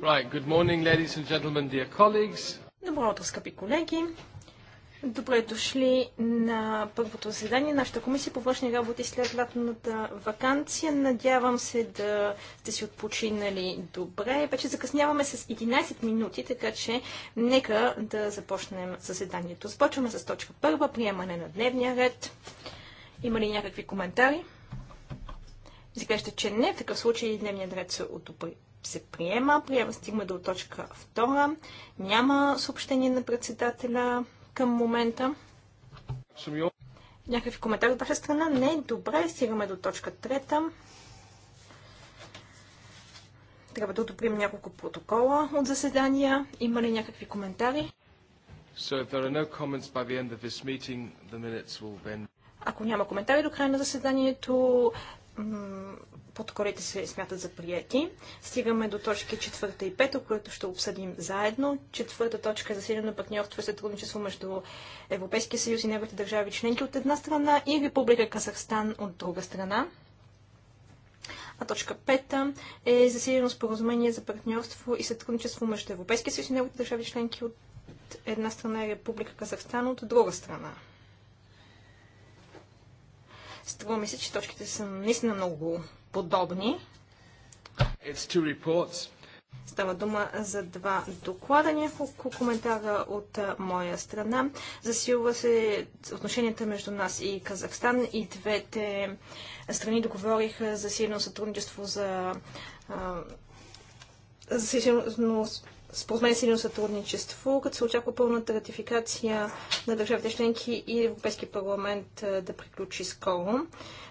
Right, good morning, ladies and gentlemen, dear colleagues. Добро утро, скъпи колеги. Добре дошли на първото заседание на нашата комисия по външни работи след лятната вакансия. Надявам се да сте си отпочинали добре. Вече закъсняваме с 11 минути, така че нека да започнем заседанието. Започваме с точка първа, приемане на дневния ред. Има ли някакви коментари? Изглежда, че не. В такъв случай дневният ред се одобри се приема. Приема стигма до точка 2. Няма съобщение на председателя към момента. Някакви коментари от ваша страна? Не, добре, стигаме до точка 3. Трябва да одобрим няколко протокола от заседания. Има ли някакви коментари? Ако няма коментари до края на заседанието, подкорите се смятат за прияти. Стигаме до точки 4 и 5, които ще обсъдим заедно. Четвърта точка е засилено партньорство и сътрудничество между Европейския съюз и неговите държави членки от една страна и Република Казахстан от друга страна. А точка 5 е засилено споразумение за партньорство и сътрудничество между Европейския съюз и неговите държави членки от една страна и Република Казахстан от друга страна. Струва ми се, че точките са наистина много подобни. Става дума за два доклада, няколко коментара от моя страна. Засилва се отношенията между нас и Казахстан и двете страни договориха за силно сътрудничество за, за силно според мен силно сътрудничество, като се очаква пълната ратификация на държавите членки и Европейски парламент да приключи скоро.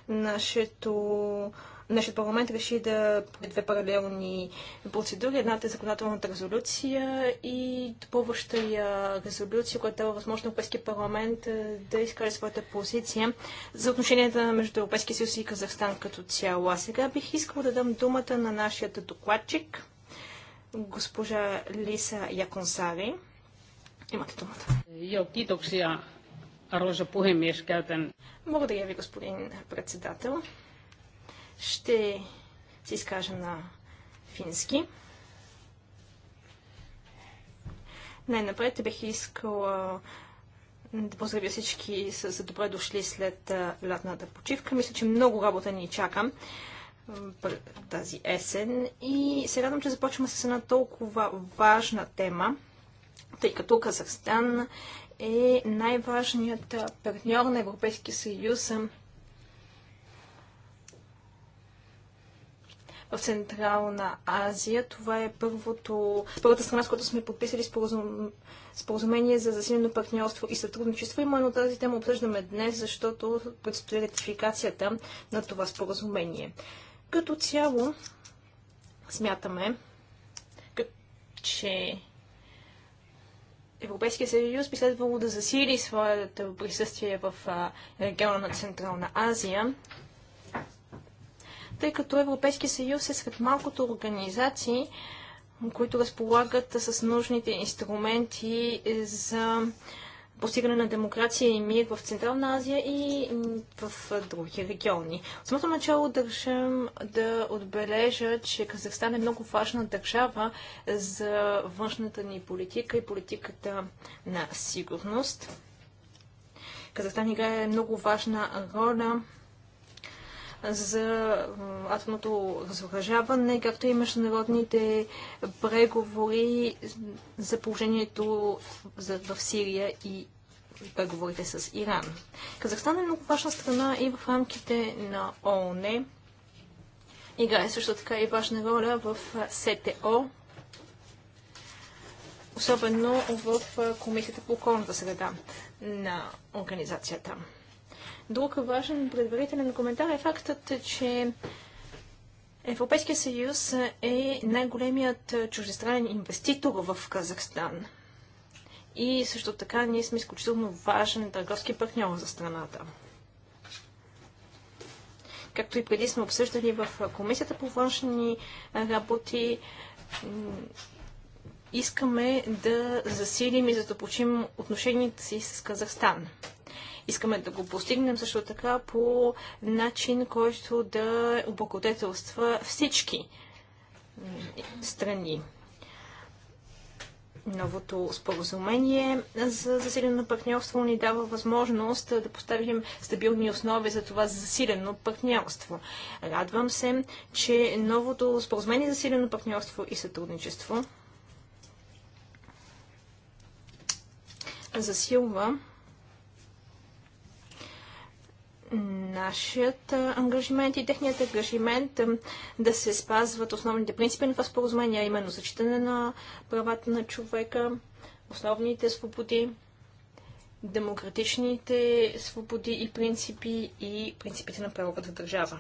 Нашето Нашият парламент реши да две паралелни процедури. Едната е законодателната резолюция и допълваща я резолюция, която дава възможно Европейския парламент е, да изкаже своята позиция за отношенията между Европейския съюз и Казахстан като цяло. А сега бих искал да дам думата на нашия докладчик, госпожа Лиса Яконсари. Имате думата. Мога да я Благодаря ви, господин председател. Ще се изкажа на фински. Най-напред бих искала да поздравя всички с добре дошли след лятната почивка. Мисля, че много работа ни чака тази есен. И се радвам, че започваме с една толкова важна тема, тъй като Казахстан е най-важният партньор на Европейския съюз в Централна Азия. Това е първото, първата страна, с която сме подписали споразумение за засилено партньорство и сътрудничество. Именно тази тема обсъждаме днес, защото предстои ратификацията на това споразумение. Като цяло смятаме, че Европейския съюз би следвало да засили своето присъствие в региона на Централна Азия тъй като Европейския съюз е сред малкото организации, които разполагат с нужните инструменти за постигане на демокрация и мир в Централна Азия и в други региони. От самото начало държам да отбележа, че Казахстан е много важна държава за външната ни политика и политиката на сигурност. Казахстан играе много важна роля за атомното разоръжаване, както и международните преговори за положението в Сирия и преговорите с Иран. Казахстан е много важна страна и в рамките на ООН. Играе също така и важна роля в СТО, особено в Комисията по околната среда на организацията. Друг важен предварителен коментар е фактът, че Европейския съюз е най-големият чуждестранен инвеститор в Казахстан. И също така ние сме изключително важен търговски партньор за страната. Както и преди сме обсъждали в Комисията по външни работи, искаме да засилим и задълбочим отношенията си с Казахстан. Искаме да го постигнем също така по начин, който да облагодетелства всички страни новото споразумение за засилено партньорство ни дава възможност да поставим стабилни основи за това засилено партньорство. Радвам се, че новото споразумение за засилено партньорство и сътрудничество засилва нашият ангажимент и техният ангажимент да се спазват основните принципи на това споразумение, именно зачитане на правата на човека, основните свободи, демократичните свободи и принципи и принципите на правовата държава.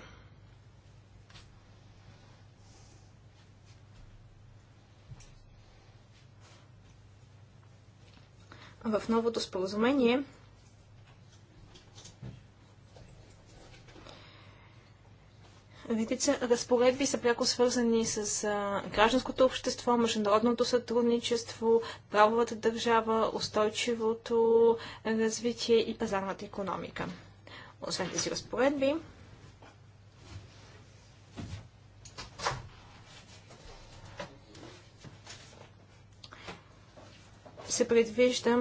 В новото споразумение Редица разпоредби са пряко свързани с а, гражданското общество, международното сътрудничество, правовата държава, устойчивото развитие и пазарната економика. Освен тези разпоредби, се предвижда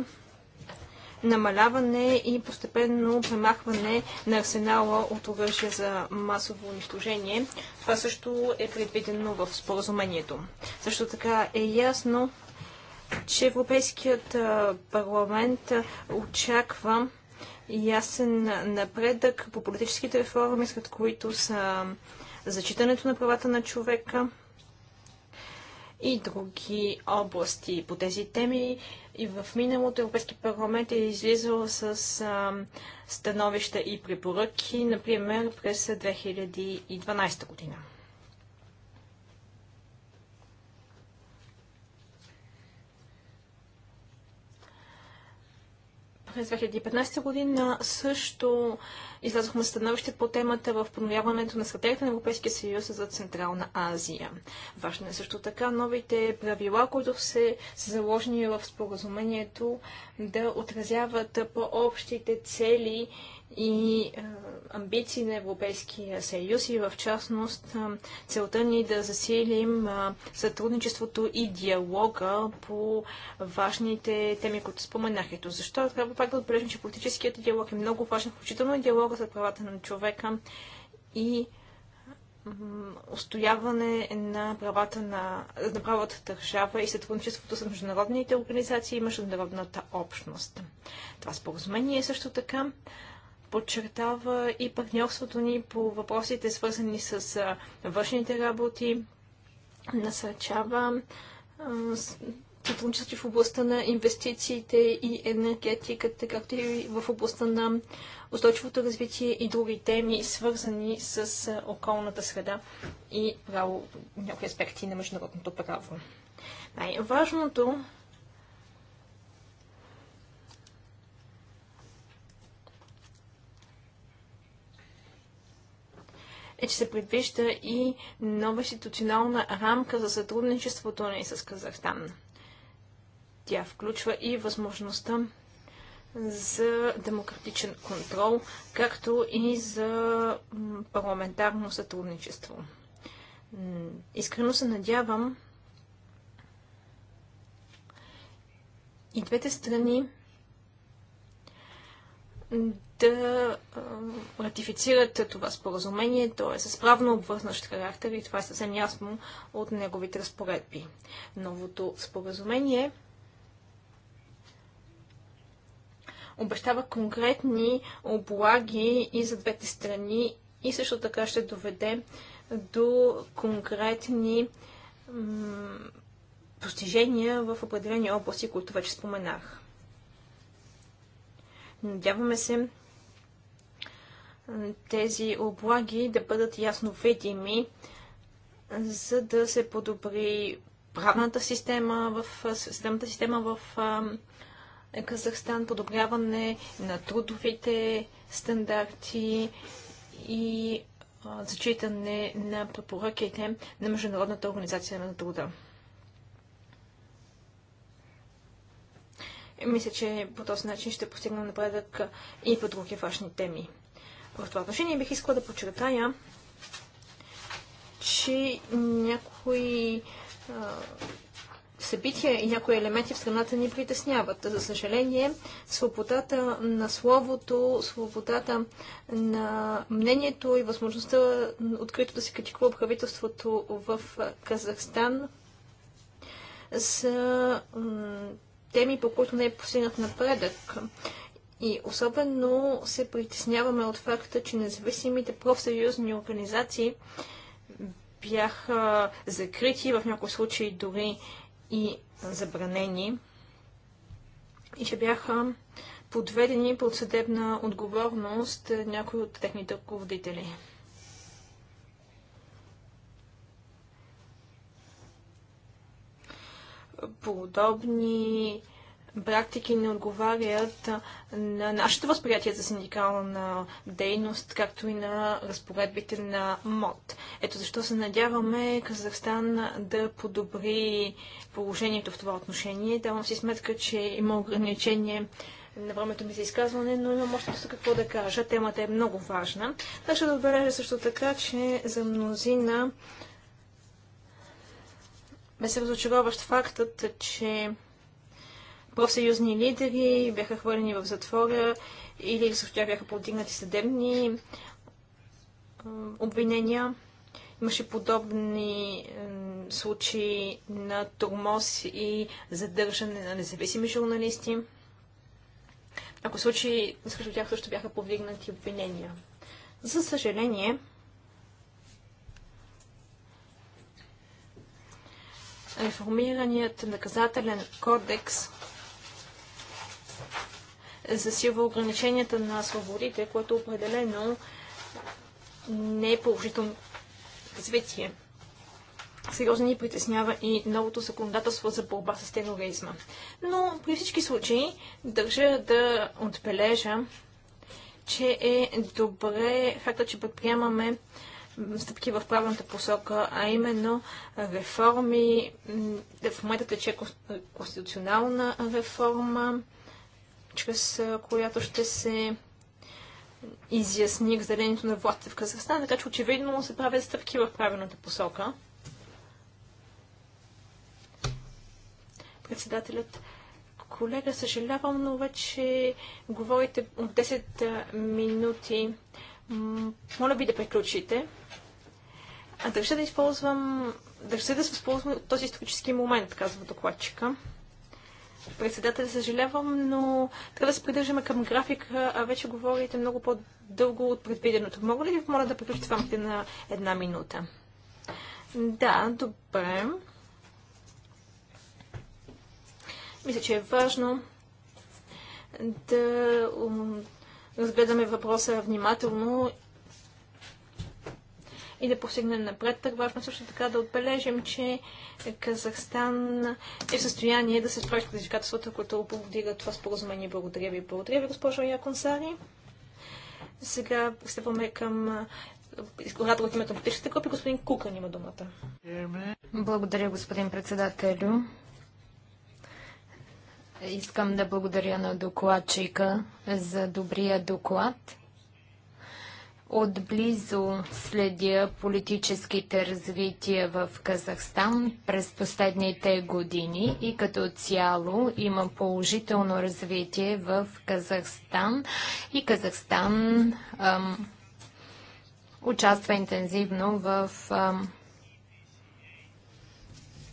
намаляване и постепенно премахване на арсенала от оръжия за масово унищожение. Това също е предвидено в споразумението. Също така е ясно, че Европейският парламент очаква ясен напредък по политическите реформи, след които са зачитането на правата на човека, и други области по тези теми. И в миналото Европейски парламент е излизал с а, становища и препоръки, например през 2012 година. през 2015 година също излязохме становище по темата в подновяването на стратегията на Европейския съюз за Централна Азия. Важно е също така новите правила, които се са заложени в споразумението да отразяват по-общите цели и е, амбиции на Европейския съюз и в частност е, целта ни е да засилим сътрудничеството и диалога по важните теми, които споменах. Ето защо трябва пак да отбележим, че политическият диалог е много важен, включително и диалога за правата на човека и устояване на правата на, на правата държава и сътрудничеството с международните организации и международната общност. Това споразумение е също така подчертава и партньорството ни по въпросите, свързани с външните работи, насърчава сътрудничество в областта на инвестициите и енергетиката, както и в областта на устойчивото развитие и други теми, свързани с околната среда и право, някои аспекти на международното право. Най-важното е, че се предвижда и нова институционална рамка за сътрудничеството ни с Казахстан. Тя включва и възможността за демократичен контрол, както и за парламентарно сътрудничество. Искрено се надявам и двете страни да ратифицират това споразумение. То е с правно обвързнащ характер и това е съвсем ясно от неговите разпоредби. Новото споразумение обещава конкретни облаги и за двете страни и също така ще доведе до конкретни постижения в определени области, които вече споменах. Надяваме се тези облаги да бъдат ясно видими, за да се подобри правната система в системата система в Казахстан, подобряване на трудовите стандарти и зачитане на препоръките на Международната организация на труда. Мисля, че по този начин ще постигнем напредък и по други важни теми. В това отношение бих искала да подчертая, че някои а, събития и някои елементи в страната ни притесняват. За съжаление, свободата на словото, свободата на мнението и възможността открито да се критикува правителството в Казахстан са теми, по които не е постигнат напредък. И особено се притесняваме от факта, че независимите профсъюзни организации бяха закрити, в някои случаи дори и забранени и че бяха подведени под съдебна отговорност някои от техните ръководители. Подобни практики не отговарят на нашето възприятие за синдикална дейност, както и на разпоредбите на МОД. Ето защо се надяваме Казахстан да подобри положението в това отношение. Давам си сметка, че има ограничение на времето ми за изказване, но имам още доста какво да кажа. Темата е много важна. Така ще да отбележа също така, че за мнозина ме се разочароващ фактът, че профсъюзни лидери бяха хвърлени в затвора или също тях бяха повдигнати съдебни обвинения. Имаше подобни случаи на тормоз и задържане на независими журналисти. Ако случаи срещу тях също бяха повдигнати обвинения. За съжаление, реформираният наказателен кодекс засилва ограниченията на свободите, което определено не е положително развитие. Сериозно ни притеснява и новото законодателство за борба с тероризма. Но при всички случаи държа да отбележа, че е добре факта, че предприемаме стъпки в правилната посока, а именно реформи. В момента тече конституционална реформа, чрез която ще се изясни разделението на властите в Казахстан, така че очевидно се правят стъпки в правилната посока. Председателят колега, съжалявам, но вече говорите от 10 минути. Моля ви да приключите. А държа да използвам, държа да се използвам този исторически момент, казва докладчика. Председател, съжалявам, но трябва да се придържаме към графика, а вече говорите много по-дълго от предвиденото. Мога ли ви помоля да приключите в рамките на една минута? Да, добре. Мисля, че е важно да разгледаме въпроса внимателно и да постигнем напредък. Важно е също така да отбележим, че Казахстан е в състояние да се справи с предизвикателствата, които повдига това споразумение. Благодаря ви. Благодаря ви, госпожо Яконсари. Сега пристъпваме към оратор от името на политическите групи. Господин Кукан има думата. Благодаря, господин председателю. Искам да благодаря на докладчика за добрия доклад. Отблизо следя политическите развития в Казахстан през последните години и като цяло има положително развитие в Казахстан и Казахстан ам, участва интензивно в ам,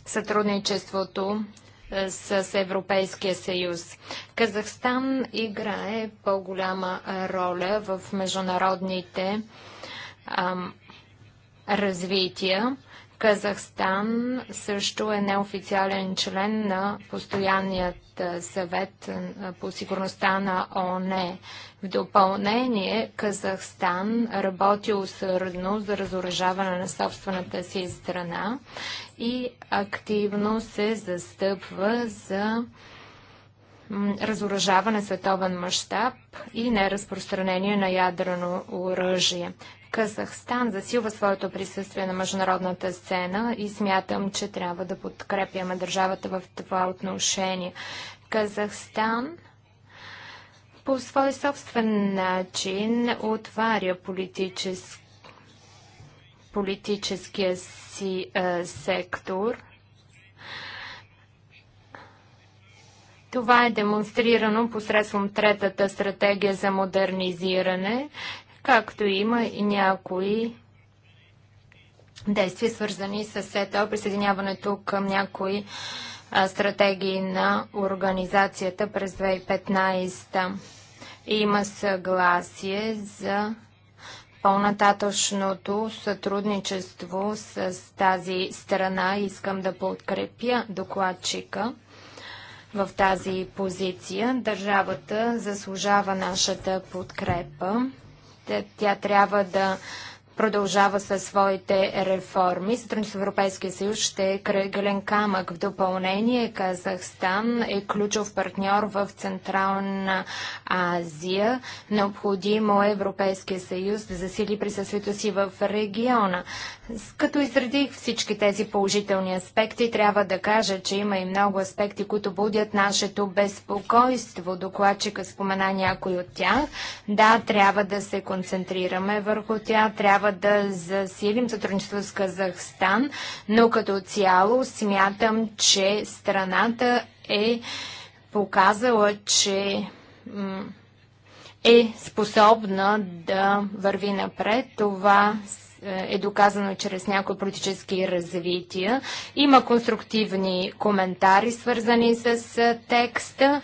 сътрудничеството е, с Европейския съюз. Казахстан играе по-голяма роля в международните развития. Казахстан също е неофициален член на постоянният съвет по сигурността на ООН. В допълнение, Казахстан работи усърдно за разоръжаване на собствената си страна и активно се застъпва за разоръжаване световен мащаб и неразпространение на ядрено оръжие. Казахстан засилва своето присъствие на международната сцена и смятам, че трябва да подкрепяме държавата в това отношение. Казахстан по свой собствен начин отваря политическия си сектор Това е демонстрирано посредством третата стратегия за модернизиране, както има и някои действия, свързани с СЕТО, присъединяването към някои стратегии на организацията през 2015. Има съгласие за по-нататъчното сътрудничество с тази страна. Искам да подкрепя докладчика в тази позиция. Държавата заслужава нашата подкрепа. Тя трябва да продължава със своите реформи. Сътрудничество в Европейския съюз ще е кръгълен камък. В допълнение Казахстан е ключов партньор в Централна Азия. Необходимо е Европейския съюз да засили присъствието си в региона. Като изредих всички тези положителни аспекти, трябва да кажа, че има и много аспекти, които будят нашето безпокойство. Докладчика спомена някой от тях. Да, трябва да се концентрираме върху тя, трябва да засилим сътрудничество с Казахстан, но като цяло смятам, че страната е показала, че е способна да върви напред. Това е, е доказано чрез някои политически развития. Има конструктивни коментари, свързани с текста.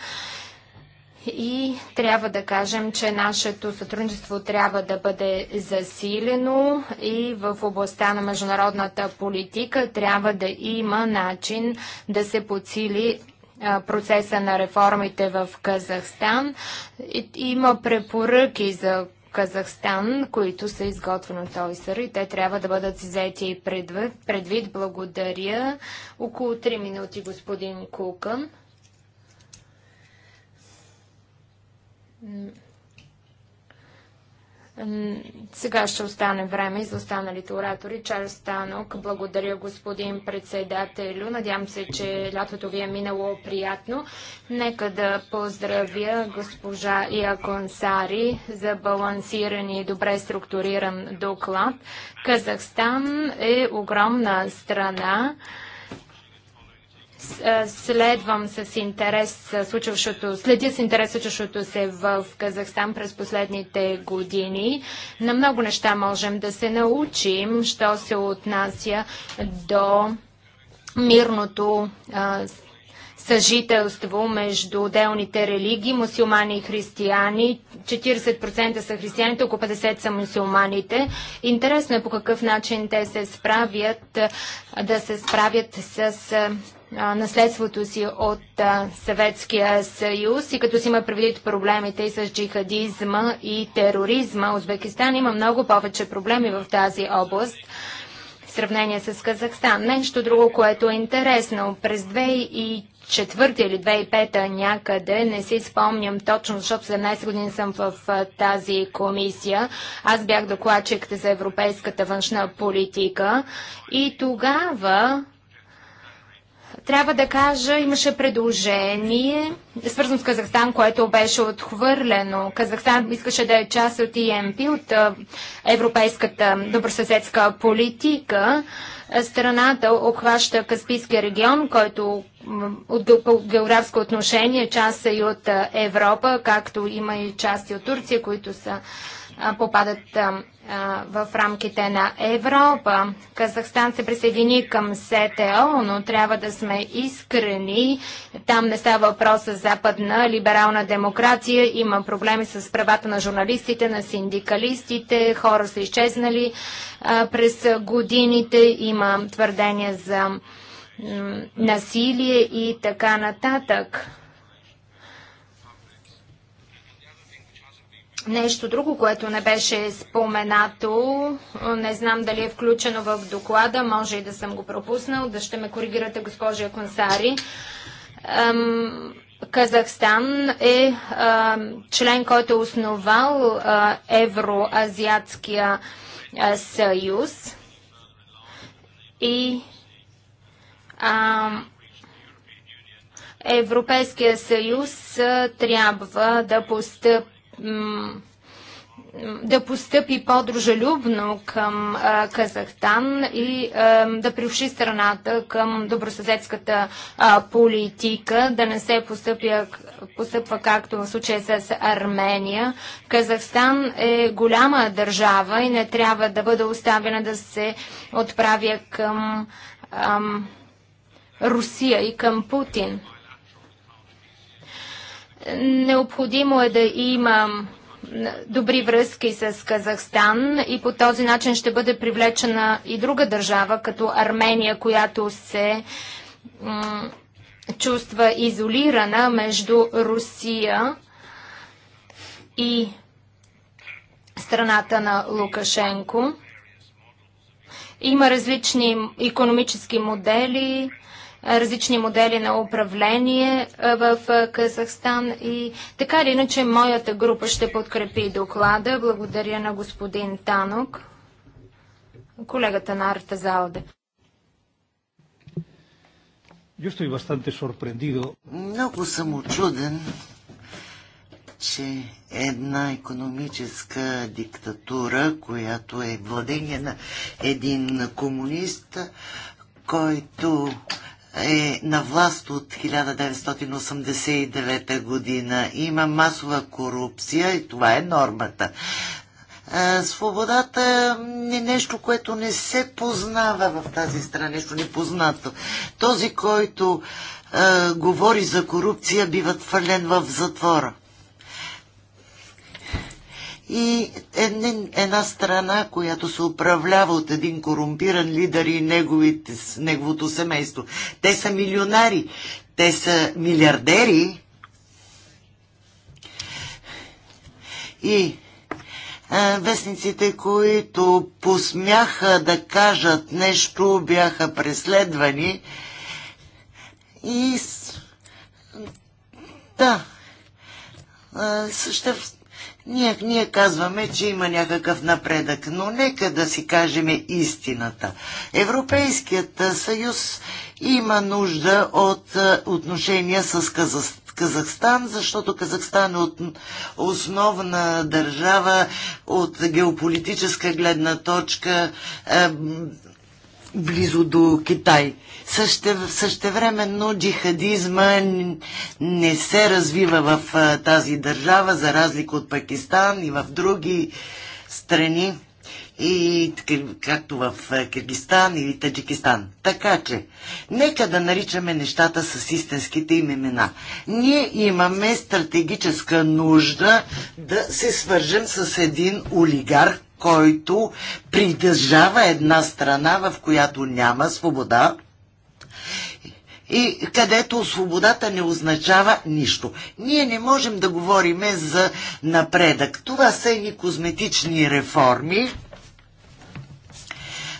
И трябва да кажем, че нашето сътрудничество трябва да бъде засилено и в областта на международната политика трябва да има начин да се подсили процеса на реформите в Казахстан. Има препоръки за Казахстан, които са изготвени от ОИСР и те трябва да бъдат взети и предвид. Благодаря. Около 3 минути, господин Кукън. Сега ще остане време и за останалите оратори. Чарлз Станок, благодаря господин председателю. Надявам се, че лятото ви е минало приятно. Нека да поздравя госпожа Иаконсари за балансиран и добре структуриран доклад. Казахстан е огромна страна следвам с интерес случващото, следя с интерес случващото се в Казахстан през последните години. На много неща можем да се научим, що се отнася до мирното съжителство между отделните религии, мусулмани и християни. 40% са християните, около 50% са мусулманите. Интересно е по какъв начин те се справят да се справят с наследството си от Съветския съюз и като си има предвид проблемите и с джихадизма и тероризма, Узбекистан има много повече проблеми в тази област в сравнение с Казахстан. Нещо друго, което е интересно. През 2004 или 2005 та някъде, не си спомням точно, защото 17 години съм в тази комисия. Аз бях докладчик за европейската външна политика и тогава трябва да кажа, имаше предложение, свързано с Казахстан, което беше отхвърлено. Казахстан искаше да е част от ИМП, e от европейската добросъседска политика. Е, страната обхваща Каспийския регион, който от географско отношение част е и от Европа, както има и части от Турция, които са попадат в рамките на Европа. Казахстан се присъедини към СТО, но трябва да сме искрени. Там не става въпрос за западна либерална демокрация. Има проблеми с правата на журналистите, на синдикалистите. Хора са изчезнали през годините. Има твърдения за насилие и така нататък. Нещо друго, което не беше споменато, не знам дали е включено в доклада, може и да съм го пропуснал, да ще ме коригирате, госпожа Консари. Казахстан е член, който е основал Евроазиатския съюз и Европейския съюз трябва да постъпи да постъпи по-дружелюбно към Казахстан и да приуши страната към добросъседската политика, да не се постъпя, постъпва както в случая с Армения. Казахстан е голяма държава и не трябва да бъде оставена да се отправя към Русия и към Путин. Необходимо е да има добри връзки с Казахстан и по този начин ще бъде привлечена и друга държава, като Армения, която се чувства изолирана между Русия и страната на Лукашенко. Има различни економически модели, различни модели на управление в Казахстан и така или иначе моята група ще подкрепи доклада. Благодаря на господин Танок, колегата на Арта Залде. Много съм очуден, че една економическа диктатура, която е владение на един комунист, който е на власт от 1989 година. Има масова корупция и това е нормата. Е, свободата е нещо, което не се познава в тази страна, нещо непознато. Този, който е, говори за корупция, бива твален в затвора и една страна, която се управлява от един корумпиран лидер и неговите, неговото семейство. Те са милионари, те са милиардери и а, вестниците, които посмяха да кажат нещо, бяха преследвани и да, също ние, ние казваме, че има някакъв напредък, но нека да си кажем истината. Европейският съюз има нужда от е, отношения с Казахстан. Казахстан, защото Казахстан е от основна държава от геополитическа гледна точка, е, близо до Китай. Съще, същевременно джихадизма не се развива в а, тази държава, за разлика от Пакистан и в други страни, и както в Киргистан или Таджикистан. Така че, нека да наричаме нещата с истинските им имена. Ние имаме стратегическа нужда да се свържем с един олигарх, който придържава една страна, в която няма свобода и където свободата не означава нищо. Ние не можем да говорим за напредък. Това са едни козметични реформи,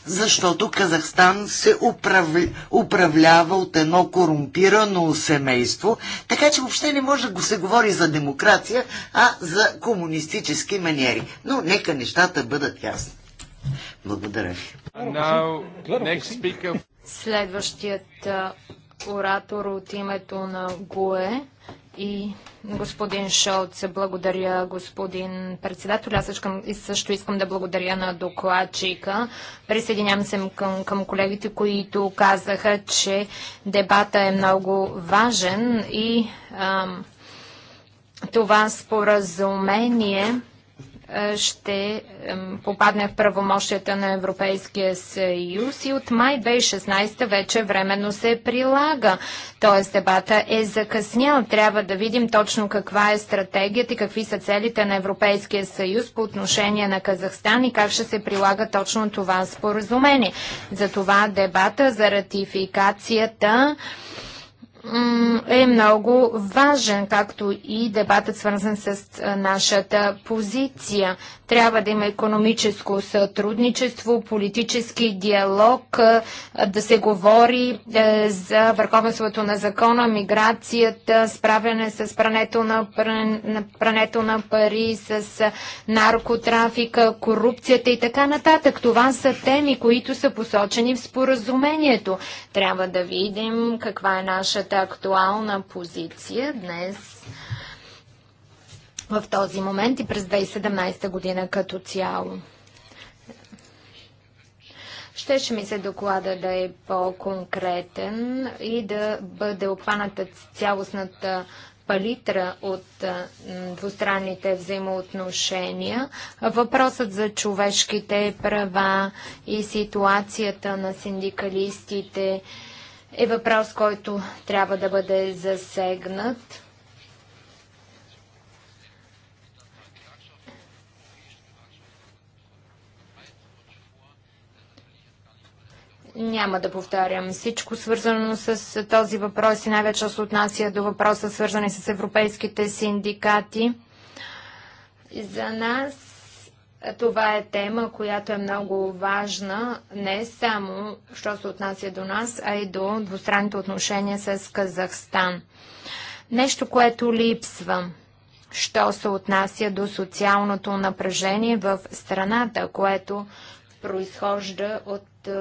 защото Казахстан се управля, управлява от едно корумпирано семейство, така че въобще не може да се говори за демокрация, а за комунистически маниери. Но нека нещата бъдат ясни. Благодаря ви. Now, Следващият оратор от името на ГУЕ и господин Шолц. Благодаря, господин председател. Аз също, искам да благодаря на докладчика. Присъединявам се към, към колегите, които казаха, че дебата е много важен и ам, това споразумение е, ще попадне в правомощията на Европейския съюз и от май 2016 вече временно се прилага. Тоест дебата е закъснял. Трябва да видим точно каква е стратегията и какви са целите на Европейския съюз по отношение на Казахстан и как ще се прилага точно това споразумение. За това дебата за ратификацията е много важен, както и дебатът свързан с нашата позиция. Трябва да има економическо сътрудничество, политически диалог, да се говори е, за върховенството на закона, миграцията, справяне с прането на, прането на пари, с наркотрафика, корупцията и така нататък. Това са теми, които са посочени в споразумението. Трябва да видим каква е нашата нашата актуална позиция днес в този момент и през 2017 година като цяло. Щеше ми се доклада да е по-конкретен и да бъде обхваната цялостната палитра от двустранните взаимоотношения. Въпросът за човешките права и ситуацията на синдикалистите – е въпрос, който трябва да бъде засегнат. Няма да повтарям всичко свързано с този въпрос и най-вече се отнася до въпроса свързани с европейските синдикати. За нас това е тема, която е много важна не само, що се отнася до нас, а и до двустранните отношения с Казахстан. Нещо, което липсва, що се отнася до социалното напрежение в страната, което произхожда от, е,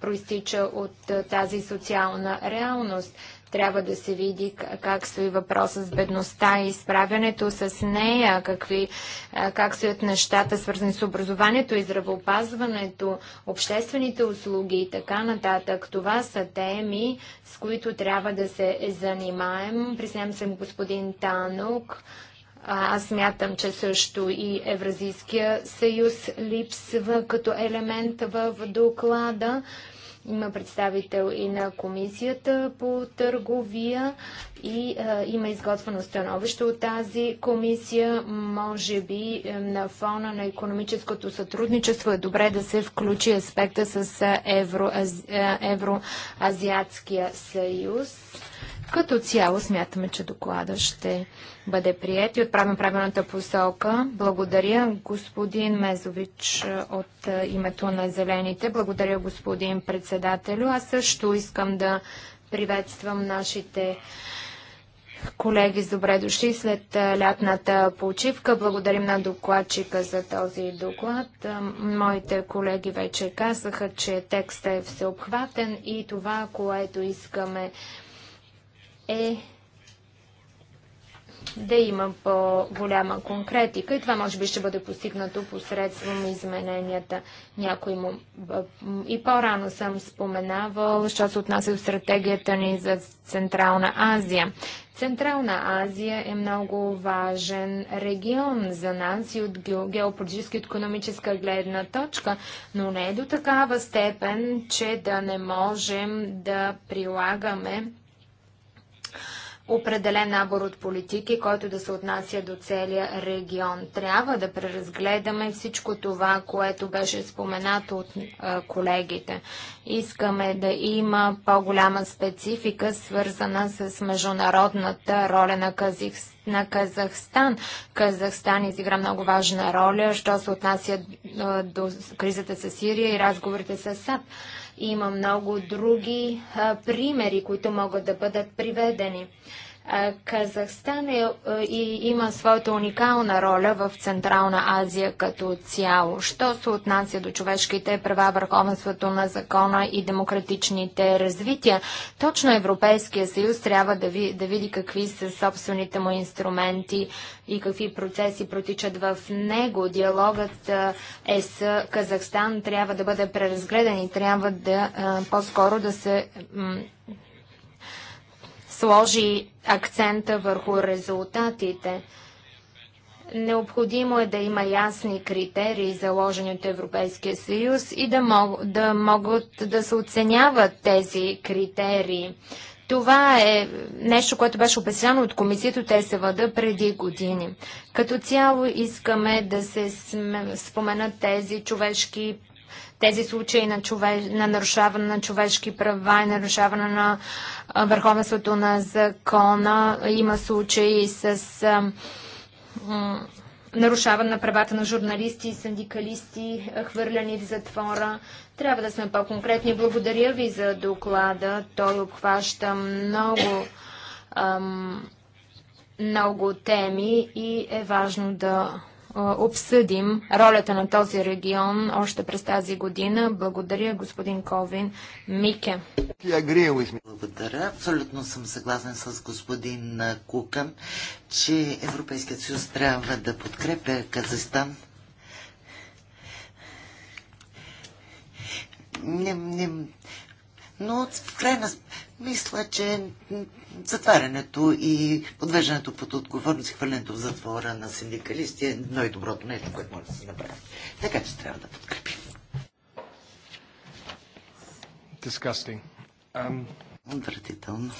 проистича от е, тази социална реалност. Трябва да се види как стои въпроса с бедността и справянето с нея, какви, как стоят нещата, свързани с образованието и здравеопазването, обществените услуги и така нататък. Това са теми, с които трябва да се занимаем. Присням съм господин Танук, Аз смятам, че също и Евразийския съюз липсва като елемент в доклада. Има представител и на комисията по търговия и а, има изготвено становище от тази комисия. Може би е, на фона на економическото сътрудничество е добре да се включи аспекта с Евроазиатския Евроазиатския съюз. Като цяло смятаме, че доклада ще бъде прият и отправим правилната посока. Благодаря господин Мезович от името на Зелените. Благодаря господин председателю. Аз също искам да приветствам нашите колеги с добре дошли след лятната почивка. Благодарим на докладчика за този доклад. Моите колеги вече казаха, че текстът е всеобхватен и това, което искаме е да има по-голяма конкретика и това може би ще бъде постигнато посредством измененията някои му. И по-рано съм споменавал, що се отнася до стратегията ни за Централна Азия. Централна Азия е много важен регион за нас и от геополитически и економическа гледна точка, но не е до такава степен, че да не можем да прилагаме определен набор от политики, който да се отнася до целия регион. Трябва да преразгледаме всичко това, което беше споменато от а, е, колегите. Искаме да има по-голяма специфика, свързана с международната роля на, Казих... на Казахстан. Казахстан изигра много важна роля, що се отнася е, до кризата с Сирия и разговорите с САД. Има много други примери, които могат да бъдат приведени. Казахстан е, е, и има своята уникална роля в Централна Азия като цяло. Що се отнася до човешките права, върховенството на закона и демократичните развития, точно Европейския съюз трябва да, ви, да види какви са собствените му инструменти и какви процеси протичат в него. Диалогът е с Казахстан трябва да бъде преразгледан и трябва да по-скоро да се сложи акцента върху резултатите. Необходимо е да има ясни критерии, заложени от Европейския съюз и да, мог, да могат да се оценяват тези критерии. Това е нещо, което беше обясняно от комисията ТСВД преди години. Като цяло искаме да се споменат тези човешки тези случаи на, човеш... на нарушаване на човешки права и нарушаване на върховенството на закона. Има случаи с нарушаване на правата на журналисти и синдикалисти, хвърляни в затвора. Трябва да сме по-конкретни. Благодаря ви за доклада. Той обхваща много, ам, много теми и е важно да обсъдим ролята на този регион още през тази година. Благодаря, господин Ковин Мике. Благодаря. Абсолютно съм съгласен с господин Кукан, че Европейският съюз трябва да подкрепя Казахстан не, не, но в крайна мисля, че затварянето и подвеждането под отговорност и хвърлянето в затвора на синдикалисти е най-доброто нещо, което може да се направи. Така че трябва да подкрепим. Disgusting. Um... Отвратително.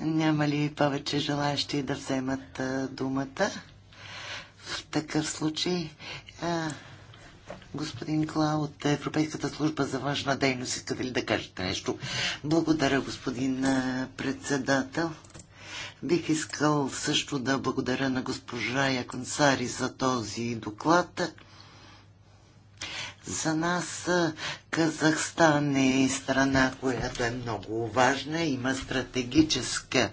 Няма ли повече желаящи да вземат а, думата? В такъв случай а, господин Клау от Европейската служба за важна дейност. Искате ли да кажете нещо? Благодаря, господин председател. Бих искал също да благодаря на госпожа Яконсари за този доклад. За нас Казахстан е страна, която е много важна, има стратегическа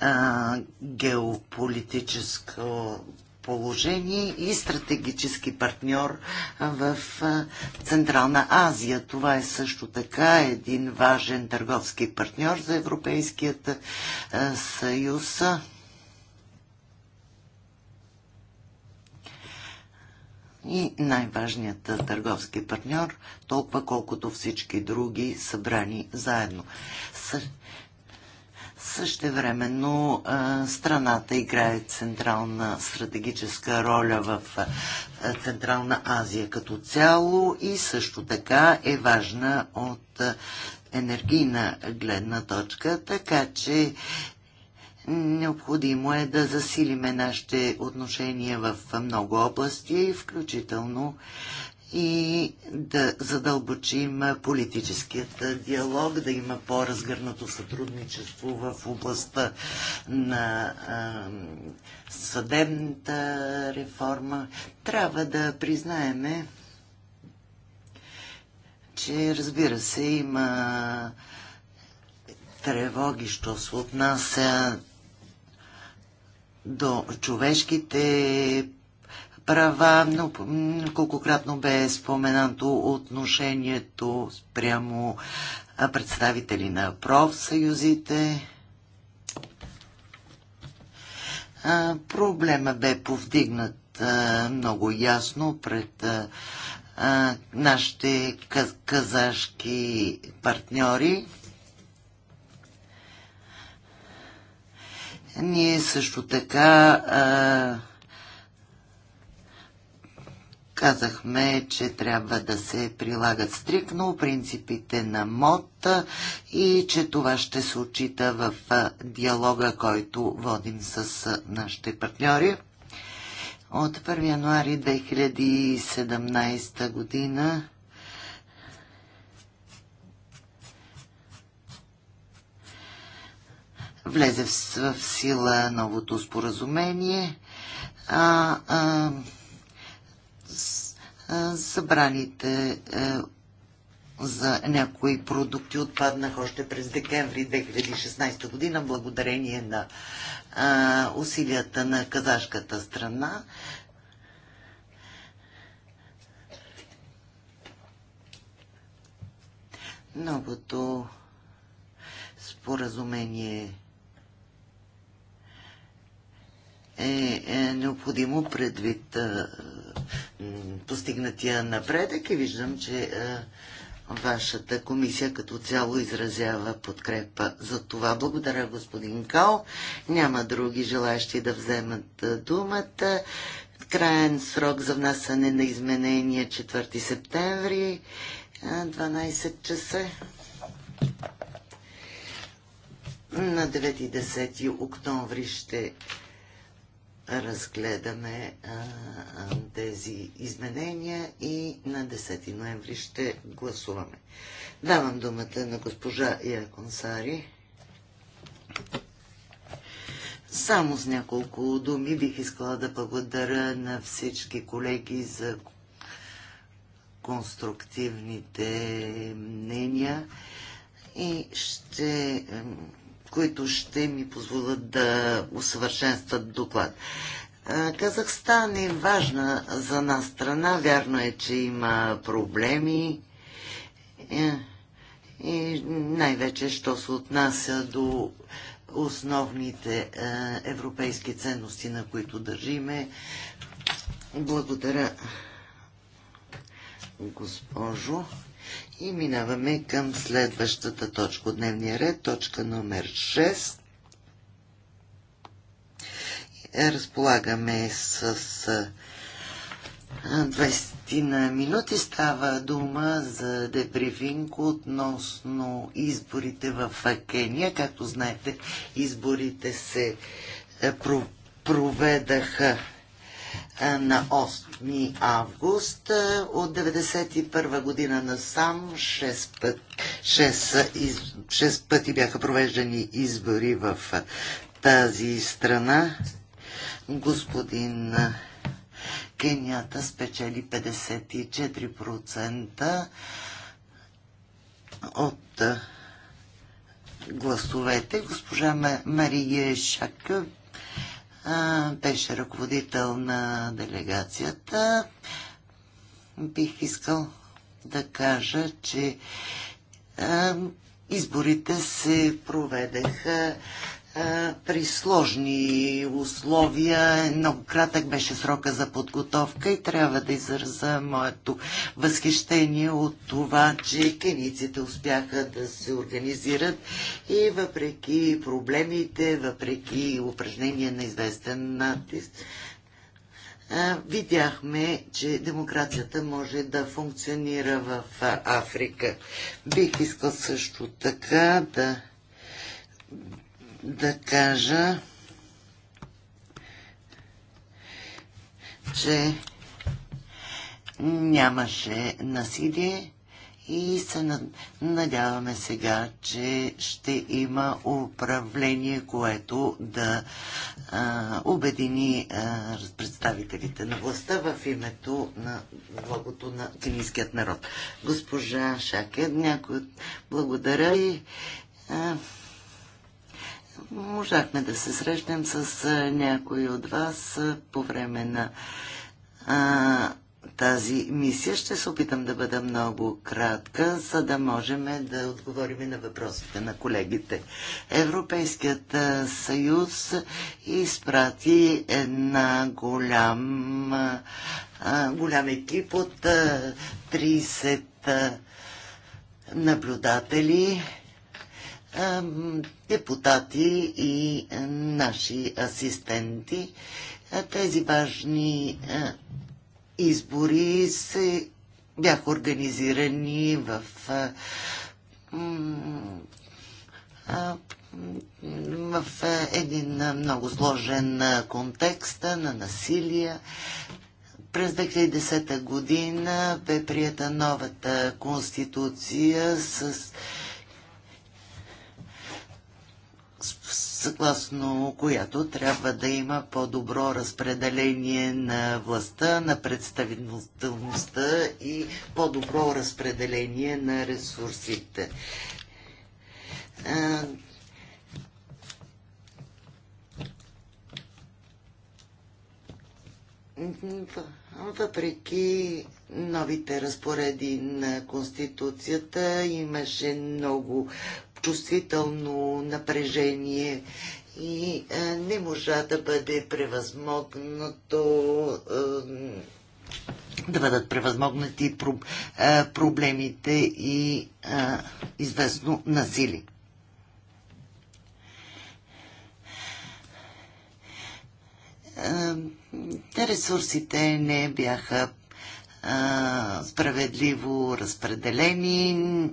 а, геополитическо положение и стратегически партньор в Централна Азия. Това е също така един важен търговски партньор за Европейският съюз. и най-важният търговски партньор, толкова колкото всички други събрани заедно. Същевременно страната играе централна стратегическа роля в Централна Азия като цяло и също така е важна от енергийна гледна точка, така че необходимо е да засилиме нашите отношения в много области, включително и да задълбочим политическият диалог, да има по-разгърнато сътрудничество в областта на съдебната реформа. Трябва да признаеме, че разбира се има тревоги, що се отнася до човешките права. колкократно бе споменато отношението прямо представители на профсъюзите. Проблема бе повдигнат много ясно пред нашите казашки партньори. Ние също така Казахме, че трябва да се прилагат стрикно принципите на МОД и че това ще се отчита в диалога, който водим с нашите партньори. От 1 януари 2017 година влезе в сила новото споразумение. А, а, събраните е, за някои продукти отпаднах още през декември 2016 година, благодарение на усилията на казашката страна. Новото споразумение е, е необходимо предвид постигнатия напредък и виждам, че е, вашата комисия като цяло изразява подкрепа за това. Благодаря, господин Као. Няма други желащи да вземат е, думата. Краен срок за внасане на изменения 4 е септември, 12 часа. На 9 и 10 октомври ще разгледаме а, а, тези изменения и на 10 ноември ще гласуваме. Давам думата на госпожа Яконсари. Само с няколко думи бих искала да благодаря на всички колеги за конструктивните мнения и ще които ще ми позволят да усъвършенстват доклад. Казахстан е важна за нас страна. Вярно е, че има проблеми. Е, и най-вече, що се отнася до основните е, европейски ценности, на които държиме. Благодаря, госпожо. И минаваме към следващата точка от дневния ред, точка номер 6. Разполагаме с 20 на минути. Става дума за дебрифинг относно изборите в Кения. Както знаете, изборите се проведаха е, на 8 август е, от 1991 година насам 6, път, 6, е, из, 6 пъти бяха провеждани избори в тази страна. Господин Кенията спечели 54% от гласовете. Госпожа Мария Шакъв беше ръководител на делегацията. Бих искал да кажа, че изборите се проведеха при сложни условия. Много кратък беше срока за подготовка и трябва да израза моето възхищение от това, че кениците успяха да се организират и въпреки проблемите, въпреки упражнения на известен натиск, видяхме, че демокрацията може да функционира в Африка. Бих искал също така да да кажа, че нямаше насилие и се надяваме сега, че ще има управление, което да а, обедини а, представителите на властта в името на благото на кенийският народ. Госпожа Шаке, някой благодаря и а, можахме да се срещнем с някои от вас по време на а, тази мисия. Ще се опитам да бъда много кратка, за да можем да отговорим на въпросите на колегите. Европейският съюз изпрати една голям, а, голям екип от а, 30 наблюдатели депутати и е, наши асистенти. Е, тези важни е, избори се бяха организирани в в един много сложен контекст на насилие. През 2010 година бе прията новата конституция с съгласно която трябва да има по-добро разпределение на властта, на представителността и по-добро разпределение на ресурсите. Въпреки новите разпореди на Конституцията. Имаше много чувствително напрежение и е, не можа да бъде превъзмогнато е, да бъдат превъзмогнати е, проблемите и известно насили. ресурсите не бяха справедливо разпределени.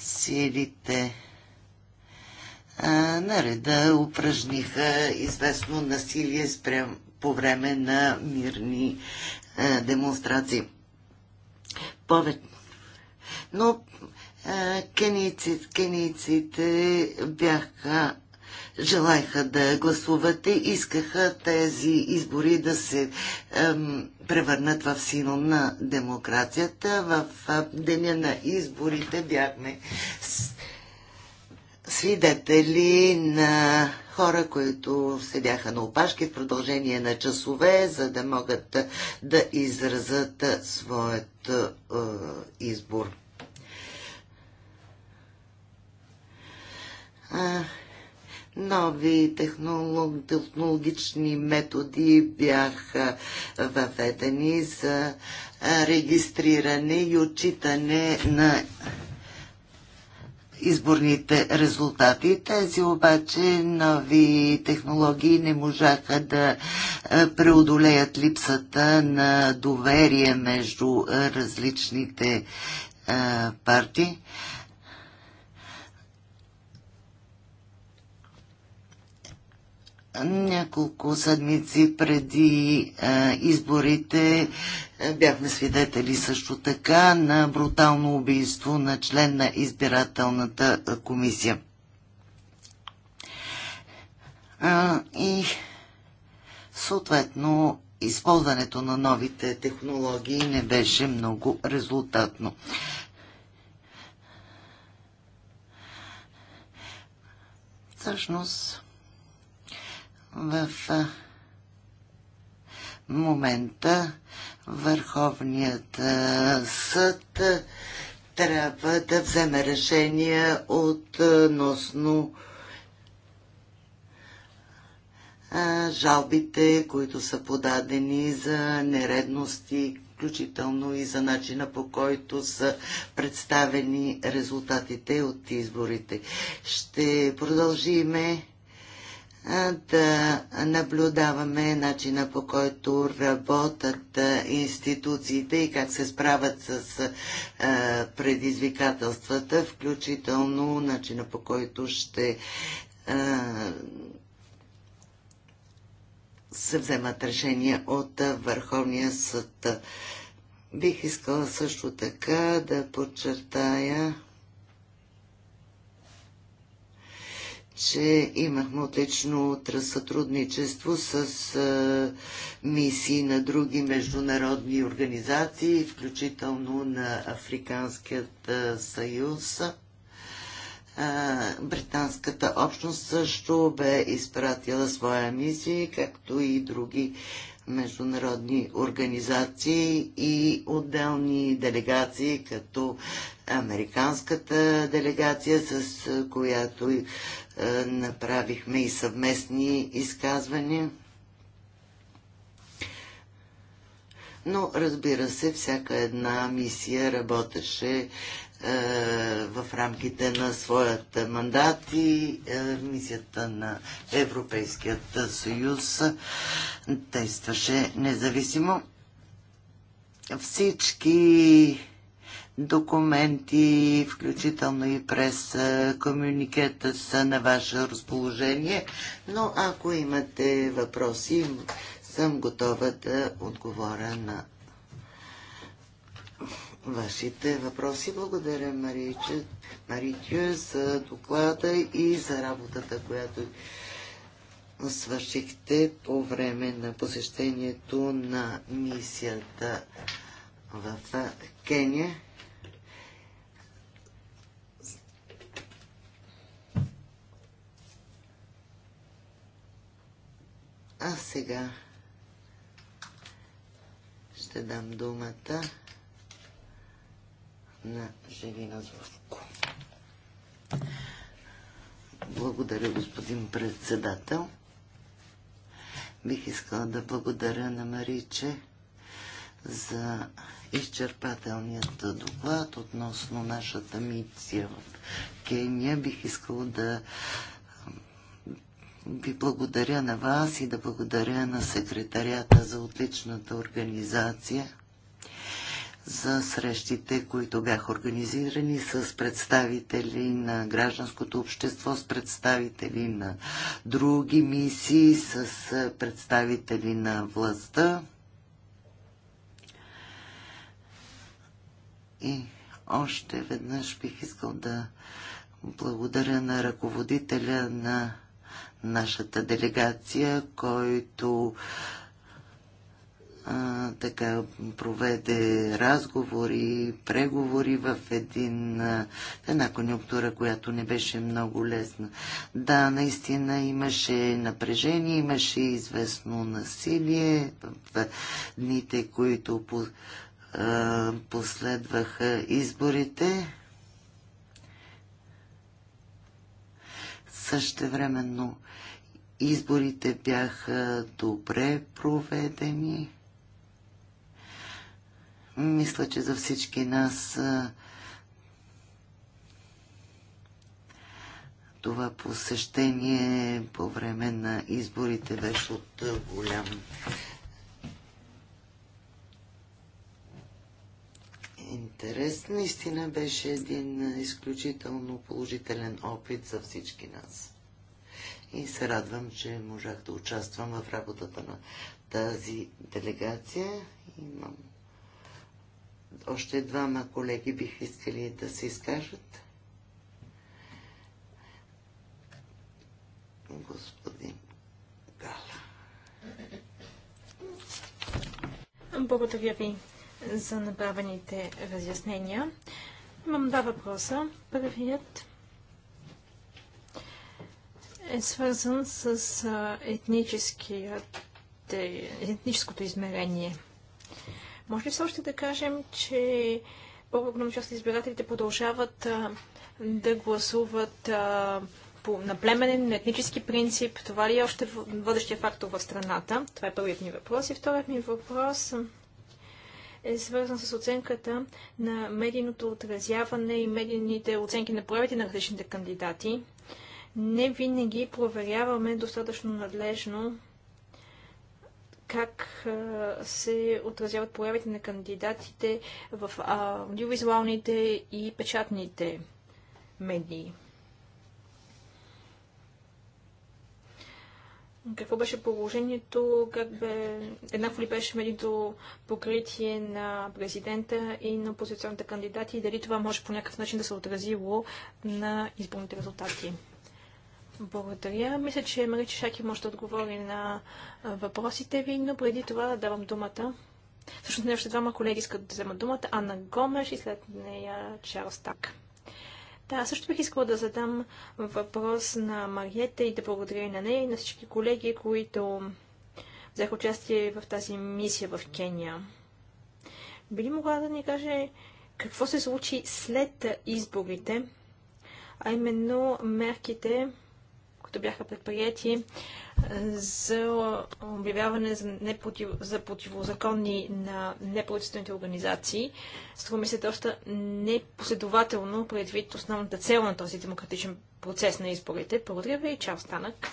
Силите на реда упражниха известно насилие спрям, по време на мирни демонстрации. Повече. Но кенийците бяха желаяха да гласуват и искаха тези избори да се ем, превърнат в символ на демокрацията. В деня на изборите бяхме свидетели на хора, които седяха на опашки в продължение на часове, за да могат да изразат своят е, избор. А, нови технологични методи бяха въведени за регистриране и отчитане на изборните резултати. Тези обаче нови технологии не можаха да преодолеят липсата на доверие между различните партии. Няколко седмици преди а, изборите а, бяхме свидетели също така на брутално убийство на член на избирателната комисия. А, и съответно използването на новите технологии не беше много резултатно. Всъщност, в момента Върховният съд трябва да вземе решение относно жалбите, които са подадени за нередности, включително и за начина по който са представени резултатите от изборите. Ще продължиме да наблюдаваме начина по който работят институциите и как се справят с предизвикателствата, включително начина по който ще се вземат решения от Върховния съд. Бих искала също така да подчертая че имахме отлично сътрудничество с мисии на други международни организации, включително на Африканският съюз. Британската общност също бе изпратила своя мисия, както и други международни организации и отделни делегации, като Американската делегация, с която е, направихме и съвместни изказвания. Но, разбира се, всяка една мисия работеше е, в рамките на своят мандат и е, мисията на Европейският съюз действаше независимо. Всички документи, включително и през комуникета са на ваше разположение, но ако имате въпроси, съм готова да отговоря на вашите въпроси. Благодаря, Маритю, за доклада и за работата, която свършихте по време на посещението на мисията в Кения. А сега ще дам думата на Желина Зурко. Благодаря, господин председател. Бих искала да благодаря на Мариче за изчерпателният доклад относно нашата мисия в Кения. Бих искала да ви благодаря на вас и да благодаря на секретарията за отличната организация за срещите, които бяха организирани с представители на гражданското общество, с представители на други мисии, с представители на властта. И още веднъж бих искал да благодаря на ръководителя на нашата делегация, който а, така проведе разговори, преговори в един, а, една конюнктура, която не беше много лесна. Да, наистина имаше напрежение, имаше известно насилие в дните, които по, а, последваха изборите. Същевременно Изборите бяха добре проведени. Мисля, че за всички нас това посещение по време на изборите беше от голям интерес. Наистина беше един изключително положителен опит за всички нас и се радвам, че можах да участвам в работата на тази делегация. Имам още двама колеги бих искали да се изкажат. Господин Гала. Благодаря ви за направените разяснения. Имам два въпроса. Първият е свързан с етническото измерение. Може ли все още да кажем, че по-голяма част от избирателите продължават а, да гласуват а, по, на племенен, на етнически принцип? Това ли е още водещия фактор в страната? Това е първият ми въпрос. И вторият ми въпрос е свързан с оценката на медийното отразяване и медийните оценки на проявите на различните кандидати не винаги проверяваме достатъчно надлежно как се отразяват проявите на кандидатите в аудиовизуалните и печатните медии. Какво беше положението, как бе, еднакво ли беше медийното покритие на президента и на опозиционните кандидати и дали това може по някакъв начин да се отразило на изборните резултати? Благодаря. Мисля, че Марича Шаки може да отговори на въпросите ви, но преди това да давам думата. Всъщност не още двама колеги искат да вземат думата. Анна Гомеш и след нея Чарлз Так. Да, също бих искала да задам въпрос на Мариета и да благодаря и на нея и на всички колеги, които взеха участие в тази мисия в Кения. Би ли могла да ни каже какво се случи след изборите, а именно мерките, които бяха предприяти е, за обявяване за, непротив... за противозаконни на неправителствените организации. Струва ми се доста непоследователно предвид основната цел на този демократичен процес на изборите. Благодаря ви, чао Станък.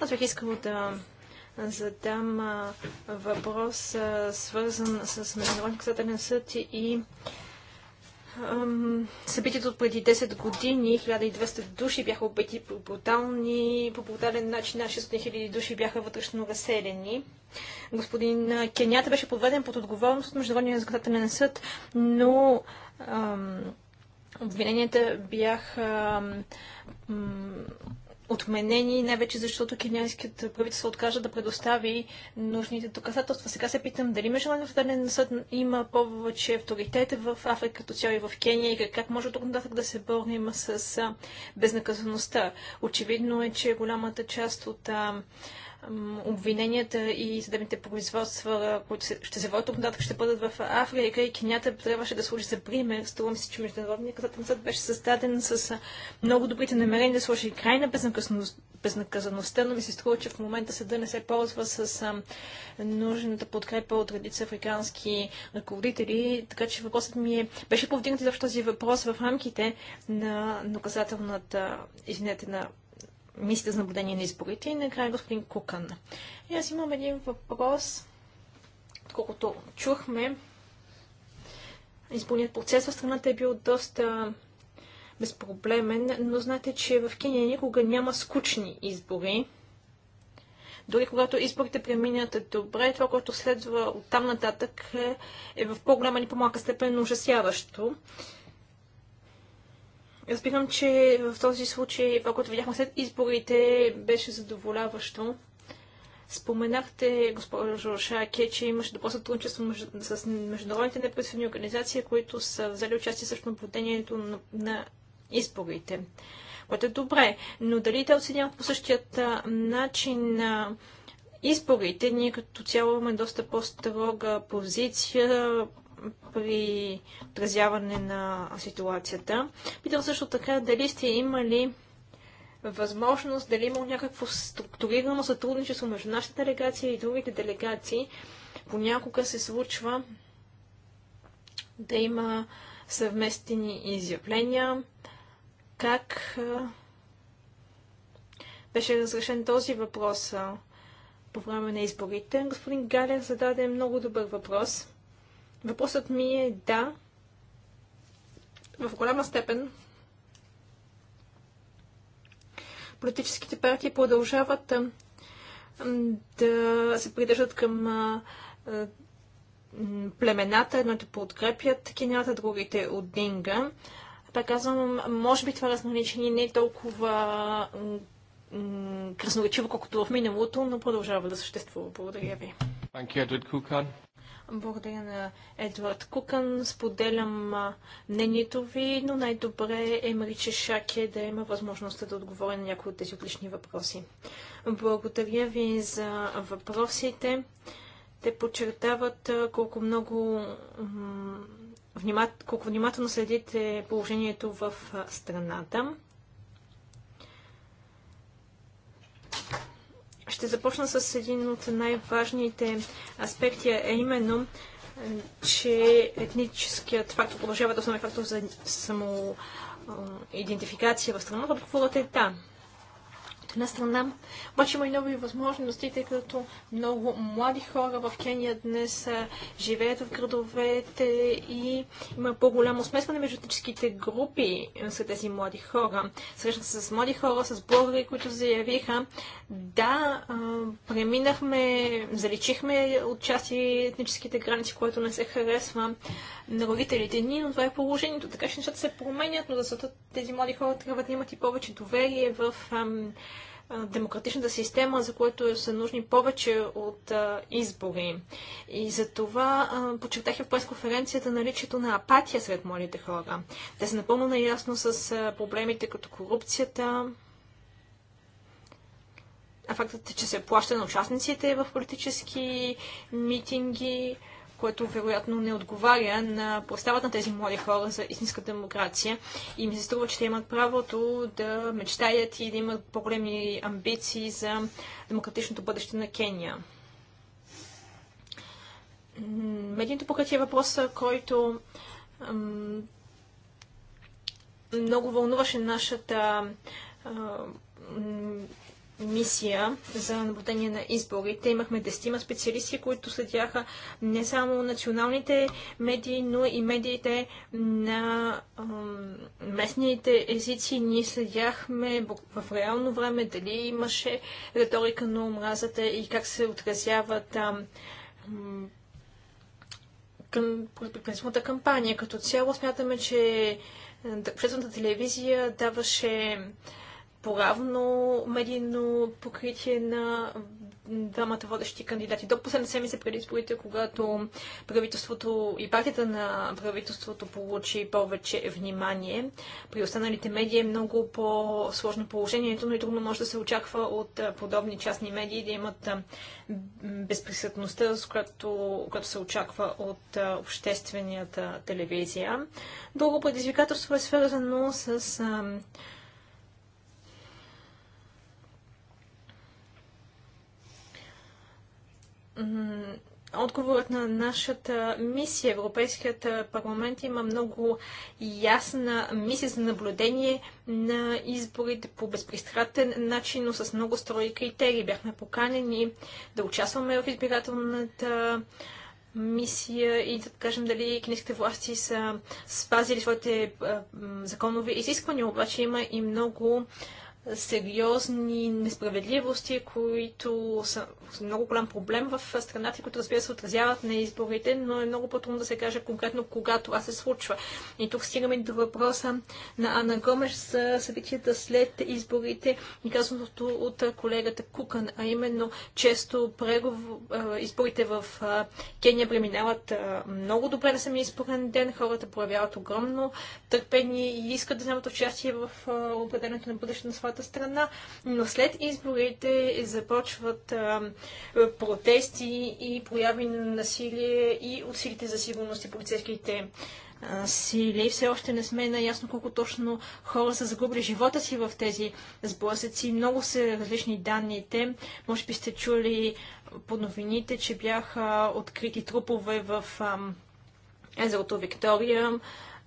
Аз бих искал да задам въпрос, свързан с Международния касателен съд и събитието от преди 10 години, 1200 души бяха убити по, брутални, по брутален начин, а 600 000 души бяха вътрешно разселени. Господин Кенята беше подведен под отговорност от Международния законодателен съд, но ам, обвиненията бяха ам, отменени, не вече защото кенянският правителство откажа да предостави нужните доказателства. Сега се питам дали Международният даден съд има повече авторитет в Африка като цяло и в Кения и как може тук нататък да се борим с безнаказаността. Очевидно е, че голямата част от а, обвиненията и съдебните производства, които ще се водят от нататък, ще бъдат в Африка и Кенята трябваше да служи за пример. Струва ми се, че Международният наказателен съд беше създаден с много добрите намерения да сложи край на безнаказаността, но ми се струва, че в момента съда не се ползва с нужната подкрепа от редица африкански ръководители. Така че въпросът ми е, беше повдигнат изобщо този въпрос в рамките на наказателната, извинете, на мисите за наблюдение на изборите. И накрая господин Кукан. И аз имам един въпрос. Колкото чухме, изборният процес в страната е бил доста безпроблемен, но знаете, че в Кения никога няма скучни избори. Дори когато изборите преминат добре, това, което следва от там нататък е, е в по-голяма или по-малка степен ужасяващо. Разбирам, че в този случай това, което видяхме след изборите, беше задоволяващо. Споменахте, госпожо Шаке, че имаше добро сътрудничество с международните неправителствени организации, които са взели участие също на поведението на, изборите. Което е добре, но дали те оценяват по същият начин на изборите, ние като цяло имаме доста по-строга позиция, при отразяване на ситуацията. Питам също така дали сте имали възможност, дали е има някакво структурирано сътрудничество между нашата делегация и другите делегации. Понякога се случва да има съвместни изявления. Как беше разрешен този въпрос по време на изборите? Господин Галер зададе много добър въпрос. Въпросът ми е да, в голяма степен политическите партии продължават да се придържат към племената, едното подкрепят кината, другите от Динга. Така казвам, може би това разноличение не е толкова красноречиво, колкото в миналото, но продължава да съществува. Благодаря ви. Благодаря на Едвард Кукън. Споделям мнението ви, но най-добре е Мариче Шаке да има възможността да отговори на някои от тези отлични въпроси. Благодаря ви за въпросите. Те подчертават колко много колко внимателно следите положението в страната. Ще започна с един от най-важните аспекти, а именно, че етническият фактор продължава да основен фактор за самоидентификация в страната. Отговорът е там една страна. Обаче има и нови възможности, тъй като много млади хора в Кения днес живеят в градовете и има по-голямо смесване между етническите групи са тези млади хора. Срещнах се с млади хора, с българи, които заявиха, да, преминахме, заличихме от части етническите граници, което не се харесва на родителите ни, но това е положението. Така че нещата се променят, но за тези млади хора трябва да имат и повече доверие в демократичната система, за което са нужни повече от а, избори. И за това а, подчертах и в пресконференцията наличието на апатия сред младите хора. Те са напълно наясно с а, проблемите като корупцията, а фактът е, че се плаща на участниците в политически митинги, което вероятно не отговаря на представата на тези млади хора за истинска демокрация. И ми се струва, че те имат правото да мечтаят и да имат по-големи амбиции за демократичното бъдеще на Кения. Медийното покритие е въпроса, който много вълнуваше нашата мисия за наблюдение на изборите. Имахме дестима специалисти, които следяха не само националните медии, но и медиите на местните езици. Ние следяхме в реално време дали имаше риторика на омразата и как се отразяват към предприятната кампания. Като цяло смятаме, че обществената телевизия даваше поравно медийно покритие на двамата водещи кандидати. До последна седмица преди изборите, когато правителството и партията на правителството получи повече внимание, при останалите медии е много по-сложно положението, но и трудно може да се очаква от подобни частни медии да имат безприсъдността, с която, която се очаква от обществената телевизия. Друго предизвикателство е свързано с отговорът на нашата мисия. Европейският парламент има много ясна мисия за наблюдение на изборите по безпристратен начин, но с много строи критерии. Бяхме поканени да участваме в избирателната мисия и да кажем дали кинеските власти са спазили своите законови изисквания, обаче има и много сериозни несправедливости, които са много голям проблем в страната, които разбира се отразяват на изборите, но е много по-трудно да се каже конкретно кога това се случва. И тук стигаме до въпроса на Анна Гомеш за събитията след изборите и казаното от колегата Кукан, а именно често прегов... изборите в Кения преминават много добре на самия изборен ден, хората проявяват огромно търпение и искат да вземат участие в определенето на бъдещето на своята своята страна, но след изборите започват протести и прояви на насилие и от силите за сигурност и полицейските сили. Все още не сме наясно колко точно хора са загубили живота си в тези сблъсъци. Много са различни данните. Може би сте чули по новините, че бяха открити трупове в езерото Виктория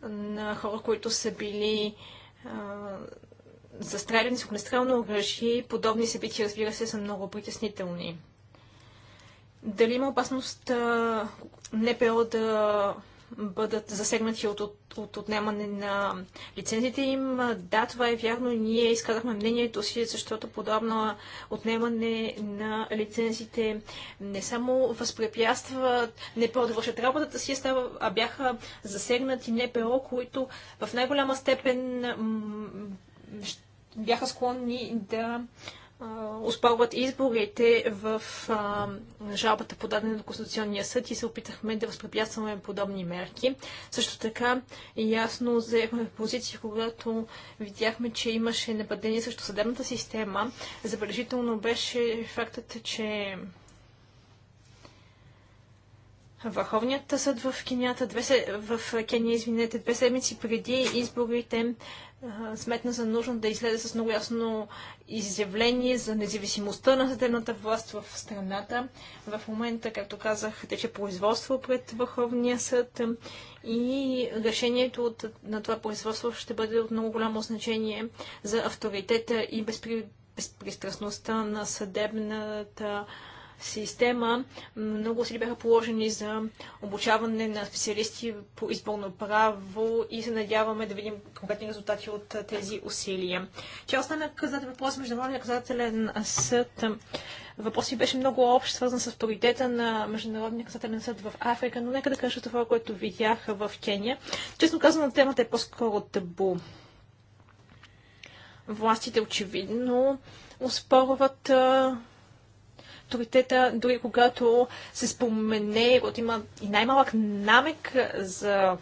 на хора, които са били застреляни с огнестрелно оръжие и подобни събития, разбира се, са много притеснителни. Дали има опасност НПО да бъдат засегнати от, от, от отнемане на лицензите им. Да, това е вярно. Ние изказахме мнението си, защото подобно отнемане на лицензите не само възпрепятства НПО да вършат работата си, а бяха засегнати НПО, които в най-голяма степен бяха склонни да оспорват изборите в а, жалбата подадена до Конституционния съд и се опитахме да възпрепятстваме подобни мерки. Също така ясно заехме позиция, когато видяхме, че имаше нападение срещу съдебната система. Забележително беше фактът, че Върховният съд в, Кенията, две, в Кения, извинете, две седмици преди изборите сметна за нужно да излезе с много ясно изявление за независимостта на съдебната власт в страната. В момента, както казах, тече производство пред Върховния съд и решението от, на това производство ще бъде от много голямо значение за авторитета и безпри, безпристрастността на съдебната власт система. Много усили бяха положени за обучаване на специалисти по изборно право и се надяваме да видим конкретни резултати от тези усилия. Тя остана наказателен въпрос Международния казателен съд. Въпросът ми беше много общ, свързан с авторитета на Международния казателен съд в Африка, но нека да кажа това, което видях в Кения. Честно казано, темата е по-скоро табу. Властите очевидно оспорват авторитета, дори когато се спомене, когато има и най-малък намек за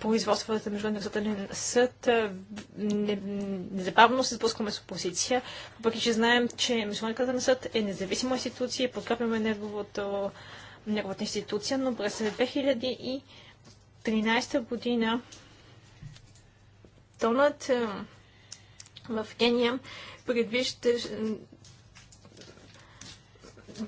производствата между наказателен съд, незабавно се сблъскваме с опозиция, въпреки че знаем, че Международен съд е независима институция, подкрепяме неговото, неговата институция, но през 2013 година тонът в Кения предвижда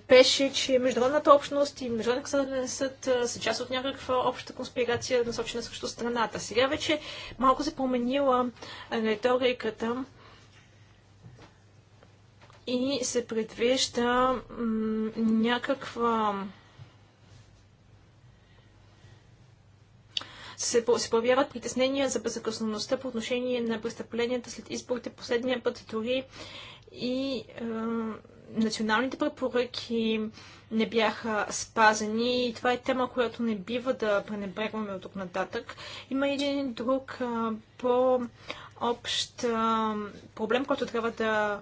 беше, че международната общност и Международният касателен съд са част от някаква обща конспирация, насочена срещу страната. Сега вече малко се променила риториката и се предвижда някаква се, се появяват притеснения за безопасността по отношение на престъпленията след изборите последния път дори и националните препоръки не бяха спазени и това е тема, която не бива да пренебрегваме от тук нататък. Има един друг по-общ проблем, който трябва да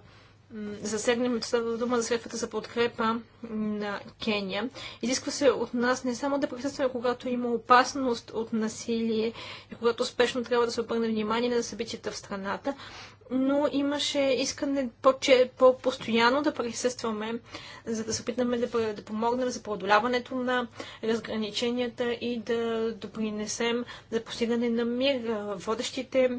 засегнем става дума за средствата за подкрепа на Кения. Изисква се от нас не само да присъстваме, когато има опасност от насилие и когато спешно трябва да се обърне внимание на събитията в страната, но имаше искане по-постоянно да присъстваме, за да се опитаме да, да помогнем за преодоляването на разграниченията и да допринесем за постигане на мир. Водещите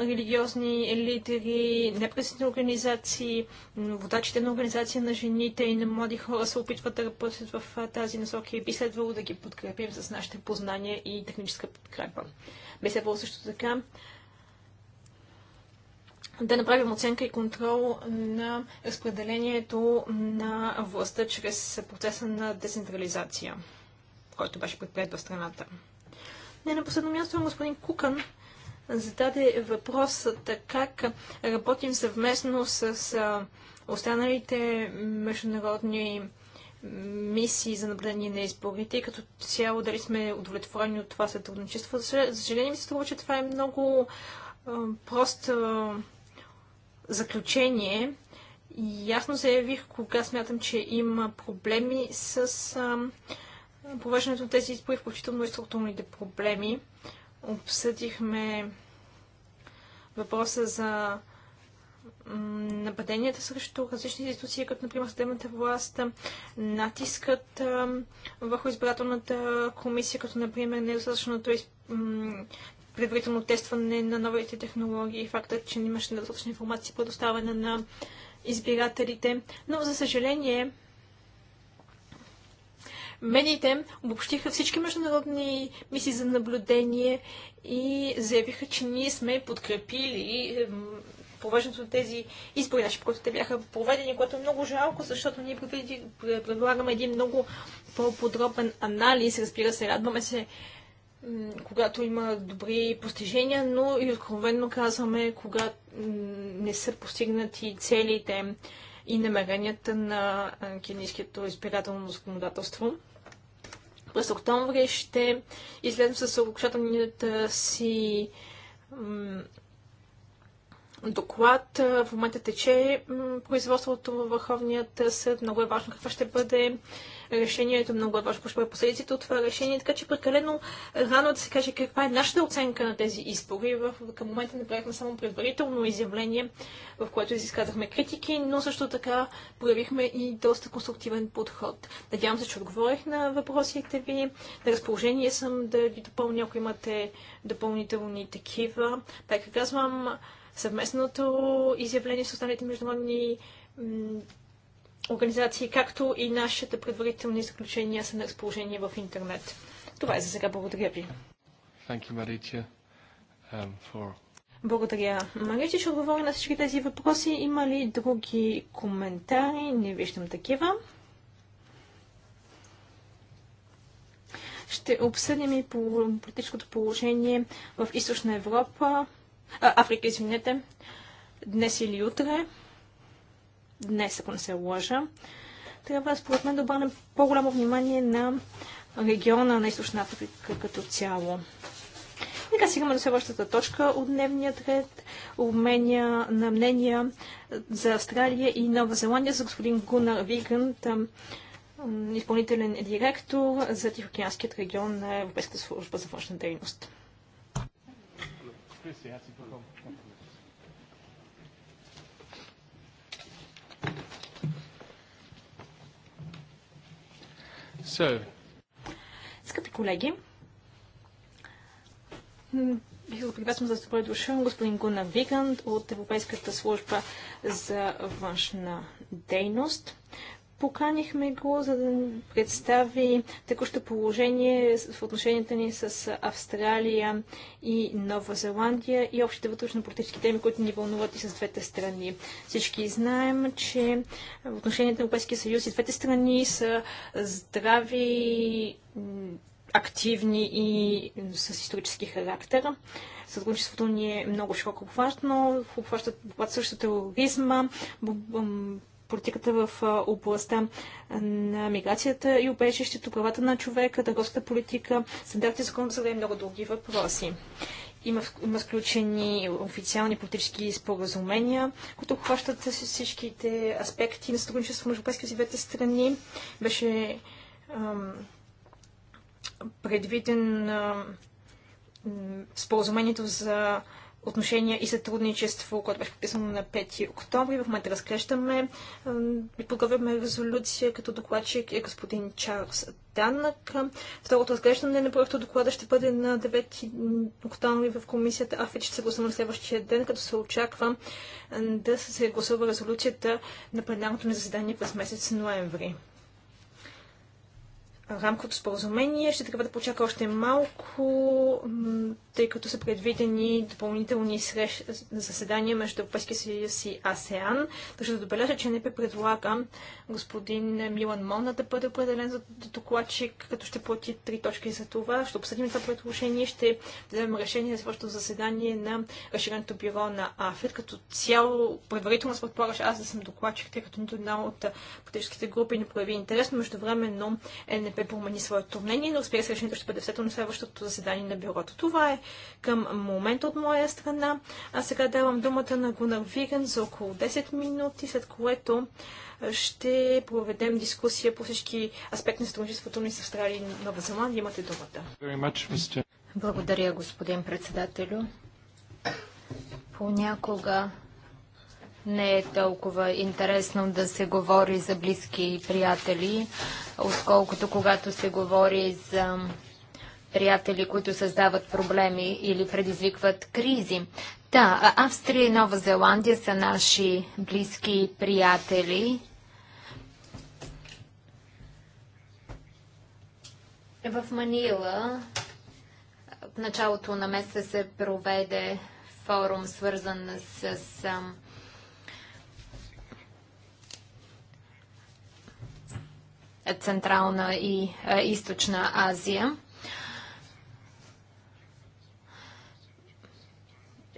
религиозни лидери, непредседни организации, водачите на организации на жените и на млади хора се опитват да работят в тази насока и би следвало да ги подкрепим с нашите познания и техническа подкрепа. Би следвало също така да направим оценка и контрол на разпределението на властта чрез процеса на децентрализация, който беше предприят в страната. Не на последно място господин Кукан зададе въпросът как работим съвместно с останалите международни мисии за наблюдение на изборите и като цяло дали сме удовлетворени от това сътрудничество. За съжаление ми се струва, че това е много прост заключение ясно заявих кога смятам, че има проблеми с а, провеждането на тези избори, включително и структурните проблеми. Обсъдихме въпроса за нападенията срещу различни институции, като например съдебната власт, натискът върху избирателната комисия, като например недостатъчното предварително тестване на новите технологии, фактът, че имаше недостатъчна информация, предоставена на избирателите. Но, за съжаление, медиите обобщиха всички международни мисии за наблюдение и заявиха, че ние сме подкрепили провеждането на тези избори, начин, които те бяха проведени, което е много жалко, защото ние предлагаме един много по-подробен анализ. Разбира се, радваме се, когато има добри постижения, но и откровенно казваме, когато не са постигнати целите и намеренията на кенийското избирателно законодателство. През октомври ще излезем с окончателната си доклад. В момента тече производството във Върховният съд. Много е важно каква ще бъде решението много е важно, е последиците от това решение, така че прекалено рано да се каже каква е нашата оценка на тези избори. В, към момента направихме само предварително изявление, в което изказахме критики, но също така проявихме и доста конструктивен подход. Надявам се, че отговорих на въпросите ви. На разположение съм да ви допълня, ако имате допълнителни такива. Така казвам, съвместното изявление с останалите международни организации, както и нашите предварителни заключения са на разположение в интернет. Това е за сега. Благодаря ви. You, um, for... Благодаря. Маричи ще отговори на всички тези въпроси. Има ли други коментари? Не виждам такива. Ще обсъдим и по политическото положение в Източна Европа, а, Африка, извинете, днес или утре днес, ако не се лъжа. Трябва, според мен, да обърнем по-голямо внимание на региона на Източна Африка като цяло. Така, стигаме до следващата точка от дневния ред. Обменя на мнения за Австралия и Нова Зеландия с господин Гунар Виган, изпълнителен директор за Тихоокеанският регион на Европейската служба за външна дейност. So. Скъпи колеги, бих да приветствам за добре дошъл господин Гуна Виганд от Европейската служба за външна дейност. Поканихме го, за да представи текущо положение в отношенията ни с Австралия и Нова Зеландия и общите вътрешно-политически теми, които ни вълнуват и с двете страни. Всички знаем, че в отношенията на Европейския съюз и двете страни са здрави, активни и с исторически характер. Сътрудничеството ни е много широко обхващано, обхваща също тероризма, политиката в областта на миграцията и обежището, правата на човека, търговската политика, стандарти закон конкурса и много други въпроси. Има, има сключени официални политически споразумения, които хващат всичките аспекти на сътрудничество между Европейския и двете страни. Беше ам, предвиден ам, споразумението за отношения и сътрудничество, което беше подписано на 5 октомври. В момента разкрещаме и подготвяме резолюция като докладчик е господин Чарлз Данък. Второто разглеждане на проекта доклада ще бъде на 9 октомври в комисията АФИЧ. ще се гласува на следващия ден, като се очаква да се гласува резолюцията на пленарното ни заседание през месец ноември рамковото споразумение. Ще трябва да почака още малко, тъй като са предвидени допълнителни срещ... заседания между Европейския съюз и АСЕАН. Така да добележа, че не предлага господин Милан Мона да бъде определен за докладчик, като ще плати три точки за това. Ще обсъдим това предложение, ще вземем решение за вашето заседание на разширеното бюро на АФЕД. Като цяло, предварително се предполагаш аз да съм докладчик, тъй като нито една от политическите групи не прояви интерес, но междувременно НП промени своето мнение, но разбира се, решението ще бъде взето на следващото заседание на бюрото. Това е към момента от моя страна. А сега давам думата на Гунар Виган за около 10 минути, след което ще проведем дискусия по всички аспекти на сътрудничеството ни с Австралия и Нова Зеландия. Имате думата. Благодаря, господин председателю. Понякога не е толкова интересно да се говори за близки и приятели, отколкото когато се говори за приятели, които създават проблеми или предизвикват кризи. Да, Австрия и Нова Зеландия са наши близки приятели. Е, в Манила в началото на месеца се проведе форум, свързан с, с Централна и а, Източна Азия.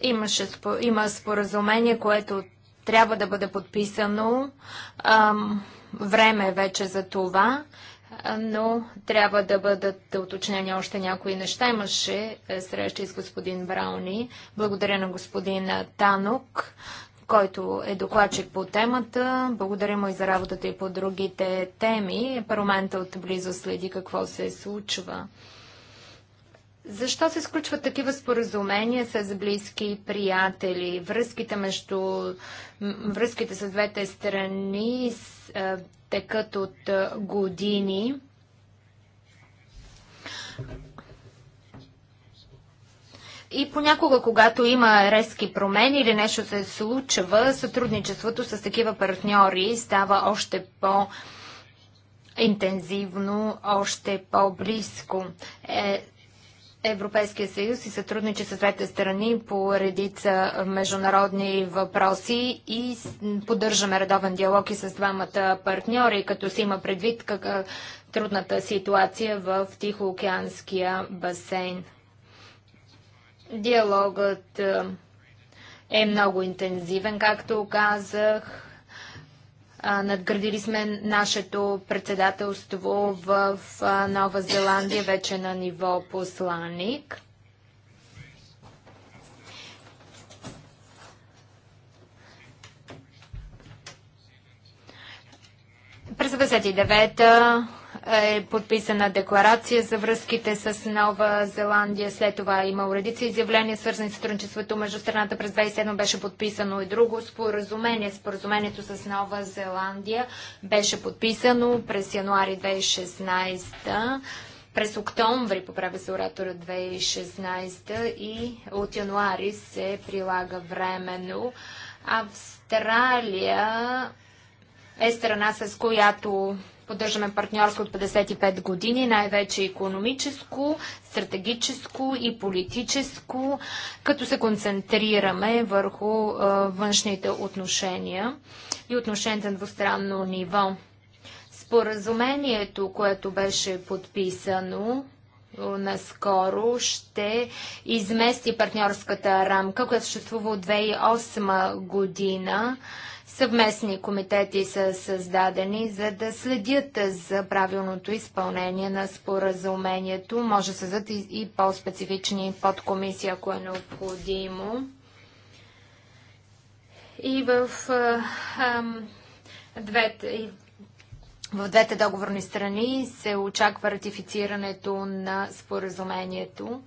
Имаше, има споразумение, което трябва да бъде подписано. време е вече за това но трябва да бъдат уточнени още някои неща. Имаше е, срещи с господин Брауни. Благодаря на господин Танок, който е докладчик по темата. Благодаря му и за работата и по другите теми. Парламента отблизо следи какво се случва. Защо се сключват такива споразумения с близки приятели? Връзките между връзките с двете страни е, текат от е, години. И понякога, когато има резки промени или нещо се случва, сътрудничеството с такива партньори става още по- интензивно, още по-близко. Е, Европейския съюз и сътрудничи с двете страни по редица международни въпроси и поддържаме редовен диалог и с двамата партньори, като си има предвид как трудната ситуация в Тихоокеанския басейн. Диалогът е, е много интензивен, както казах. Надградили сме нашето председателство в Нова Зеландия вече на ниво посланник. През 59 та е подписана декларация за връзките с Нова Зеландия. След това има уредици изявления, свързани с сътрудничеството между страната. През 2007 беше подписано и друго споразумение. Споразумението с Нова Зеландия беше подписано през януари 2016 през октомври, поправя се оратора 2016 и от януари се прилага временно. Австралия е страна, с която Поддържаме партньорство от 55 години, най-вече економическо, стратегическо и политическо, като се концентрираме върху външните отношения и отношенията на двустранно ниво. Споразумението, което беше подписано наскоро ще измести партньорската рамка, която съществува от 2008 година. Съвместни комитети са създадени, за да следят за правилното изпълнение на споразумението. Може да създадат и, по-специфични подкомисии, ако е необходимо. И в, а, а, двете, и в двете договорни страни се очаква ратифицирането на споразумението.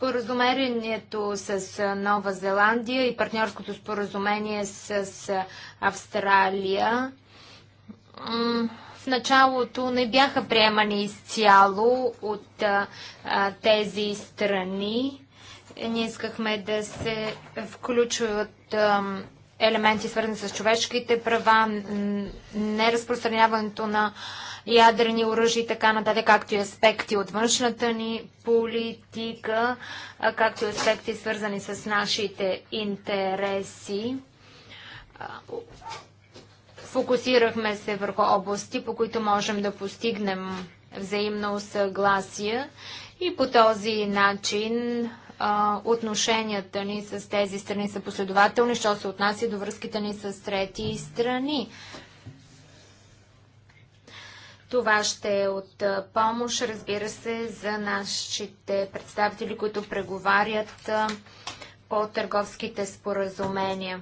Споразумението с Нова Зеландия и партньорското споразумение с Австралия в началото не бяха приемани изцяло от тези страни. Ние искахме да се включват елементи, свързани с човешките права, неразпространяването на ядрени оръжия и така нататък, както и аспекти от външната ни политика, както и аспекти свързани с нашите интереси. Фокусирахме се върху области, по които можем да постигнем взаимно съгласие и по този начин отношенията ни с тези страни са последователни, що се отнася до връзките ни с трети страни. Това ще е от помощ, разбира се, за нашите представители, които преговарят по търговските споразумения.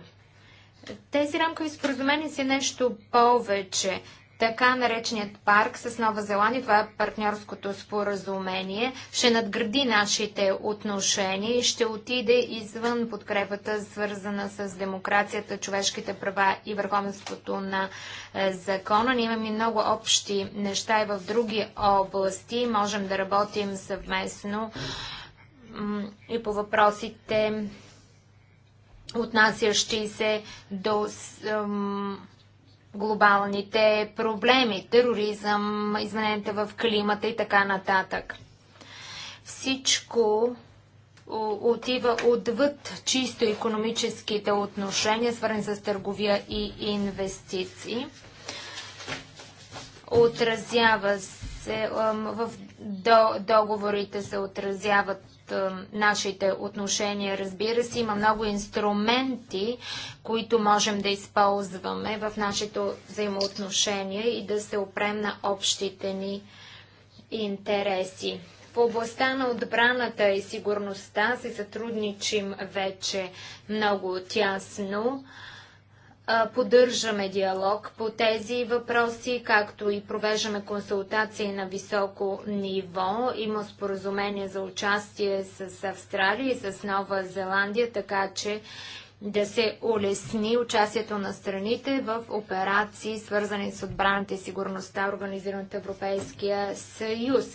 Тези рамкови споразумения са нещо повече така нареченият парк с Нова Зеландия, това е партньорското споразумение, ще надгради нашите отношения и ще отиде извън подкрепата, свързана с демокрацията, човешките права и върховенството на е, закона. Ние имаме много общи неща и в други области. Можем да работим съвместно и по въпросите, отнасящи се до глобалните проблеми, тероризъм, измененията в климата и така нататък. Всичко отива отвъд чисто економическите отношения, свързани с търговия и инвестиции. Отразява се, в договорите се отразяват от нашите отношения. Разбира се, има много инструменти, които можем да използваме в нашето взаимоотношение и да се опрем на общите ни интереси. В областта на отбраната и сигурността се сътрудничим вече много тясно поддържаме диалог по тези въпроси, както и провеждаме консултации на високо ниво. Има споразумение за участие с Австралия и с Нова Зеландия, така че да се улесни участието на страните в операции, свързани с отбраната и сигурността, организираната от Европейския съюз.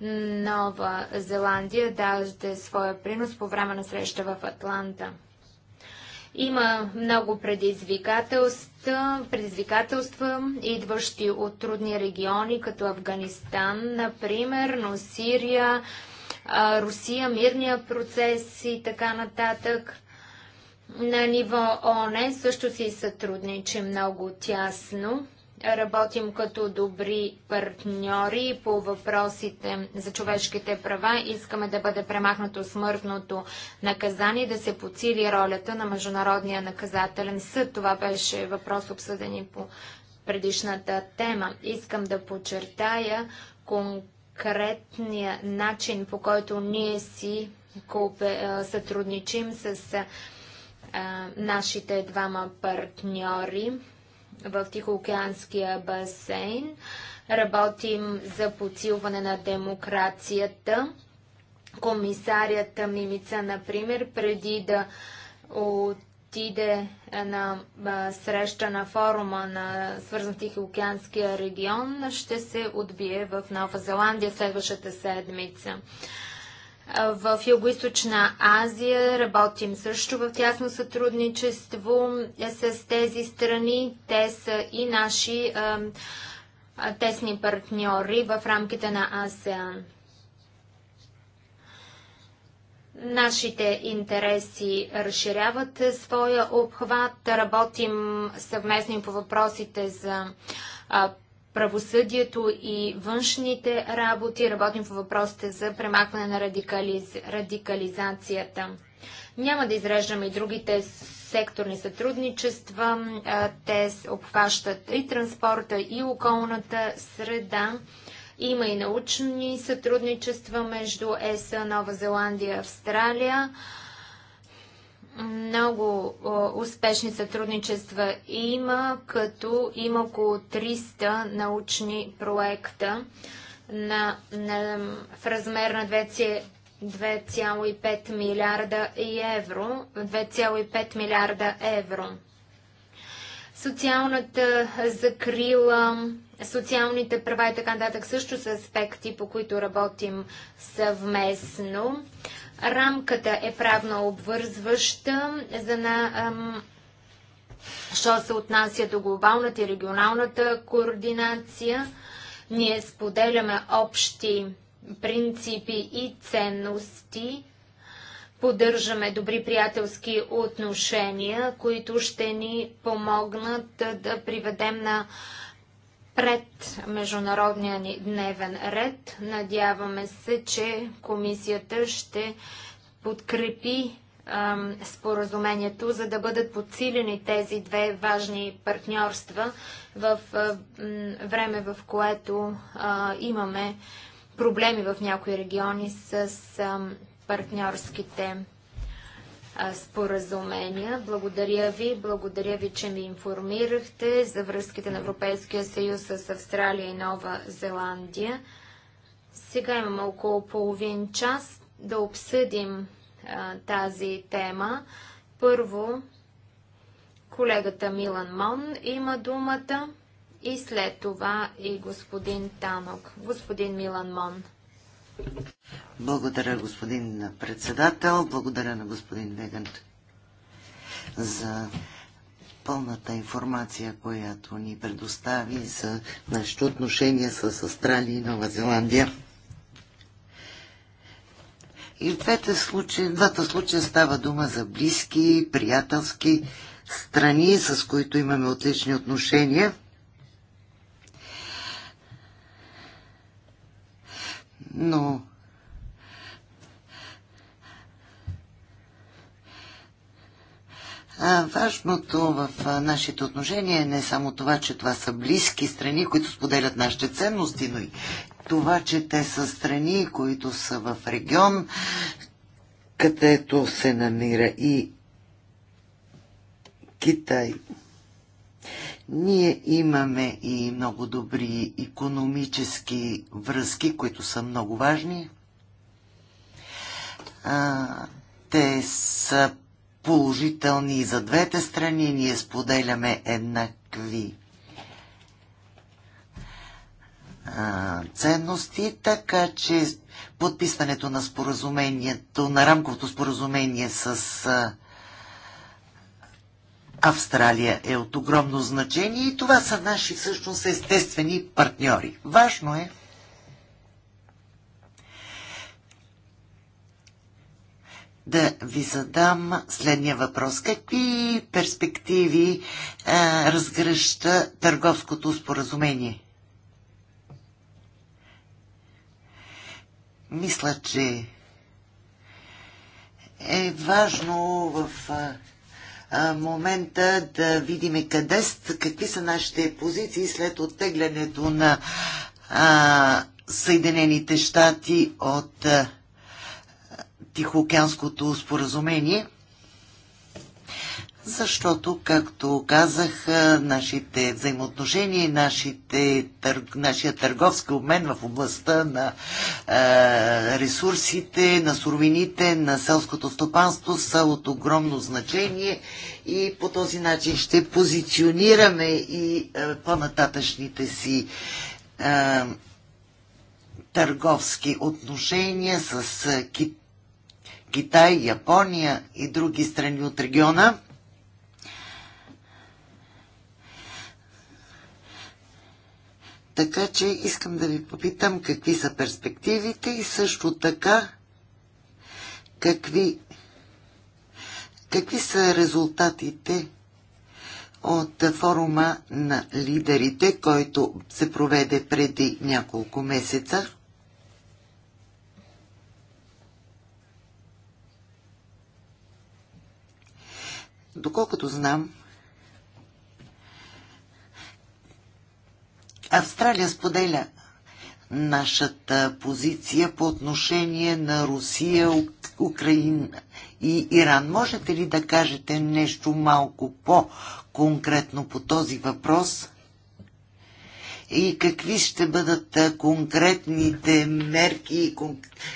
Нова Зеландия даде своя принос по време на среща в Атланта. Има много предизвикателства, предизвикателства, идващи от трудни региони, като Афганистан, например, но Сирия, Русия, мирния процес и така нататък. На ниво ОНЕ също си сътрудничи много тясно работим като добри партньори по въпросите за човешките права. Искаме да бъде премахнато смъртното наказание, да се подсили ролята на Международния наказателен съд. Това беше въпрос обсъден и по предишната тема. Искам да подчертая конкретния начин, по който ние си сътрудничим с нашите двама партньори в Тихоокеанския басейн. Работим за подсилване на демокрацията. Комисарията Мимица, например, преди да отиде на среща на форума на свързан Тихоокеанския регион, ще се отбие в Нова Зеландия следващата седмица. В Юго-Источна Азия работим също в тясно сътрудничество с тези страни. Те са и наши а, тесни партньори в рамките на АСЕАН. Нашите интереси разширяват своя обхват. Работим съвместно по въпросите за правосъдието и външните работи. Работим по въпросите за премахване на радикализ... радикализацията. Няма да изреждаме и другите секторни сътрудничества. Те обхващат и транспорта, и околната среда. Има и научни сътрудничества между ЕС, Нова Зеландия, Австралия. Много успешни сътрудничества има, като има около 300 научни проекта на, на, в размер на 2,5 милиарда евро. 2,5 милиарда евро. Социалната закрила, социалните права и така нататък също са аспекти, по които работим съвместно. Рамката е правно обвързваща за на, що се отнася до глобалната и регионалната координация. Ние споделяме общи принципи и ценности поддържаме добри приятелски отношения, които ще ни помогнат да приведем на пред международния ни дневен ред. Надяваме се, че комисията ще подкрепи ам, споразумението, за да бъдат подсилени тези две важни партньорства в а, време, в което имаме проблеми в някои региони с партньорските партньорските споразумения. Благодаря ви, благодаря ви, че ми информирахте за връзките на Европейския съюз с Австралия и Нова Зеландия. Сега имаме около половин час да обсъдим а, тази тема. Първо, колегата Милан Мон има думата и след това и господин Танок. Господин Милан Мон. Благодаря, господин председател. Благодаря на господин Вегант за пълната информация, която ни предостави за нашите отношения с Австралия и Нова Зеландия. И в двете случаи, двата случая става дума за близки, приятелски страни, с които имаме отлични отношения. но А, важното в а, нашите отношения е не само това, че това са близки страни, които споделят нашите ценности, но и това, че те са страни, които са в регион, където се намира и Китай. Ние имаме и много добри економически връзки, които са много важни. А, те са положителни и за двете страни. Ние споделяме еднакви ценности, така че подписването на споразумението, на рамковото споразумение с а, Австралия е от огромно значение и това са наши всъщност естествени партньори. Важно е да ви задам следния въпрос. Какви перспективи а, е, разгръща търговското споразумение? Мисля, че е важно в а, е, момента да видим къде, какви са нашите позиции след оттеглянето на а, Съединените щати от а, Тихоокеанското споразумение – защото, както казах, нашите взаимоотношения и нашите, нашия търговски обмен в областта на е, ресурсите, на суровините, на селското стопанство са от огромно значение и по този начин ще позиционираме и е, по-нататъчните си е, търговски отношения с Китай, Япония и други страни от региона. Така че искам да ви попитам какви са перспективите и също така какви, какви са резултатите от форума на лидерите, който се проведе преди няколко месеца. Доколкото знам, Австралия споделя нашата позиция по отношение на Русия, Украина и Иран. Можете ли да кажете нещо малко по-конкретно по този въпрос? И какви ще бъдат конкретните мерки и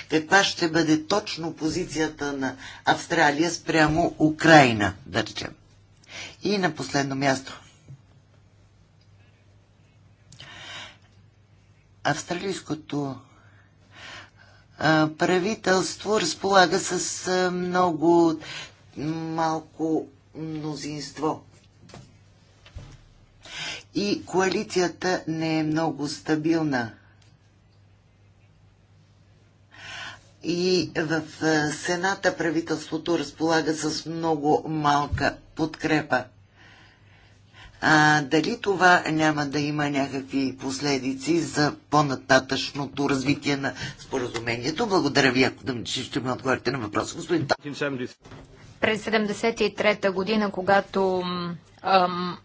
каква ще бъде точно позицията на Австралия спрямо Украина, да речем? И на последно място, австралийското правителство разполага с много малко мнозинство. И коалицията не е много стабилна. И в Сената правителството разполага с много малка подкрепа а, дали това няма да има някакви последици за по-нататъчното развитие на споразумението? Благодаря ви, ако да ще ми отговорите на въпроса, господин През 73-та година, когато ам,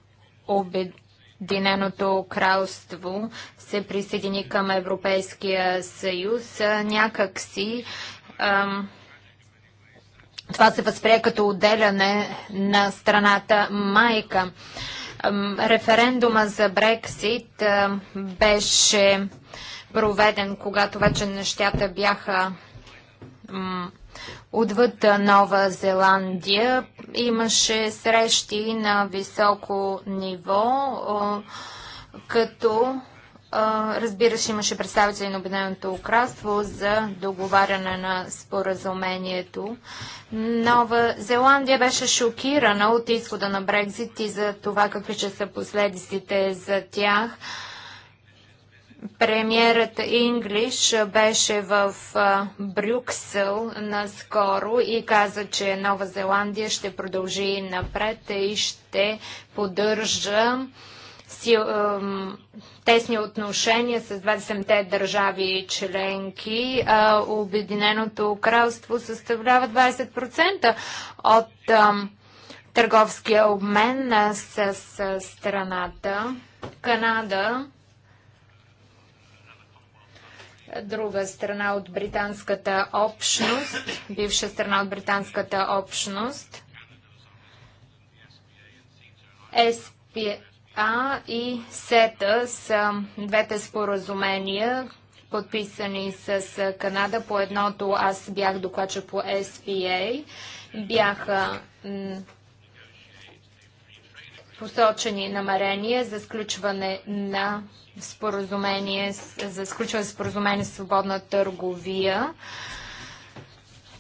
Обединеното кралство се присъедини към Европейския съюз, някак си ам, това се възприе като отделяне на страната майка. Референдума за Брексит беше проведен, когато вече нещата бяха отвъд Нова Зеландия. Имаше срещи на високо ниво, като Разбира се, имаше представители на Обединеното кралство за договаряне на споразумението. Нова Зеландия беше шокирана от изхода на Брекзит и за това какви ще са последиците за тях. Премьерът Инглиш беше в Брюксел наскоро и каза, че Нова Зеландия ще продължи напред и ще поддържа си, тесни отношения с 27-те държави членки. Обединеното кралство съставлява 20% от търговския обмен с, с страната. Канада, друга страна от британската общност, бивша страна от британската общност, СП, а и СЕТА са двете споразумения, подписани с Канада. По едното аз бях докладчик по SPA. Бяха посочени намерения за сключване на споразумение, за сключване споразумение с свободна търговия.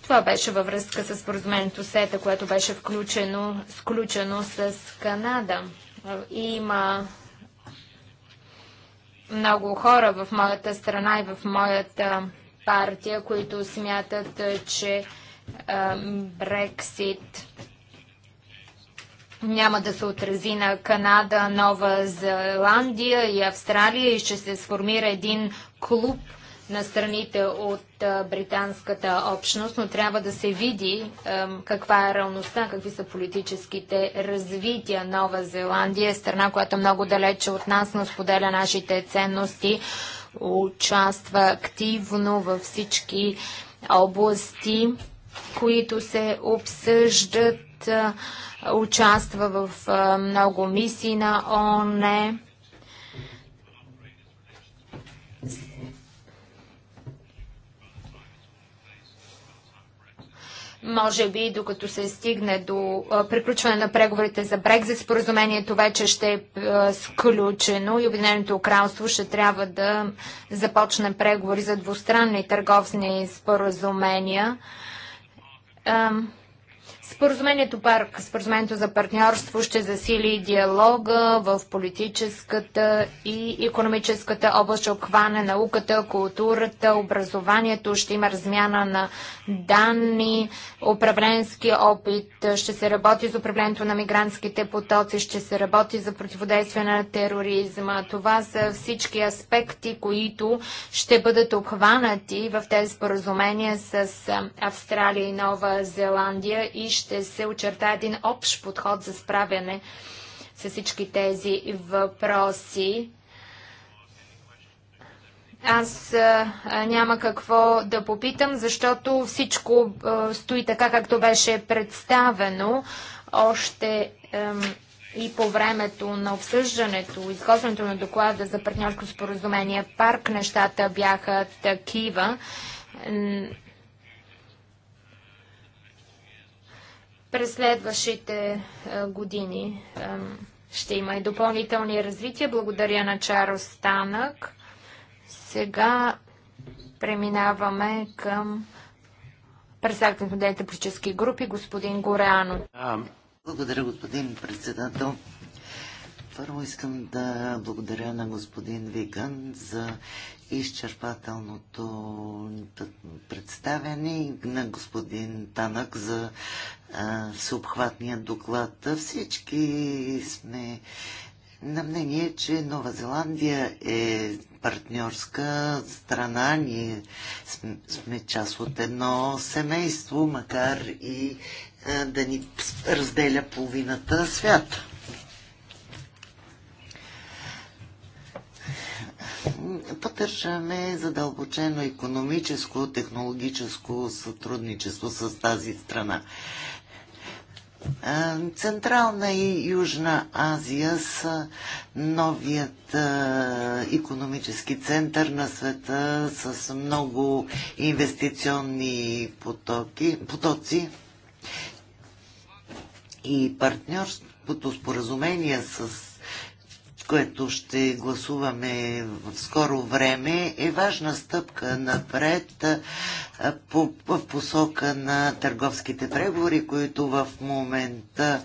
Това беше във връзка с споразумението СЕТА, което беше включено, сключено с Канада. Има много хора в моята страна и в моята партия, които смятат, че Брексит няма да се отрази на Канада, Нова Зеландия и Австралия и ще се сформира един клуб – на страните от британската общност, но трябва да се види каква е реалността, какви са политическите развития. Нова Зеландия е страна, която много далече от нас, но споделя нашите ценности, участва активно във всички области, които се обсъждат, участва в много мисии на ОНЕ Може би, докато се стигне до приключване на преговорите за Брекзит, споразумението вече ще е сключено и Обединеното кралство ще трябва да започне преговори за двустранни търговски споразумения. Um, Споразумението парк, споразумението за партньорство ще засили диалога в политическата и економическата област, ще обхване науката, културата, образованието, ще има размяна на данни, управленски опит, ще се работи за управлението на мигрантските потоци, ще се работи за противодействие на тероризма. Това са всички аспекти, които ще бъдат обхванати в тези споразумения с Австралия и Нова Зеландия и ще ще се очерта един общ подход за справяне с всички тези въпроси. Аз няма какво да попитам, защото всичко стои така, както беше представено още и по времето на обсъждането, изготвянето на доклада за партньорско споразумение парк, нещата бяха такива. През следващите е, години е, ще има и допълнителни развития. Благодаря на Чаро Станък. Сега преминаваме към председател на политически групи, господин Гореано. Благодаря, господин председател. Първо искам да благодаря на господин Виган за изчерпателното представяне и на господин Танък за всеобхватния доклад. Всички сме на мнение, че Нова Зеландия е партньорска страна. Ние сме част от едно семейство, макар и да ни разделя половината свят. поддържаме задълбочено економическо, технологическо сътрудничество с тази страна. Централна и Южна Азия са новият економически център на света с много инвестиционни потоки, потоци и партньорството споразумение с което ще гласуваме в скоро време, е важна стъпка напред по, в посока на търговските преговори, които в момента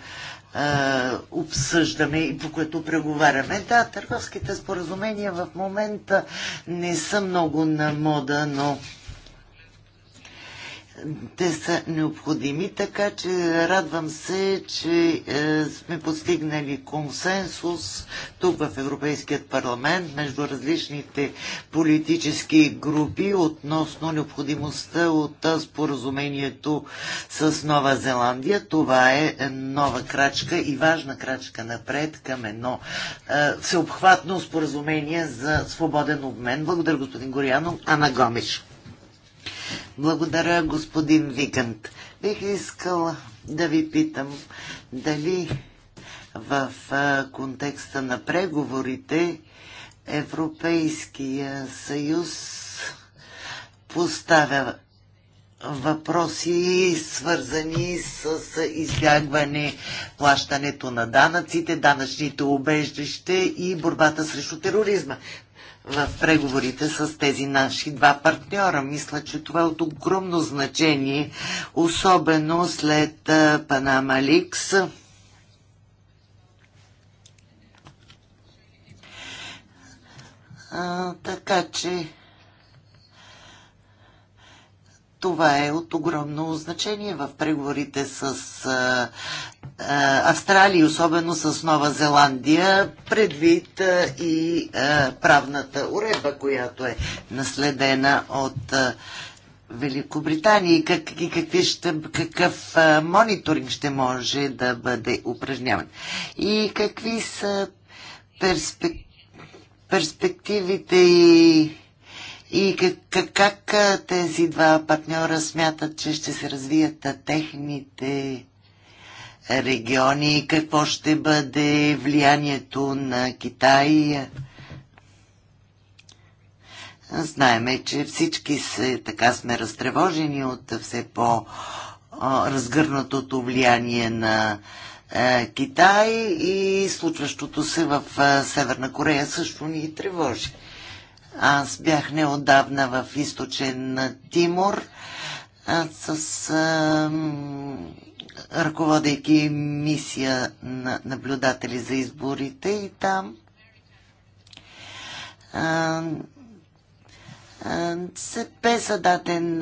обсъждаме и по което преговаряме. Да, търговските споразумения в момента не са много на мода, но те са необходими, така че радвам се, че е, сме постигнали консенсус тук в Европейският парламент между различните политически групи относно необходимостта от споразумението с Нова Зеландия. Това е нова крачка и важна крачка напред към едно е, всеобхватно споразумение за свободен обмен. Благодаря, господин Горяно. Ана Гомиш. Благодаря, господин Викант. Бих искала да ви питам дали в контекста на преговорите Европейския съюз поставя въпроси, свързани с избягване плащането на данъците, данъчните убежище и борбата срещу тероризма в преговорите с тези наши два партньора. Мисля, че това е от огромно значение, особено след Панама Ликс. така че това е от огромно значение в преговорите с е, Австралия, особено с Нова Зеландия, предвид е, и е, правната уредба, която е наследена от Великобритания и, как, и какви ще, какъв мониторинг ще може да бъде упражняван. И какви са перспек, перспективите и, и как, как тези два партньора смятат, че ще се развият техните региони, какво ще бъде влиянието на Китай. Знаеме, че всички се, така сме разтревожени от все по-разгърнатото влияние на е, Китай и случващото се в е, Северна Корея също ни тревожи. Аз бях неодавна в източен Тимор с ръководейки мисия на наблюдатели за изборите и там се бе зададен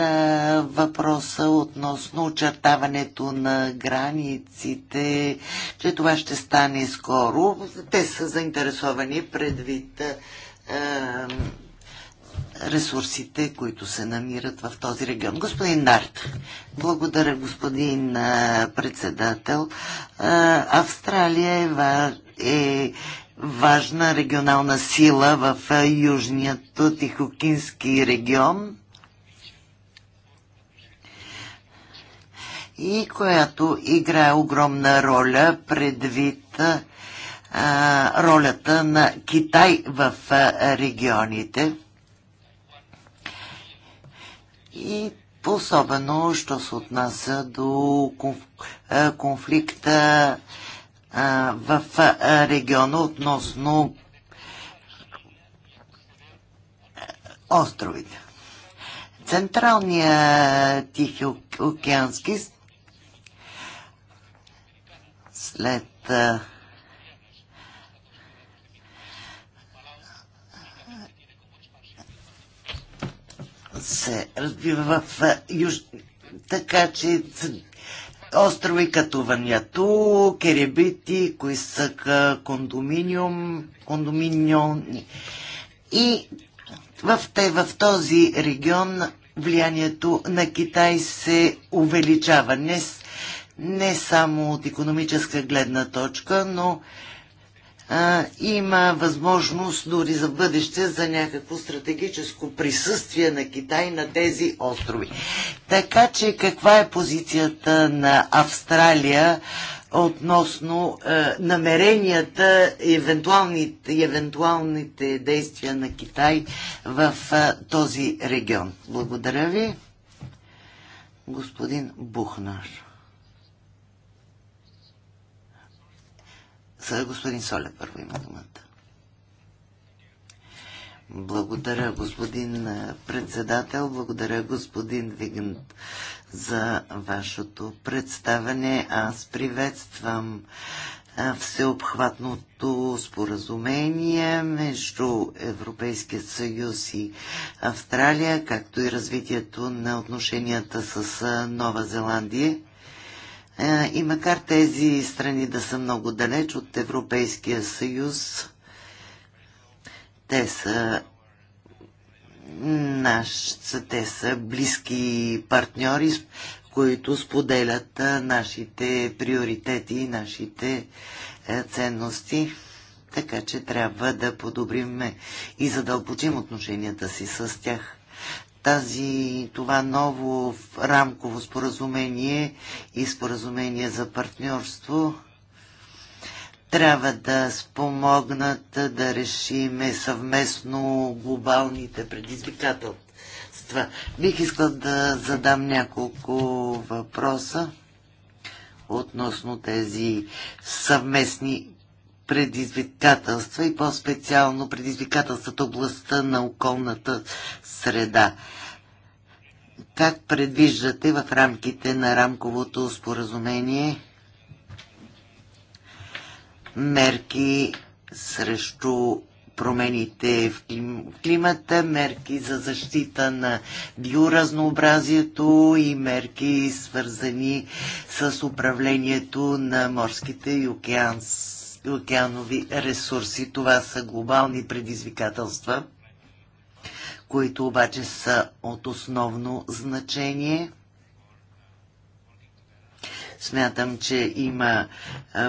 въпрос относно очертаването на границите, че това ще стане скоро. Те са заинтересовани предвид а, ресурсите, които се намират в този регион. Господин Нарт, благодаря господин председател. Австралия е, е важна регионална сила в Южният Тихокински регион. и която играе огромна роля предвид а, ролята на Китай в а, регионите и особено, що се отнася до е, конфликта е, в е, региона относно островите. Централния Тихи океански след се развива в юж... Така че острови като Ваняту, Керебити, кои са кондоминиум, кондоминиони. И в, те, в този регион влиянието на Китай се увеличава. Не, не само от економическа гледна точка, но а, има възможност дори за бъдеще за някакво стратегическо присъствие на Китай на тези острови. Така че каква е позицията на Австралия относно е, намеренията и евентуалните, евентуалните действия на Китай в е, този регион? Благодаря ви, господин Бухнар. Докладът е, господин Соле първо има думата. Благодаря, господин е, председател. Благодаря, господин Вигант, за вашето представене. Аз приветствам е, всеобхватното споразумение между Европейския съюз и Австралия, както и развитието на отношенията с Нова Зеландия. Е, и макар тези страни да са много далеч от Европейския съюз, те са наш, те са близки партньори, които споделят е, нашите приоритети и нашите е, ценности. Така че трябва да подобрим и задълбочим отношенията си с тях тази, това ново рамково споразумение и споразумение за партньорство трябва да спомогнат да решиме съвместно глобалните предизвикателства. Бих искал да задам няколко въпроса относно тези съвместни предизвикателства и по-специално предизвикателствата областта на околната среда как предвиждате в рамките на рамковото споразумение мерки срещу промените в климата, мерки за защита на биоразнообразието и мерки свързани с управлението на морските и океанс, океанови ресурси. Това са глобални предизвикателства които обаче са от основно значение. Смятам, че има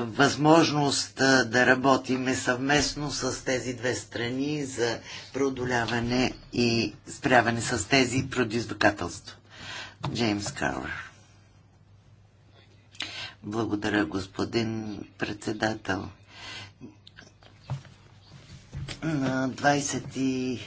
възможност да работиме съвместно с тези две страни за преодоляване и справяне с тези предизвикателства. Джеймс Кауър. Благодаря, господин председател. На 20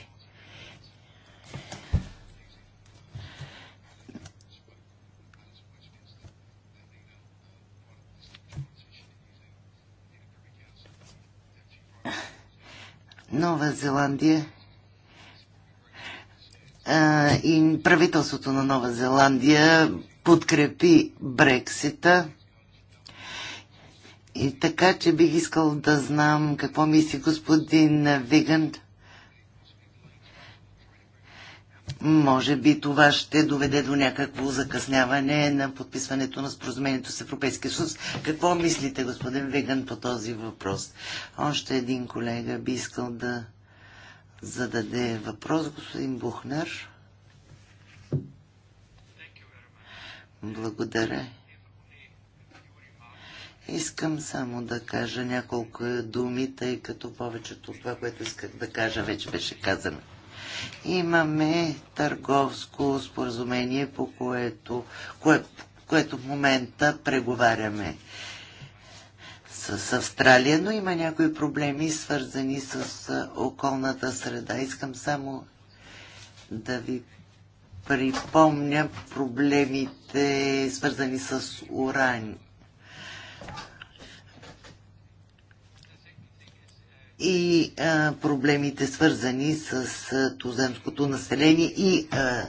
Нова Зеландия и правителството на Нова Зеландия подкрепи Брексита. И така, че бих искал да знам какво мисли господин Виганд може би това ще доведе до някакво закъсняване на подписването на споразумението с Европейския съюз. Какво мислите, господин Веган, по този въпрос? Още един колега би искал да зададе въпрос, господин Бухнер. Благодаря. Искам само да кажа няколко думи, тъй като повечето от това, което исках да кажа, вече беше казано. Имаме търговско споразумение, по което, кое, което в момента преговаряме с Австралия, но има някои проблеми, свързани с околната среда. Искам само да ви припомня проблемите, свързани с уран, и а, проблемите свързани с а, туземското население и а,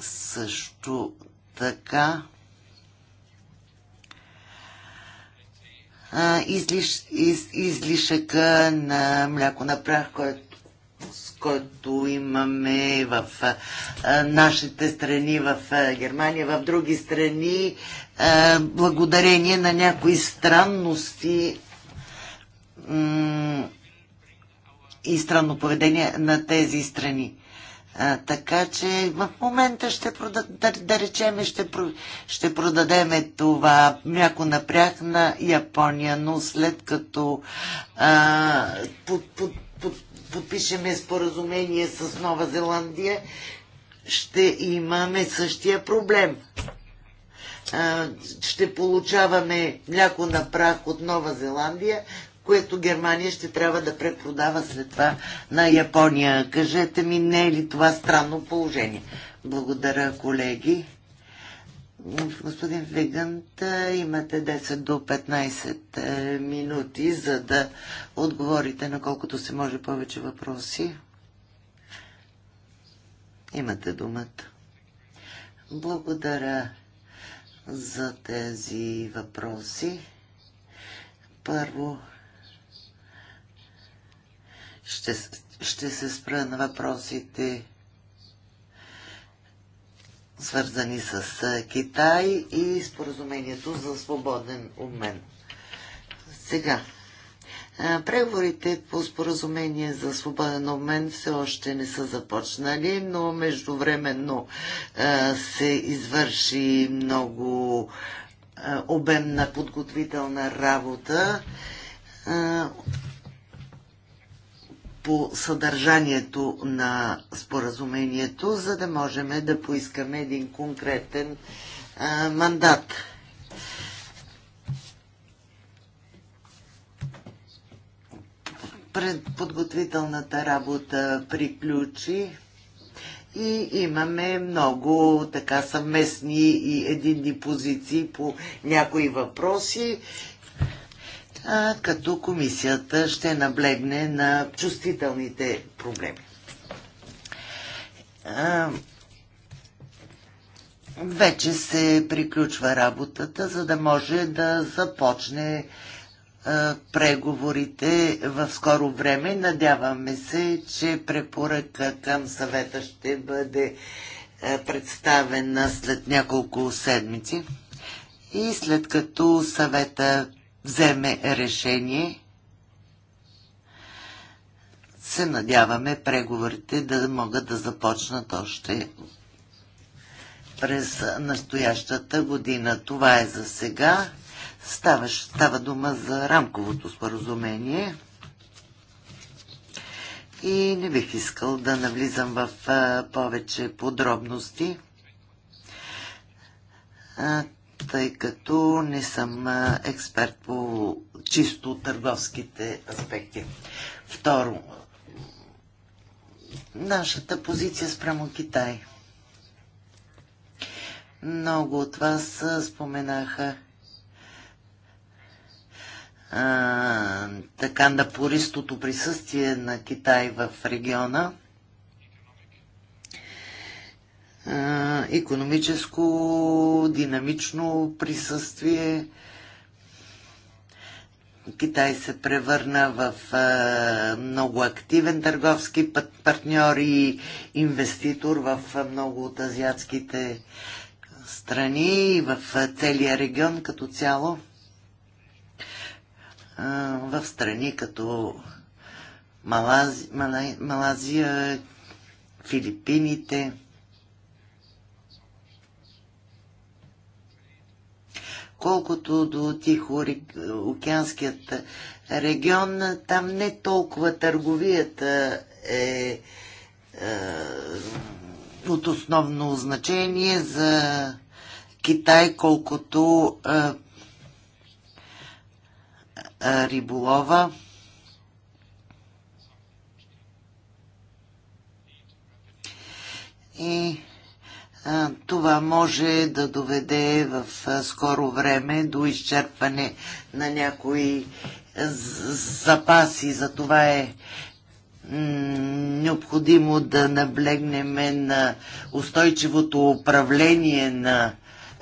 също така а, излиш, из, излишъка на мляко на прах, който с който имаме в нашите страни, в Германия, в други страни, благодарение на някои странности и странно поведение на тези страни. А, така че в момента ще продадем, да, да речеме, ще, про, ще продадеме това мляко напрях на Япония, но след като а, под, под, подпишеме споразумение с Нова Зеландия, ще имаме същия проблем. Ще получаваме мляко на прах от Нова Зеландия, което Германия ще трябва да препродава след това на Япония. Кажете ми, не е ли това странно положение? Благодаря, колеги господин Вигант, имате 10 до 15 минути, за да отговорите на колкото се може повече въпроси. Имате думата. Благодаря за тези въпроси. Първо ще, ще се спра на въпросите свързани с Китай и споразумението за свободен обмен. Сега, преговорите по споразумение за свободен обмен все още не са започнали, но междувременно се извърши много обемна подготвителна работа по съдържанието на споразумението, за да можем да поискаме един конкретен а, мандат. Предподготвителната работа приключи и имаме много така съвместни и единни позиции по някои въпроси като комисията ще наблегне на чувствителните проблеми. Вече се приключва работата, за да може да започне преговорите в скоро време. Надяваме се, че препоръка към съвета ще бъде представена след няколко седмици. И след като съвета вземе решение. Се надяваме преговорите да могат да започнат още през настоящата година. Това е за сега. Става, става дума за рамковото споразумение. И не бих искал да навлизам в повече подробности тъй като не съм експерт по чисто търговските аспекти. Второ, нашата позиция спрямо Китай. Много от вас споменаха а, така напористото присъствие на Китай в региона – економическо, динамично присъствие. Китай се превърна в много активен търговски партньор и инвеститор в много от азиатските страни и в целия регион като цяло. В страни като Малази, Малазия, Филипините. Колкото до Тихоокеанският регион, там не толкова търговията е, е от основно значение за Китай, колкото е, е, риболова. И това може да доведе в скоро време до изчерпване на някои запаси. За това е необходимо да наблегнем на устойчивото управление на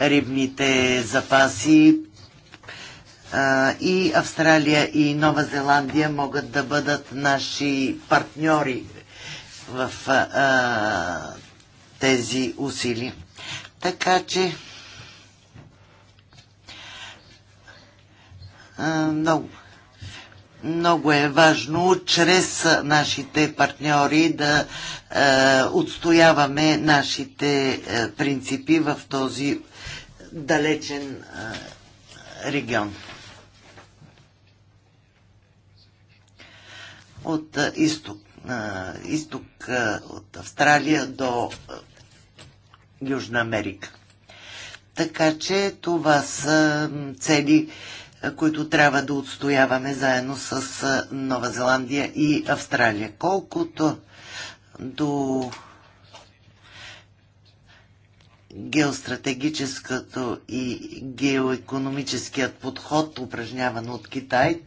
рибните запаси. И Австралия и Нова Зеландия могат да бъдат наши партньори в а, тези усилия. Така че много, много е важно чрез нашите партньори да отстояваме нашите принципи в този далечен регион. От изток, изток от Австралия до Южна Америка. Така че това са цели, които трябва да отстояваме заедно с Нова Зеландия и Австралия. Колкото до геостратегическото и геоекономическият подход, упражняван от Китай,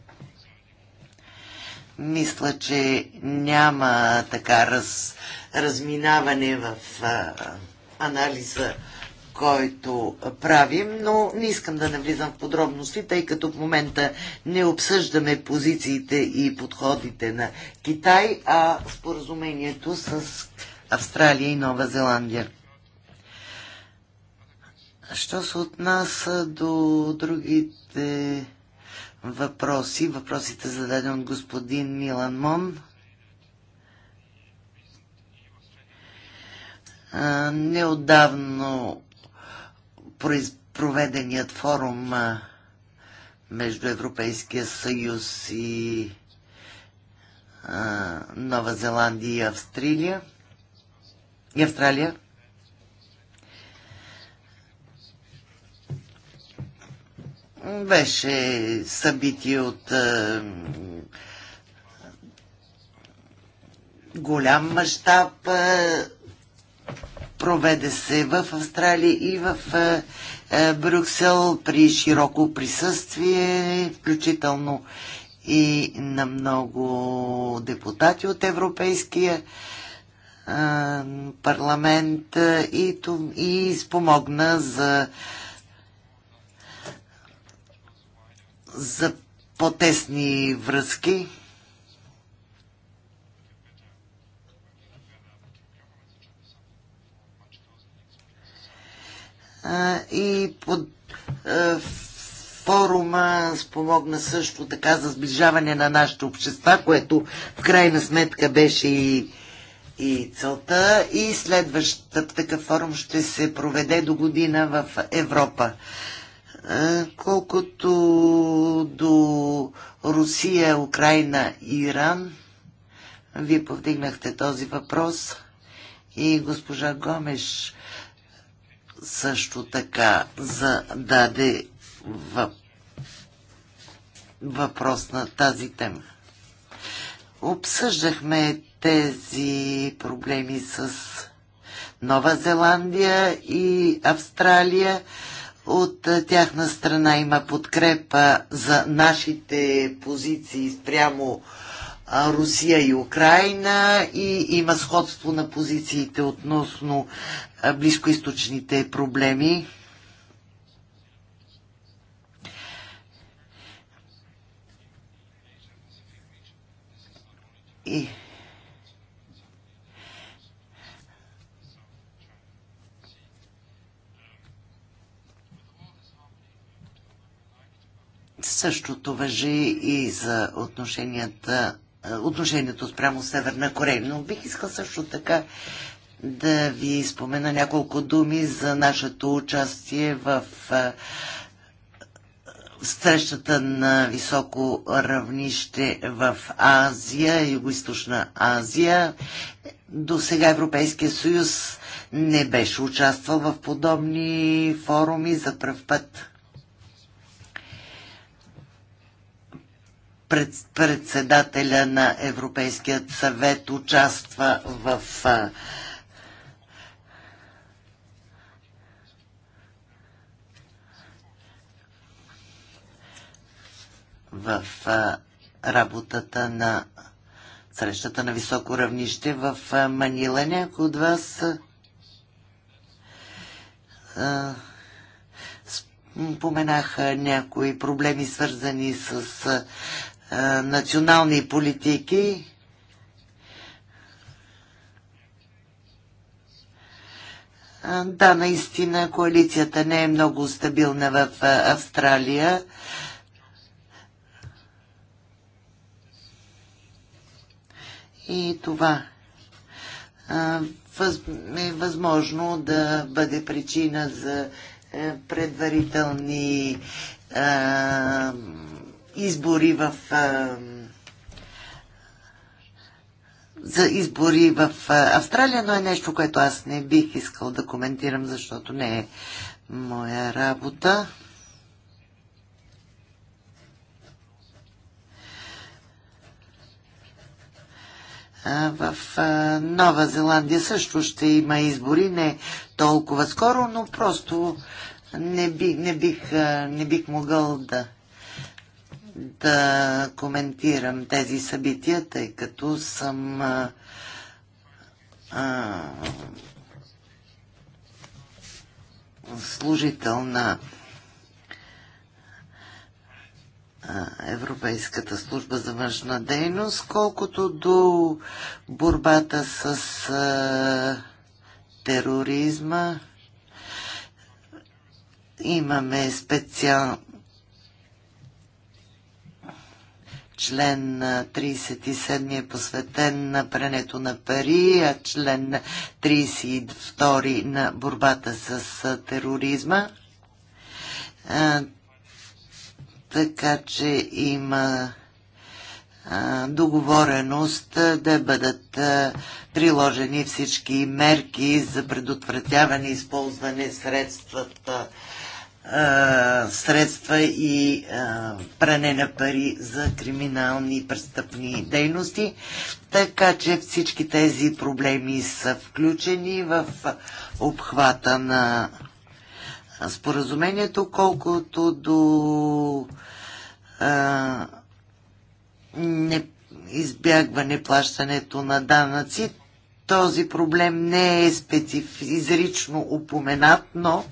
мисля, че няма така раз, разминаване в а, анализа, който правим, но не искам да навлизам в подробности, тъй като в момента не обсъждаме позициите и подходите на Китай, а споразумението с Австралия и Нова Зеландия. Що се отнася до другите въпроси, въпросите зададени от господин Милан Мон, неодавно проведеният форум между Европейския съюз и Нова Зеландия и Австралия. И Австралия. Беше събитие от голям мащаб. Проведе се в Австралия и в е, е, Брюксел при широко присъствие, включително и на много депутати от Европейския е, парламент и, и спомогна за, за по-тесни връзки и под форума спомогна също така за сближаване на нашите общества, което в крайна сметка беше и, и целта. И следващата такъв форум ще се проведе до година в Европа. Колкото до Русия, Украина и Иран, вие повдигнахте този въпрос и госпожа Гомеш също така зададе въпрос на тази тема. Обсъждахме тези проблеми с Нова Зеландия и Австралия. От е, тяхна страна има подкрепа за нашите позиции спрямо Русия и Украина и има сходство на позициите относно близкоисточните проблеми. И Същото въжи и за отношенията е, отношението спрямо Северна Корея. Но бих искал също така да ви спомена няколко думи за нашето участие в е, срещата на високо равнище в Азия, Юго-Источна Азия. До сега Европейския съюз не беше участвал в подобни форуми за пръв път. пред, председателя на Европейският съвет участва в в работата на срещата на високо равнище в Манила. Някой от вас споменаха някои проблеми, свързани с национални политики, Да, наистина коалицията не е много стабилна в Австралия. И това е възможно да бъде причина за е, предварителни избори в за избори в Австралия, но е нещо, което аз не бих искал да коментирам, защото не е моя работа. В Нова Зеландия също ще има избори, не толкова скоро, но просто не, би, не, бих, не бих могъл да да коментирам тези събития, тъй като съм а, а, служител на Европейската служба за външна дейност, колкото до борбата с а, тероризма. Имаме специал, Член 37 е посветен на прането на пари, а член 32 на борбата с тероризма. така че има договореност да бъдат приложени всички мерки за предотвратяване и използване средствата средства и а, пране на пари за криминални и престъпни дейности. Така че всички тези проблеми са включени в обхвата на споразумението, колкото до а, не избягване плащането на данъци. Този проблем не е специф, изрично упоменат, но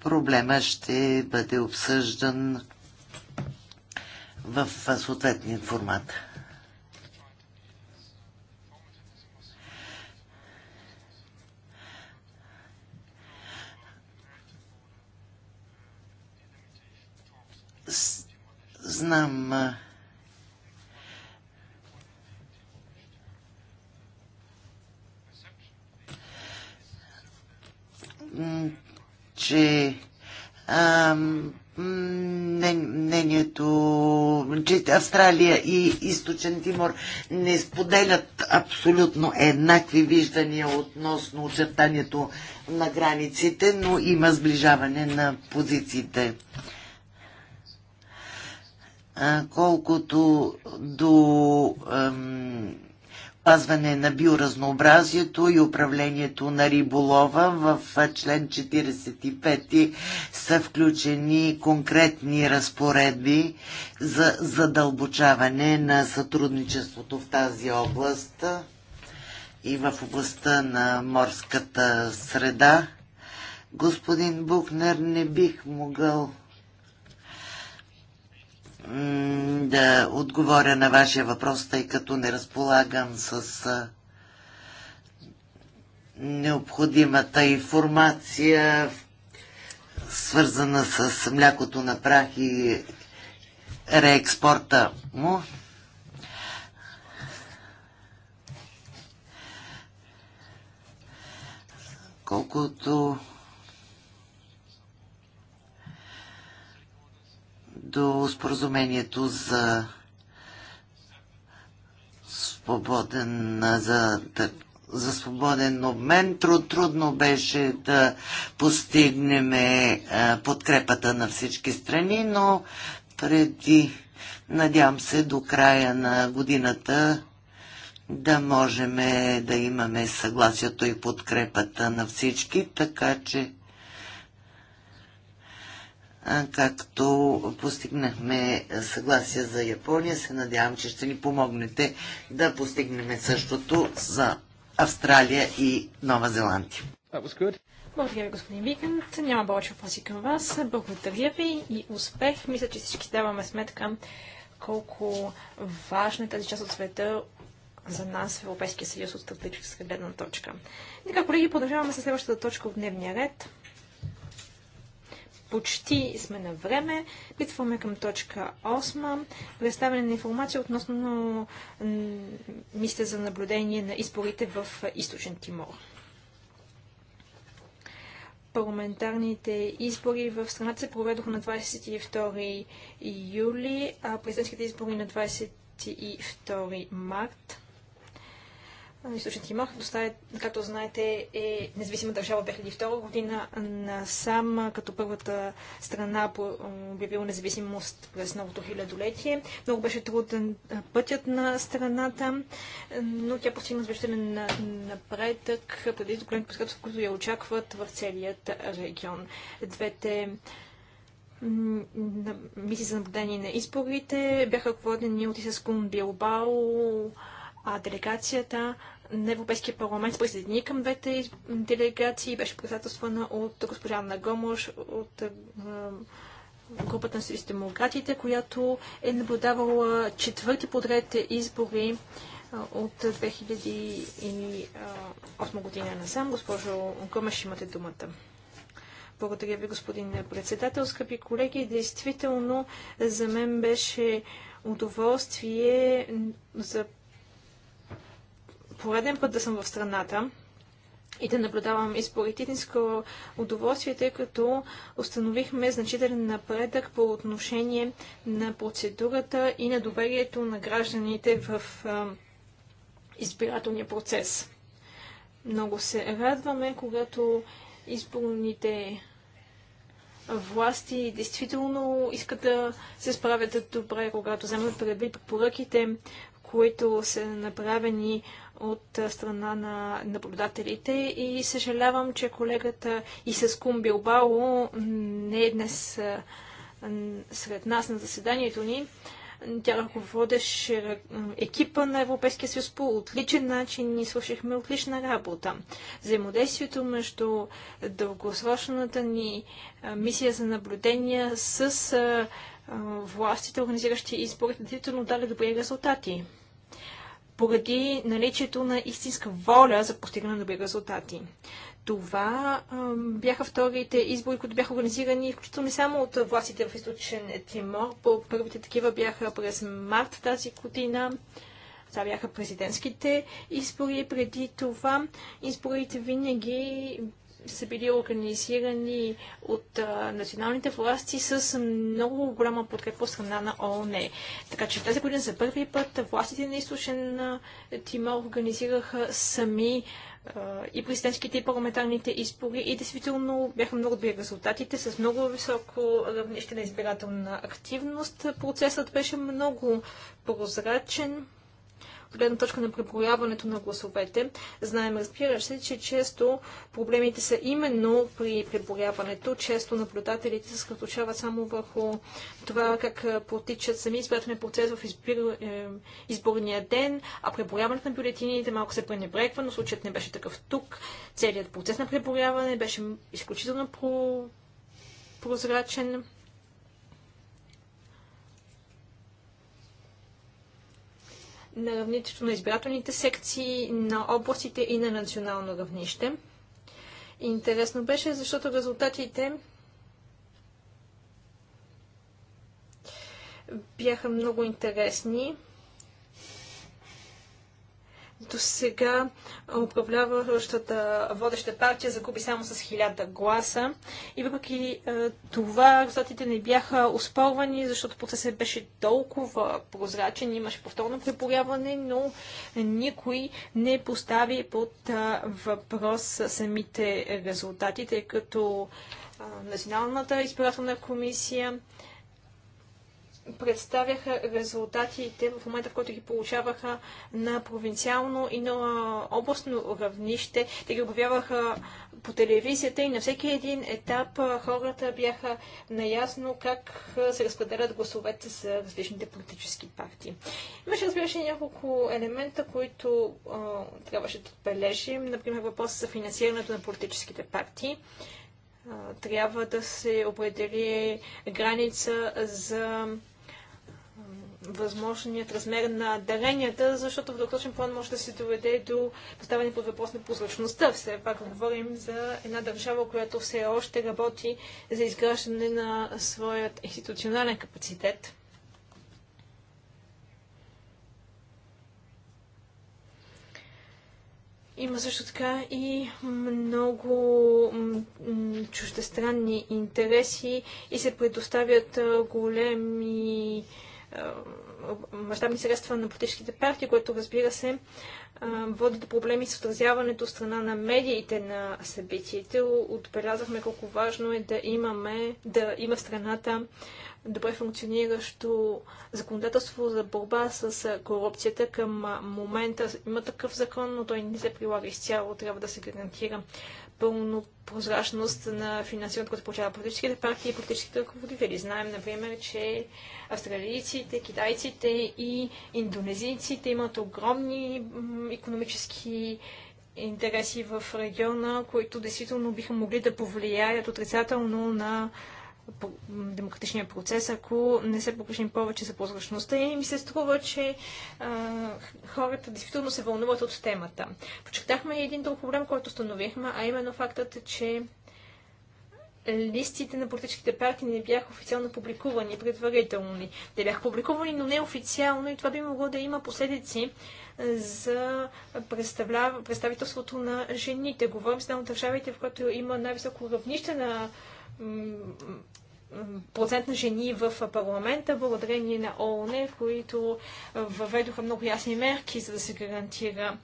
проблема ще бъде обсъждан в съответния формат. Знам а че мнението, че Австралия и Източен Тимор не споделят абсолютно еднакви виждания относно очертанието на границите, но има сближаване на позициите. Колкото до Ам, пазване на биоразнообразието и управлението на риболова. В член 45 са включени конкретни разпоредби за задълбочаване на сътрудничеството в тази област и в областта на морската среда. Господин Бухнер, не бих могъл да отговоря на вашия въпрос, тъй като не разполагам с необходимата информация, свързана с млякото на прах и реекспорта му. Колкото до споразумението за свободен, за, за свободен обмен. Труд, трудно беше да постигнем е, подкрепата на всички страни, но преди, надявам се, до края на годината да можем е, да имаме съгласието и подкрепата на всички, така че както постигнахме съгласие за Япония. Се надявам, че ще ни помогнете да постигнем същото за Австралия и Нова Зеландия. Благодаря ви, господин Викант. Няма повече въпроси към вас. Благодаря ви и успех. Мисля, че всички даваме сметка колко важна е тази част от света за нас в Европейския съюз от стратегическа гледна точка. така, колеги, продължаваме с следващата точка от дневния ред. Почти сме на време. Питваме към точка 8. Представяне на информация относно мисля за наблюдение на изборите в Източен Тимор. Парламентарните избори в страната се проведоха на 22 юли, а президентските избори на 22 март източните Тимор, както знаете, е независима държава 2002 година насам, като първата страна обявила независимост през новото хилядолетие. Много беше труден пътят на страната, но тя постигна на напредък, преди големите предизвикателства, които я очакват в целият регион. Двете мисии за наблюдение на изборите бяха водени от Исаскун Билбао, а делегацията на Европейския парламент присъедини към двете делегации. Беше председателствана от госпожа Анна Гомош, от групата на системократите, която е наблюдавала четвърти подред избори от 2008 година насам. Госпожо Гомеш, имате думата. Благодаря ви, господин председател. Скъпи колеги, действително за мен беше удоволствие за пореден път да съм в страната и да наблюдавам изборите. Истинско удоволствие, тъй като установихме значителен напредък по отношение на процедурата и на доверието на гражданите в избирателния процес. Много се радваме, когато изборните власти действително искат да се справят добре, когато вземат предвид препоръките, които са направени от страна на наблюдателите и съжалявам, че колегата Исескум Билбао не е днес сред нас на заседанието ни. Тя ръководеше екипа на Европейския съюз по отличен начин и слушахме отлична работа. Взаимодействието между дългосрочната ни мисия за наблюдения с властите, организиращи изборите, действително дали добри резултати поради наличието на истинска воля за постигане на добри резултати. Това а, бяха вторите избори, които бяха организирани, включително не само от властите в източен Тимор. Първите такива бяха през март тази година. Това бяха президентските избори. Преди това изборите винаги са били организирани от а, националните власти с много голяма подкрепа от страна на ООН. Така че тази година за първи път властите на източен Тимор организираха сами а, и президентските и парламентарните избори и действително бяха много добри резултатите с много високо равнище на избирателна активност. Процесът беше много прозрачен гледна точка на преброяването на гласовете. Знаем, разбира се, че често проблемите са именно при преброяването. Често наблюдателите се скъточават само върху това как протичат сами избирателен процес в избир... Е, изборния ден, а преброяването на бюлетините малко се пренебрегва, но случаят не беше такъв тук. Целият процес на преброяване беше изключително про... прозрачен на равнището на избирателните секции, на областите и на национално равнище. Интересно беше, защото резултатите бяха много интересни. До сега управляващата водеща партия загуби само с 1000 гласа. И въпреки е, това резултатите не бяха оспорвани, защото процесът беше толкова прозрачен, имаше повторно преборяване, но никой не постави под е, въпрос самите резултати, тъй като е, Националната избирателна комисия представяха резултатите в момента, в който ги получаваха на провинциално и на областно равнище. Те ги обявяваха по телевизията и на всеки един етап хората бяха наясно как се разпределят гласовете за различните политически партии. Имаше, разбира се, няколко елемента, които а, трябваше да отбележим. Например, въпроса за финансирането на политическите партии трябва да се определи граница за възможният размер на даренията, защото в дългосрочен план може да се доведе до поставяне под въпрос на прозрачността. Все пак говорим за една държава, която все още работи за изграждане на своят институционален капацитет. Има също така и много чуждестранни интереси и се предоставят големи е, мащабни средства на политическите партии, което разбира се е, води до проблеми с отразяването от страна на медиите на събитиите. Отбелязахме колко важно е да имаме, да има страната добре функциониращо законодателство за борба с корупцията. Към момента има такъв закон, но той не се прилага изцяло. Трябва да се гарантира пълно прозрачност на финансирането, което получава политическите партии и политическите ръководители. Знаем, например, че австралийците, китайците и индонезийците имат огромни економически интереси в региона, които действително биха могли да повлияят отрицателно на демократичния процес, ако не се погрешим повече за прозрачността и ми се струва, че а, хората действително се вълнуват от темата. Почертахме и един друг проблем, който установихме, а именно фактът, че листите на политическите партии не бяха официално публикувани, предварително. Те бяха публикувани, но не официално, и това би могло да има последици за представителството на жените. Говорим за държавите, в които има най-високо равнище на процент на жени в парламента, благодарение на ООН, които въведоха много ясни мерки, за да се гарантира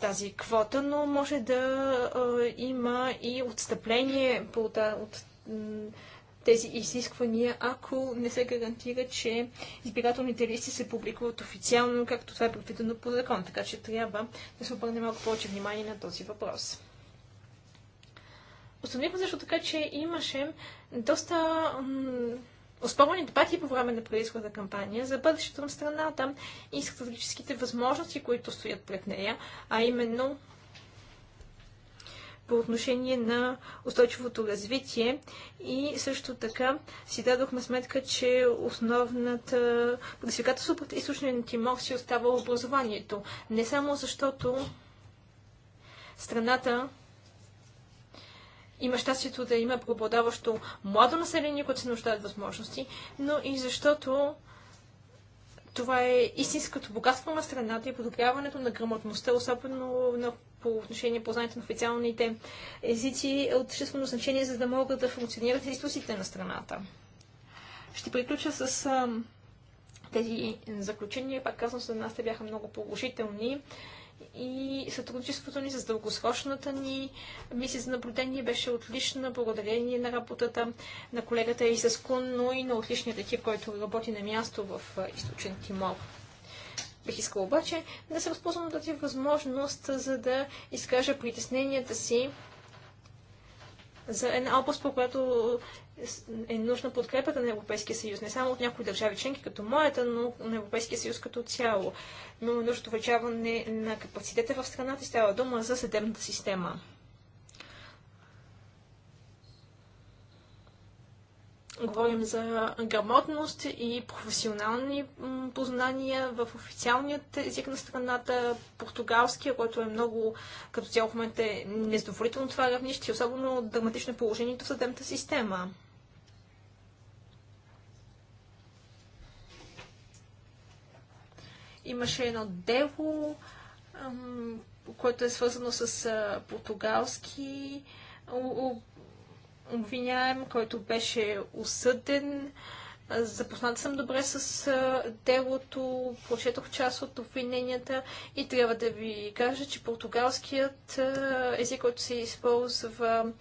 тази квота, но може да има и отстъпление от тези изисквания, ако не се гарантира, че избирателните листи се публикуват официално, както това е предвидено по закон. Така че трябва да се обърне малко повече внимание на този въпрос. Установихме също така, че имаше доста оспорвани дебати по време на предизборната кампания за бъдещето на страната и стратегическите възможности, които стоят пред нея, а именно по отношение на устойчивото развитие и също така си дадохме сметка, че основната предизвикателство пред източния Тимор си остава образованието. Не само защото страната има щастието да има преобладаващо младо население, което се нуждаят възможности, но и защото това е истинското богатство на страната и подобряването на грамотността, особено на, по отношение познанието на официалните езици, е от съществено значение, за да могат да функционират институциите на страната. Ще приключа с а, тези заключения. Пак казвам, за нас те бяха много положителни и сътрудничеството ни с дългосрочната ни мисия за наблюдение беше отлична, благодарение на работата на колегата Кун, но и на отличният екип, който работи на място в източен Тимор. Бих искал обаче да се възползвам от тази възможност, за да изкажа притесненията си за една област, по която е нужна подкрепата на Европейския съюз, не само от някои държави членки, като моята, но на Европейския съюз като цяло. Имаме нужда увеличаване на капацитета в страната и става дума за съдебната система. Говорим за грамотност и професионални познания в официалният език на страната, португалския, който е много, като цяло в момента е нездоволително това равнище, особено драматично е положението в съдебната система. Имаше едно дело, което е свързано с португалски обвиняем, който беше осъден. Запозната съм добре с делото, прочетох част от обвиненията и трябва да ви кажа, че португалският език, който се използва,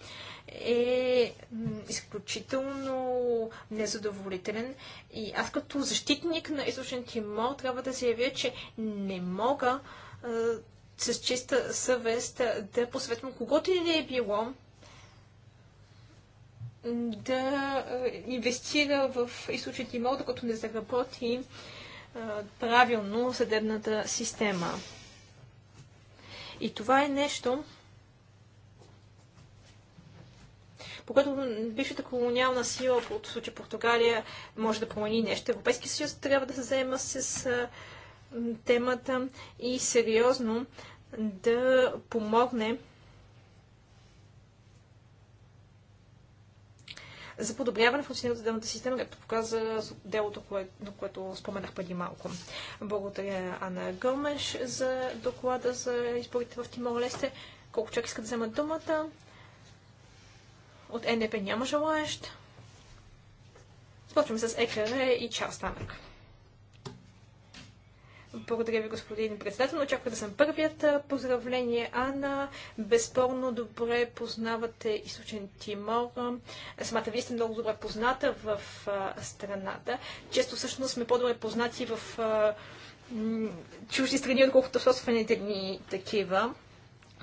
е изключително незадоволителен. И аз като защитник на източен Тимор трябва да заявя, че не мога с чиста съвест да посветвам когото и да е било да е, инвестира в източен Тимор, докато не заработи е, правилно съдебната система. И това е нещо, по което бившата колониална сила, в случай Португалия, може да промени нещо. Европейския съюз трябва да се заема с е, темата и сериозно да помогне за подобряване функционирането на съдебната система, както показа делото, кое, на което споменах преди малко. Благодаря Анна Гълмеш за доклада за изборите в Тимор-Лесте. Колко човек искат да вземат думата? От НДП няма желаещ. Започваме с ЕКР и Чарлз Танък. Благодаря ви, господин председател. Очаквах да съм първият. Поздравление, Ана. Безспорно добре познавате източен Тимор. Самата вие сте много добре позната в страната. Често всъщност сме по-добре познати в чужди страни, отколкото в собствените ни такива.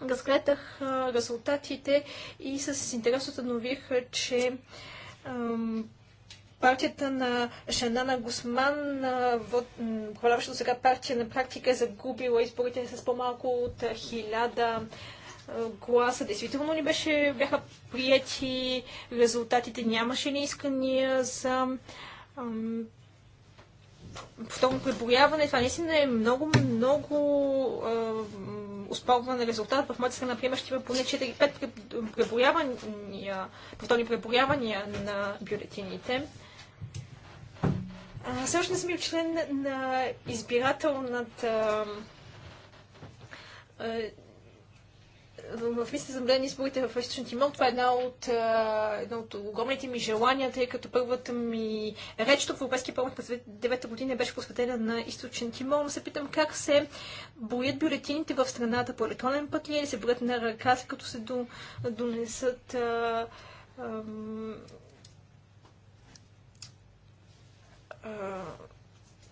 Разгледах резултатите и с интерес установих, че партията на Шанана Гусман, управляващата сега партия на практика е загубила изборите с по-малко от хиляда гласа. Действително ли беше, бяха прияти резултатите? Нямаше ли искания за повторно преброяване? Това наистина е много, много ам, резултат. В моята страна, например, ще има поне 4-5 преброявания, повторни преброявания на бюлетините. Все още не съм бил член на избирателната в мисля за гледане изборите в Източен Тимон. Това е една от, една от огромните ми желания, тъй като първата ми реч тук в Европейския парламент през 9 година беше посветена на Източен Тимон. Но се питам как се броят бюлетините в страната по електронен път или е? се броят на ръка, като се донесат а, а,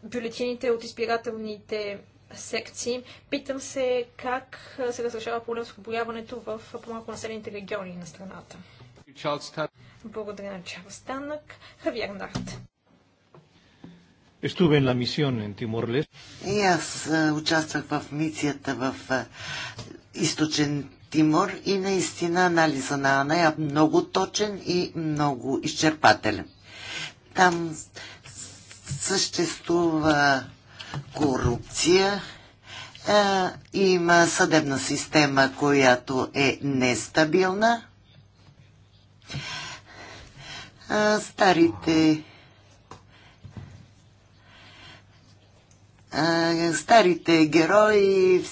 бюлетините от избирателните секции. Питам се как се разрешава проблем с обояването в по-малко населените региони на страната. Благодаря на Чарл Станък. Хавиер Нарт. Estuve en la misión en Timor-Leste. И аз участвах в мисията в източен Тимор и наистина анализа на Ана е много точен и много изчерпателен. Там съществува корупция, а, има съдебна система, която е нестабилна. А, старите а, старите герои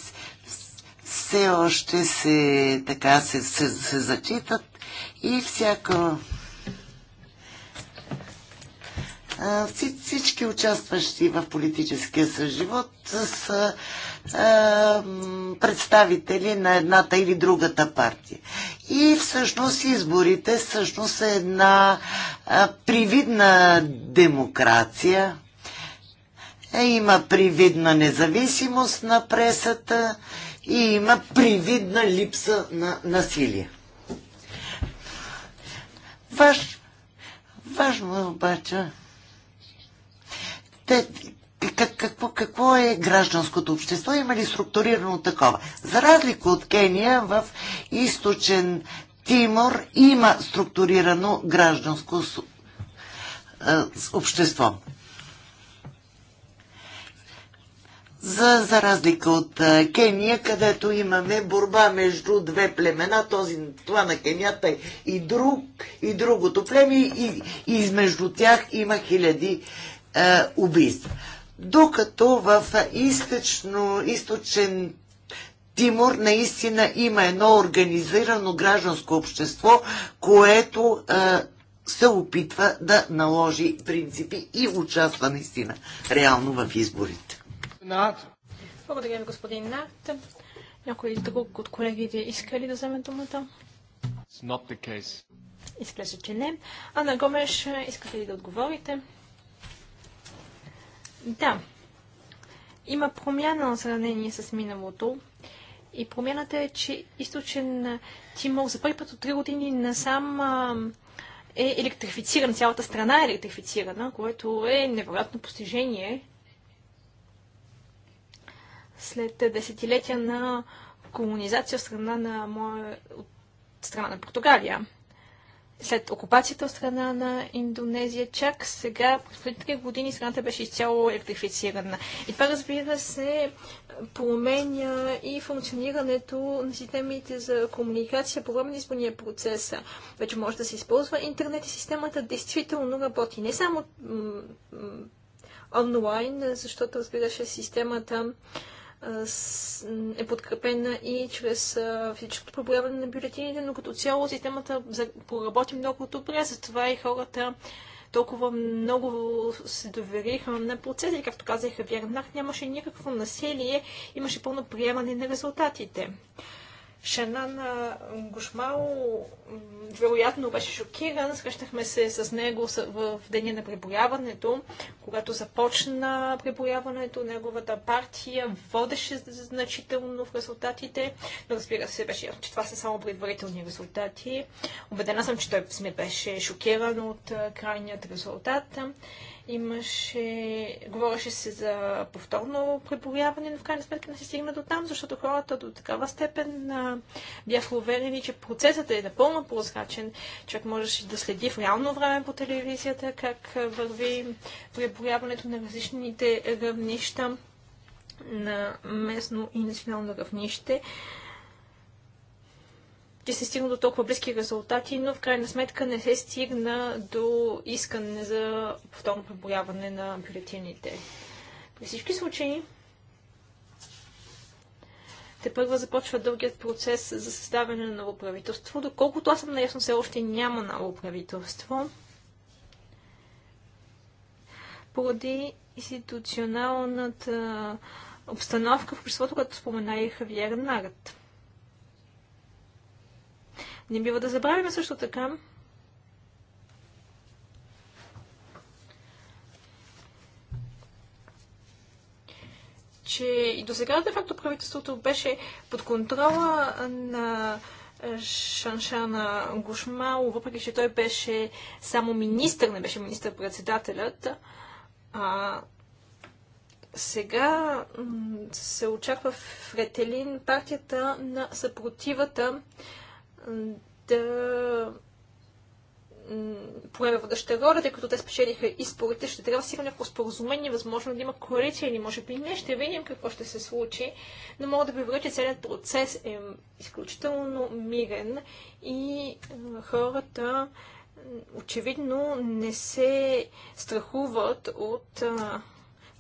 все още се, така, се, се, се зачитат и всяко всички участващи в политическия съживот са представители на едната или другата партия. И всъщност изборите всъщност е една привидна демокрация. Е, има привидна независимост на пресата и има привидна липса на насилие. важно е обаче те, как, какво, какво е гражданското общество? Има ли структурирано такова? За разлика от Кения, в източен Тимор има структурирано гражданско общество. За, за разлика от а, Кения, където имаме борба между две племена, този, това на Кенията е и, друг, и другото племе, и, и измежду тях има хиляди е, убийства. Докато в източно, източен Тимур наистина има едно организирано гражданско общество, което е, се опитва да наложи принципи и участва наистина реално в изборите. Благодаря ви, господин Нарт. Някой друг от колегите иска ли да вземе думата? It's Изглежда, че не. Ана Гомеш, искате ли да отговорите? Да. Има промяна на сравнение с миналото. И промяната е, че източен Тимор за първи път от 3 години насам а, е електрифициран. Цялата страна е електрифицирана, което е невероятно постижение след десетилетия на колонизация от страна на, моя, от страна на Португалия след окупацията от страна на Индонезия. Чак сега, преди 3 години, страната беше изцяло електрифицирана. И това, разбира се, променя и функционирането на системите за комуникация по време на изборния процес. Вече може да се използва интернет и системата действително работи. Не само онлайн, защото, разбира се, системата е подкрепена и чрез физическото преброяване на бюлетините, но като цяло системата поработи много добре, затова и хората толкова много се довериха на процеса и, както казаха Вернах, нямаше никакво насилие, имаше пълно приемане на резултатите. Шанан Гошмал вероятно беше шокиран. Срещахме се с него в деня на преброяването. Когато започна преброяването, неговата партия водеше значително в резултатите. Но разбира се, беше че това са само предварителни резултати. Обедена съм, че той сме беше шокиран от крайният резултат. Имаше, говореше се за повторно преповяване, но в крайна сметка не се стигна до там, защото хората до такава степен а, бяха уверени, че процесът е напълно прозрачен. Човек можеше да следи в реално време по телевизията как върви преповяването на различните равнища на местно и национално равнище че се стигна до толкова близки резултати, но в крайна сметка не се стигна до искане за повторно преброяване на бюлетините. При всички случаи, те първа започва дългият процес за съставяне на ново правителство. Доколкото аз съм наясно, все още няма ново правителство. Поради институционалната обстановка в обществото, като споменаеха и Нарът. Не бива да забравяме също така, че и до сега, де факто, правителството беше под контрола на Шаншана Гушмал, въпреки че той беше само министър, не беше министър-председателят. А, сега се очаква в Ретелин партията на съпротивата да поеме водеща роля, тъй като те спечелиха изборите, ще трябва сигурно някакво споразумение, възможно да има коалиция или може би не, ще видим какво ще се случи, но мога да ви уверя, че целият процес е изключително мирен и хората очевидно не се страхуват от а,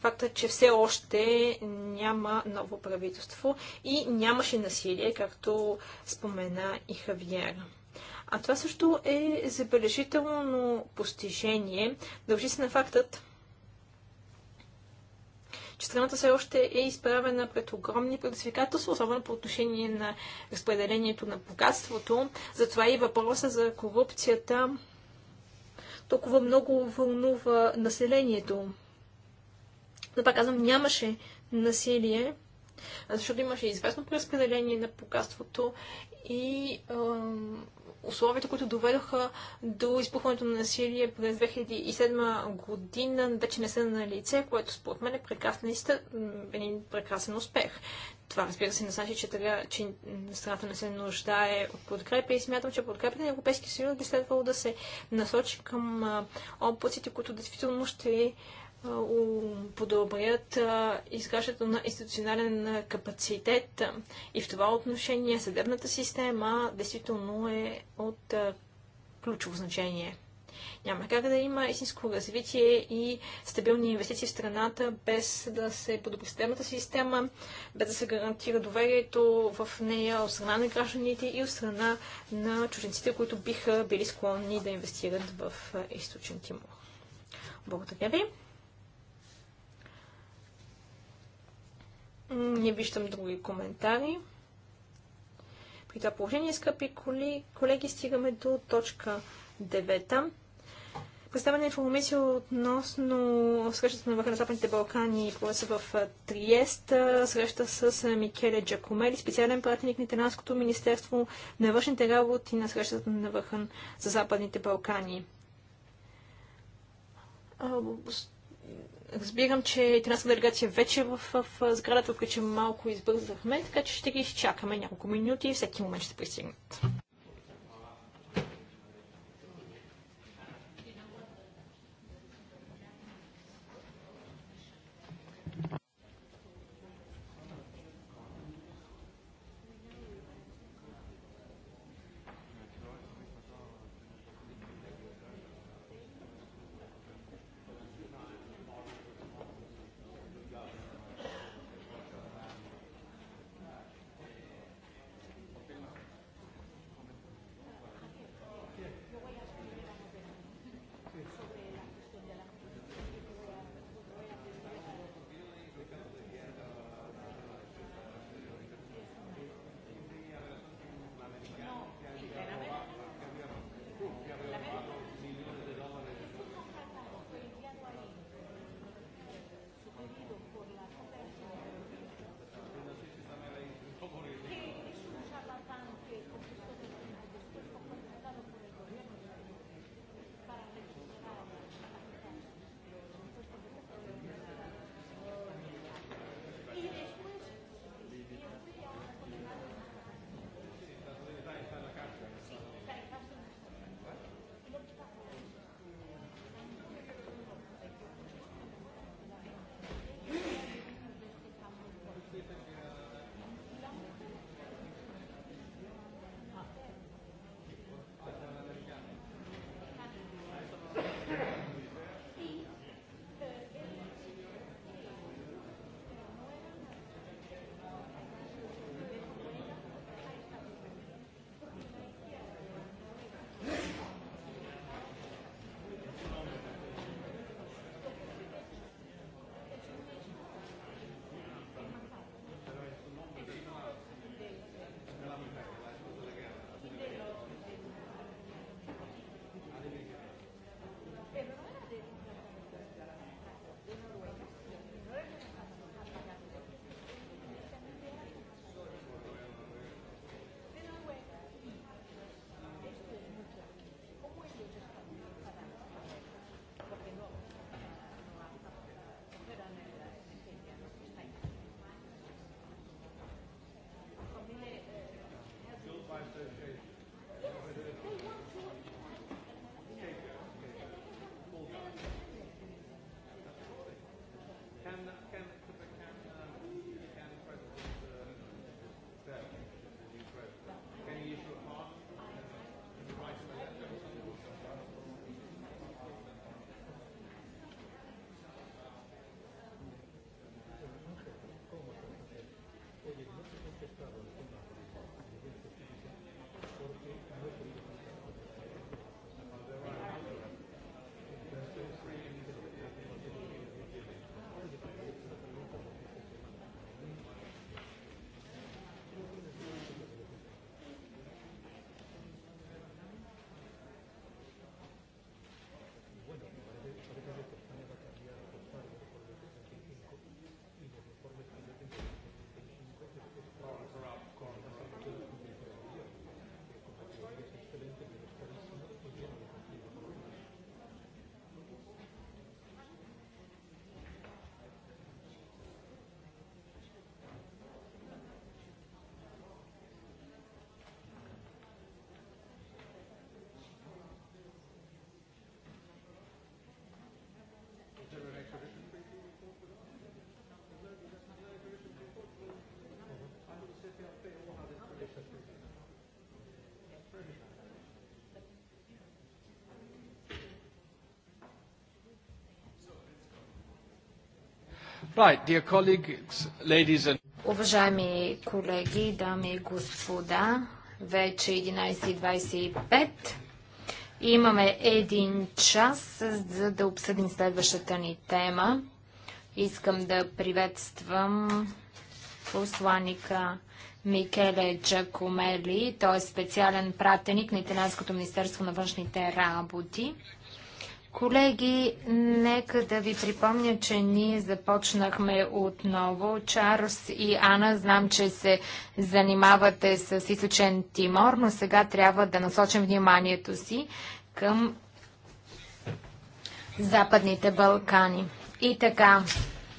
факта, че все още няма ново правителство и нямаше насилие, както спомена и Хавиера. А това също е забележително постижение. Дължи се на фактът, че страната все още е изправена пред огромни предизвикателства, особено по отношение на разпределението на богатството. Затова и въпроса за корупцията толкова много вълнува населението. Но пак казвам, нямаше насилие, защото имаше известно преразпределение на богатството и а, условията, които доведоха до изпухването на насилие през 2007 година, вече не са на лице, което според мен е прекрасен, един прекрасен успех. Това разбира се не значи, че, тъга, че страната не се нуждае от подкрепа и смятам, че подкрепа на Европейския съюз би следвало да се насочи към областите, които действително ще подобрят изграждането на институционален капацитет. И в това отношение съдебната система действително е от ключово значение. Няма как да има истинско развитие и стабилни инвестиции в страната, без да се подобри съдебната система, без да се гарантира доверието в нея от страна на гражданите и от страна на чужденците, които биха били склонни да инвестират в източен Тимур. Благодаря ви. Не виждам други коментари. При това положение, скъпи колеги, стигаме до точка 9. Представена информация относно срещата на върха на Западните Балкани и процеса в Триест, среща с Микеле Джакомели, специален пратеник на Италианското министерство на външните работи на срещата на върха за Западните Балкани Разбирам, че тенарска делегация вече е в, в, в сградата, в че малко избързахме, така че ще ги изчакаме няколко минути и всеки момент ще пристигнат. Right, Уважаеми колеги, дами и господа, вече 11.25. Имаме един час, за да обсъдим следващата ни тема. Искам да приветствам посланика Микеле Джакомели. Той е специален пратеник на Италианското министерство на външните работи. Колеги, нека да ви припомня, че ние започнахме отново. Чарлз и Ана, знам, че се занимавате с източен Тимор, но сега трябва да насочим вниманието си към Западните Балкани. И така,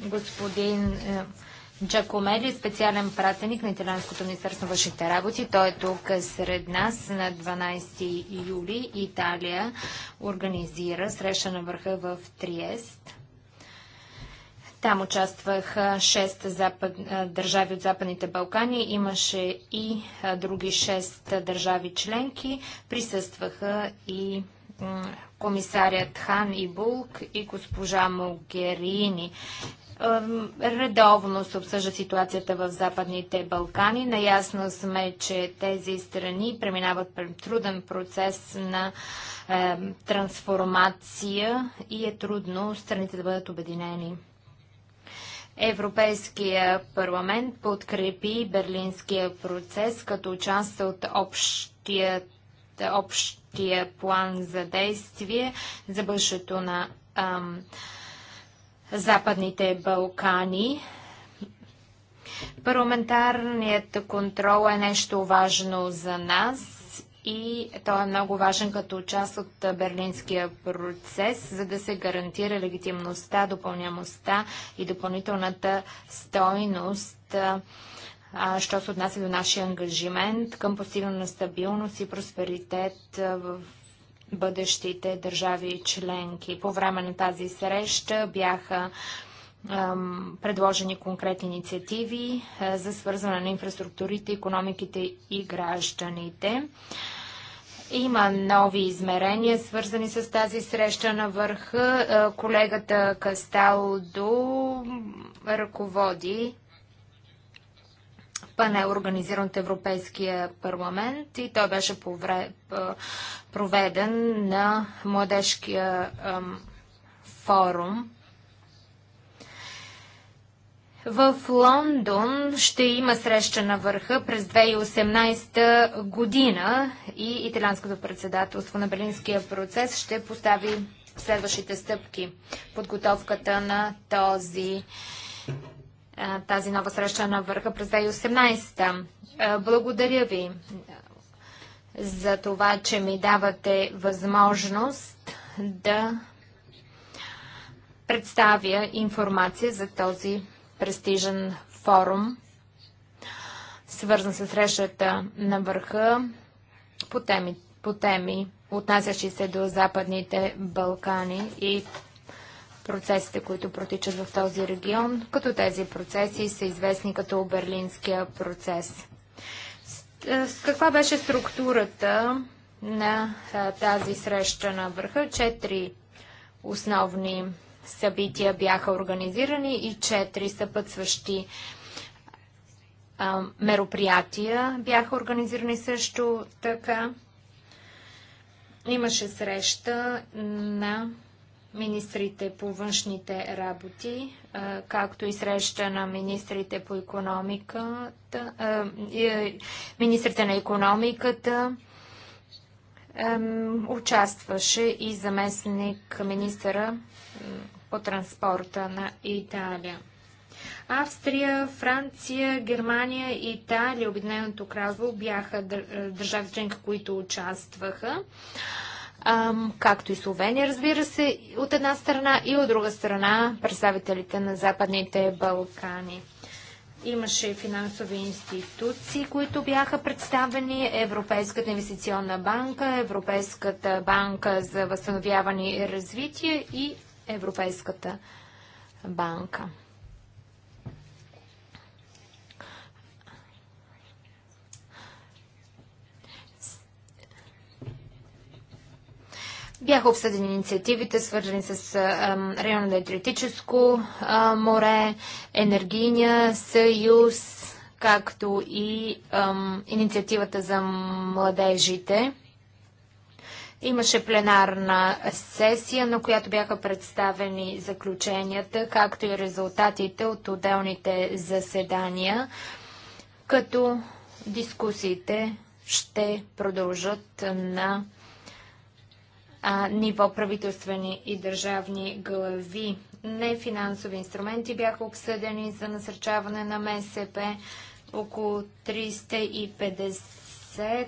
господин е, Джакомели, специален пратеник на Италианското министерство на външните работи. Той е тук сред нас на 12 юли. Италия организира среща на върха в Триест. Там участваха 6 запад... държави от Западните Балкани, имаше и други 6 държави членки, присъстваха и комисарят Хан и Булк и госпожа Могерини редовно се обсъжда ситуацията в Западните Балкани. Наясно сме, че тези страни преминават труден процес на е, трансформация и е трудно страните да бъдат обединени. Европейския парламент подкрепи берлинския процес като част от общият, общия план за действие за бъдещето на ам, е, Западните Балкани. Парламентарният контрол е нещо важно за нас и той е много важен като част от берлинския процес, за да се гарантира легитимността, допълнямостта и допълнителната стойност, що се отнася до нашия ангажимент към постигане на стабилност и просперитет в бъдещите държави и членки. По време на тази среща бяха предложени конкретни инициативи е, за свързване на инфраструктурите, економиките и гражданите. Има нови измерения, свързани с тази среща на върха. Е, колегата Касталдо ръководи панел, организиран от Европейския парламент и той беше повре, проведен на младежкия ам, форум. В Лондон ще има среща на върха през 2018 година и италианското председателство на Берлинския процес ще постави следващите стъпки подготовката на този тази нова среща на върха през 2018. Благодаря ви за това, че ми давате възможност да представя информация за този престижен форум, свързан с срещата на върха по теми, по теми отнасящи се до Западните Балкани и процесите, които протичат в този регион, като тези процеси са известни като Берлинския процес. Е, каква беше структурата на е, тази среща на върха? Четири основни събития бяха организирани и четири съпътстващи е, мероприятия бяха организирани също така. Имаше среща на министрите по външните работи, както и среща на министрите по економиката, е, министрите на економиката, участваше и заместник министъра по транспорта на Италия. Австрия, Франция, Германия, Италия, Обединеното кралство бяха държави членки, които участваха както и Словения, разбира се, от една страна и от друга страна представителите на Западните Балкани. Имаше финансови институции, които бяха представени, Европейската инвестиционна банка, Европейската банка за възстановяване и развитие и Европейската банка. Бяха обсъдени инициативите, свързани с районно електрическо море, енергийния съюз, както и ам, инициативата за младежите. Имаше пленарна сесия, на която бяха представени заключенията, както и резултатите от отделните заседания, като дискусиите ще продължат на ниво правителствени и държавни глави. Нефинансови инструменти бяха обсъдени за насърчаване на МСП. Около 350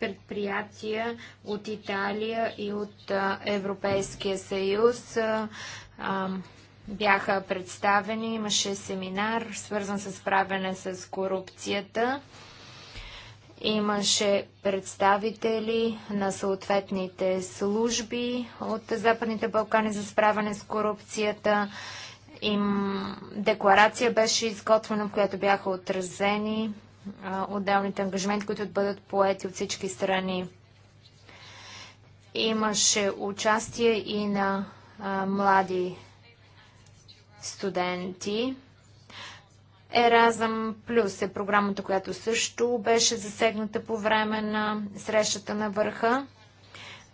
предприятия от Италия и от Европейския съюз бяха представени. Имаше семинар, свързан с правене с корупцията. Имаше представители на съответните служби от Западните Балкани за справяне с корупцията. Им декларация беше изготвена, в която бяха отразени отделните ангажименти, които бъдат поети от всички страни. Имаше участие и на млади студенти. Еразъм Плюс е програмата, която също беше засегната по време на срещата на върха.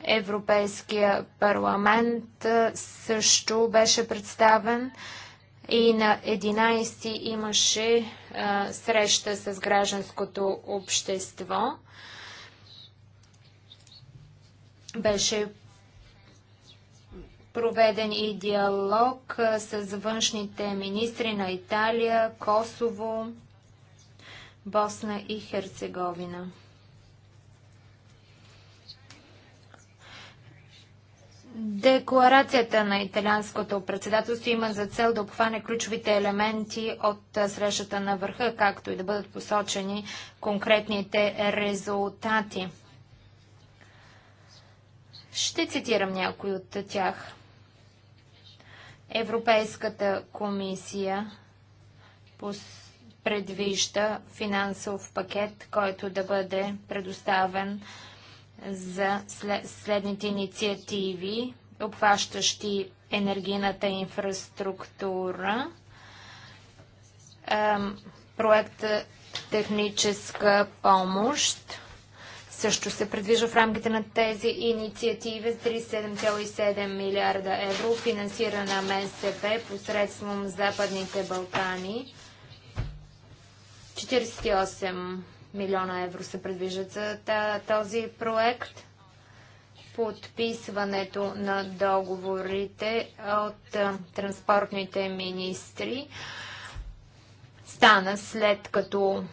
Европейския парламент също беше представен и на 11 имаше а, среща с гражданското общество. Беше Проведен и диалог с външните министри на Италия, Косово, Босна и Херцеговина. Декларацията на италианското председателство има за цел да обхване ключовите елементи от срещата на върха, както и да бъдат посочени конкретните резултати. Ще цитирам някои от тях. Европейската комисия предвижда финансов пакет, който да бъде предоставен за следните инициативи, обхващащи енергийната инфраструктура, проект техническа помощ, също се предвижда в рамките на тези инициативи с 37,7 милиарда евро, финансирана на МСП посредством Западните Балкани. 48 милиона евро се предвиждат за този проект. Подписването на договорите от транспортните министри стана след като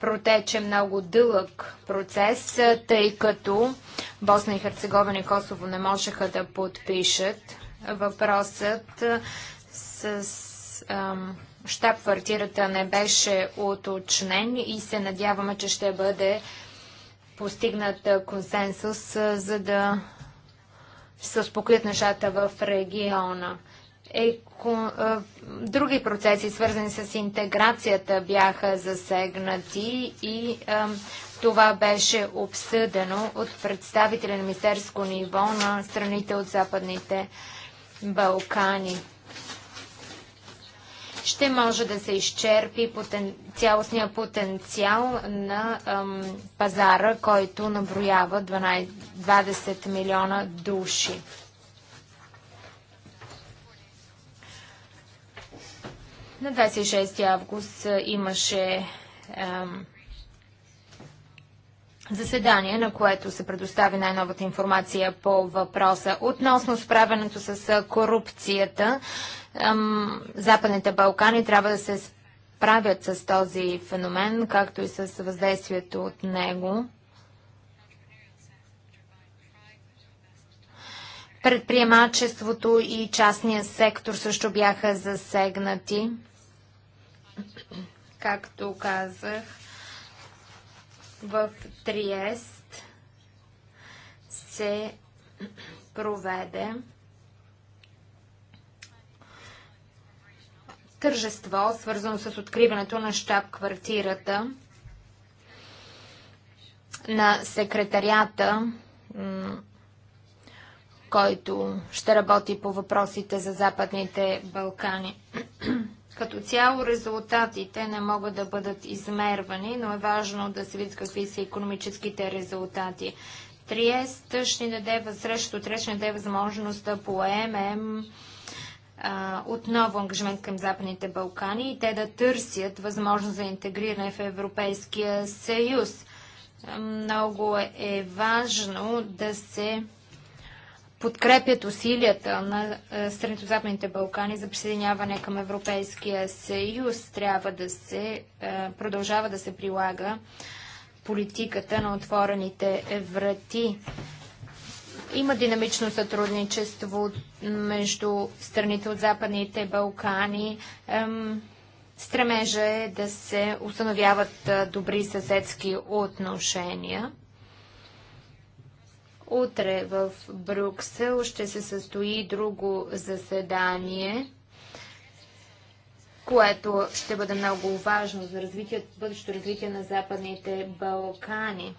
протече много дълъг процес, тъй като Босна и Херцеговина и Косово не можеха да подпишат. Въпросът с щаб-квартирата не беше уточнен и се надяваме, че ще бъде постигнат консенсус, за да се успокоят нещата в региона е, други процеси, свързани с интеграцията, бяха засегнати и това беше обсъдено от представителя на министерско ниво на страните от Западните Балкани. Ще може да се изчерпи потен... цялостния потенциал на ем, пазара, който наброява 12... 20 милиона души. На 26 август имаше заседание, на което се предостави най-новата информация по въпроса относно справянето с корупцията. Западните Балкани трябва да се справят с този феномен, както и с въздействието от него. Предприемачеството и частния сектор също бяха засегнати. Както казах, в Триест се проведе тържество, свързано с откриването на щаб-квартирата на секретарията който ще работи по въпросите за Западните Балкани. Като цяло резултатите не могат да бъдат измервани, но е важно да се видят какви са економическите резултати. Триест ще ни даде, срещу Триест ще ни даде възможност да поемем а, отново ангажимент към Западните Балкани и те да търсят възможност за интегриране в Европейския съюз. Много е важно да се подкрепят усилията на е, Средозападните Балкани за присъединяване към Европейския съюз. Трябва да се е, продължава да се прилага политиката на отворените врати. Има динамично сътрудничество между страните от Западните Балкани. Стремежа е да се установяват е, добри съседски отношения. Утре в Брюксел ще се състои друго заседание, което ще бъде много важно за развитие, бъдещето развитие на Западните Балкани.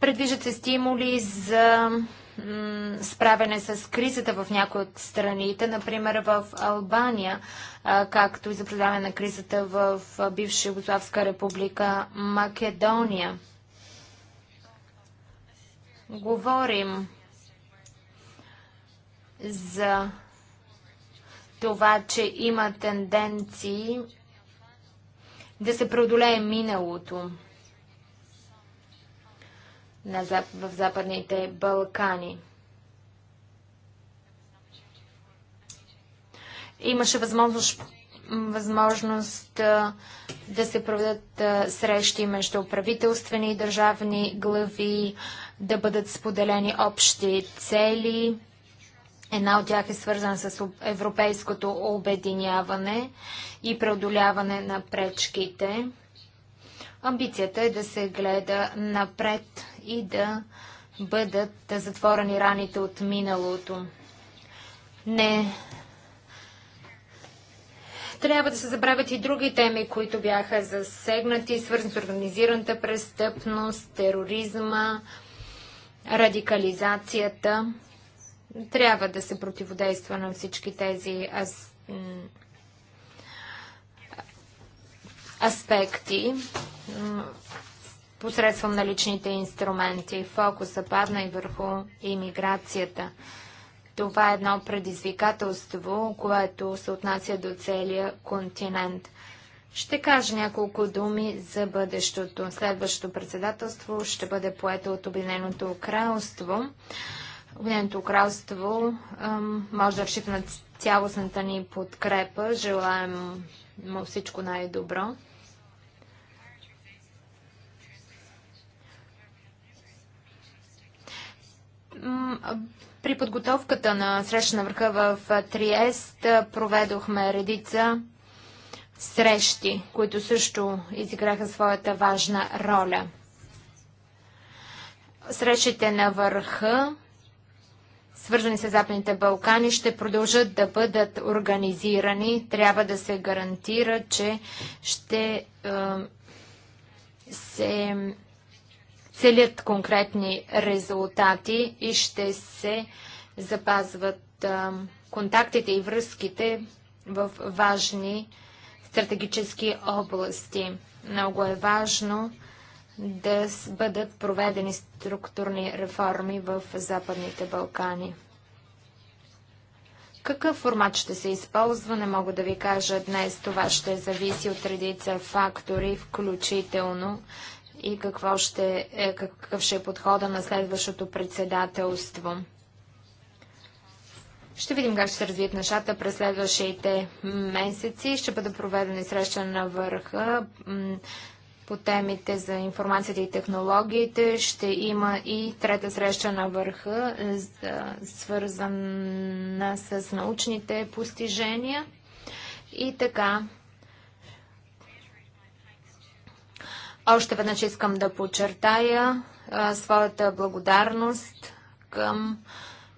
Предвиждат се стимули за справяне с кризата в някои от страните, например в Албания, както и за предаване на кризата в бивша Югославска република Македония. Говорим за това, че има тенденции да се преодолее миналото в Западните Балкани. Имаше възможност, възможност да се проведат срещи между правителствени и държавни глави, да бъдат споделени общи цели. Една от тях е свързана с европейското обединяване и преодоляване на пречките. Амбицията е да се гледа напред и да бъдат затворени раните от миналото. Не трябва да се забравят и други теми, които бяха засегнати, свързани с организираната престъпност, тероризма, радикализацията. Трябва да се противодейства на всички тези аз... аспекти посредством наличните инструменти. Фокуса падна и върху имиграцията. Това е едно предизвикателство, което се отнася до целия континент. Ще кажа няколко думи за бъдещото. Следващото председателство ще бъде поето от Обединеното кралство. Обединеното кралство може да разчита на цялостната ни подкрепа. Желаем му всичко най-добро. При подготовката на среща на върха в Триест проведохме редица срещи, които също изиграха своята важна роля. Срещите на върха, свързани с Западните Балкани, ще продължат да бъдат организирани. Трябва да се гарантира, че ще е, се целят конкретни резултати и ще се запазват е, контактите и връзките в важни стратегически области. Много е важно да бъдат проведени структурни реформи в Западните Балкани. Какъв формат ще се използва, не мога да ви кажа днес. Това ще зависи от редица фактори, включително и какво ще, е, какъв ще е подхода на следващото председателство. Ще видим как ще се развият нещата през следващите месеци. Ще бъде проведена и среща на върха по темите за информацията и технологиите. Ще има и трета среща на върха, е, свързана с научните постижения. И така, Още веднъж искам да подчертая своята благодарност към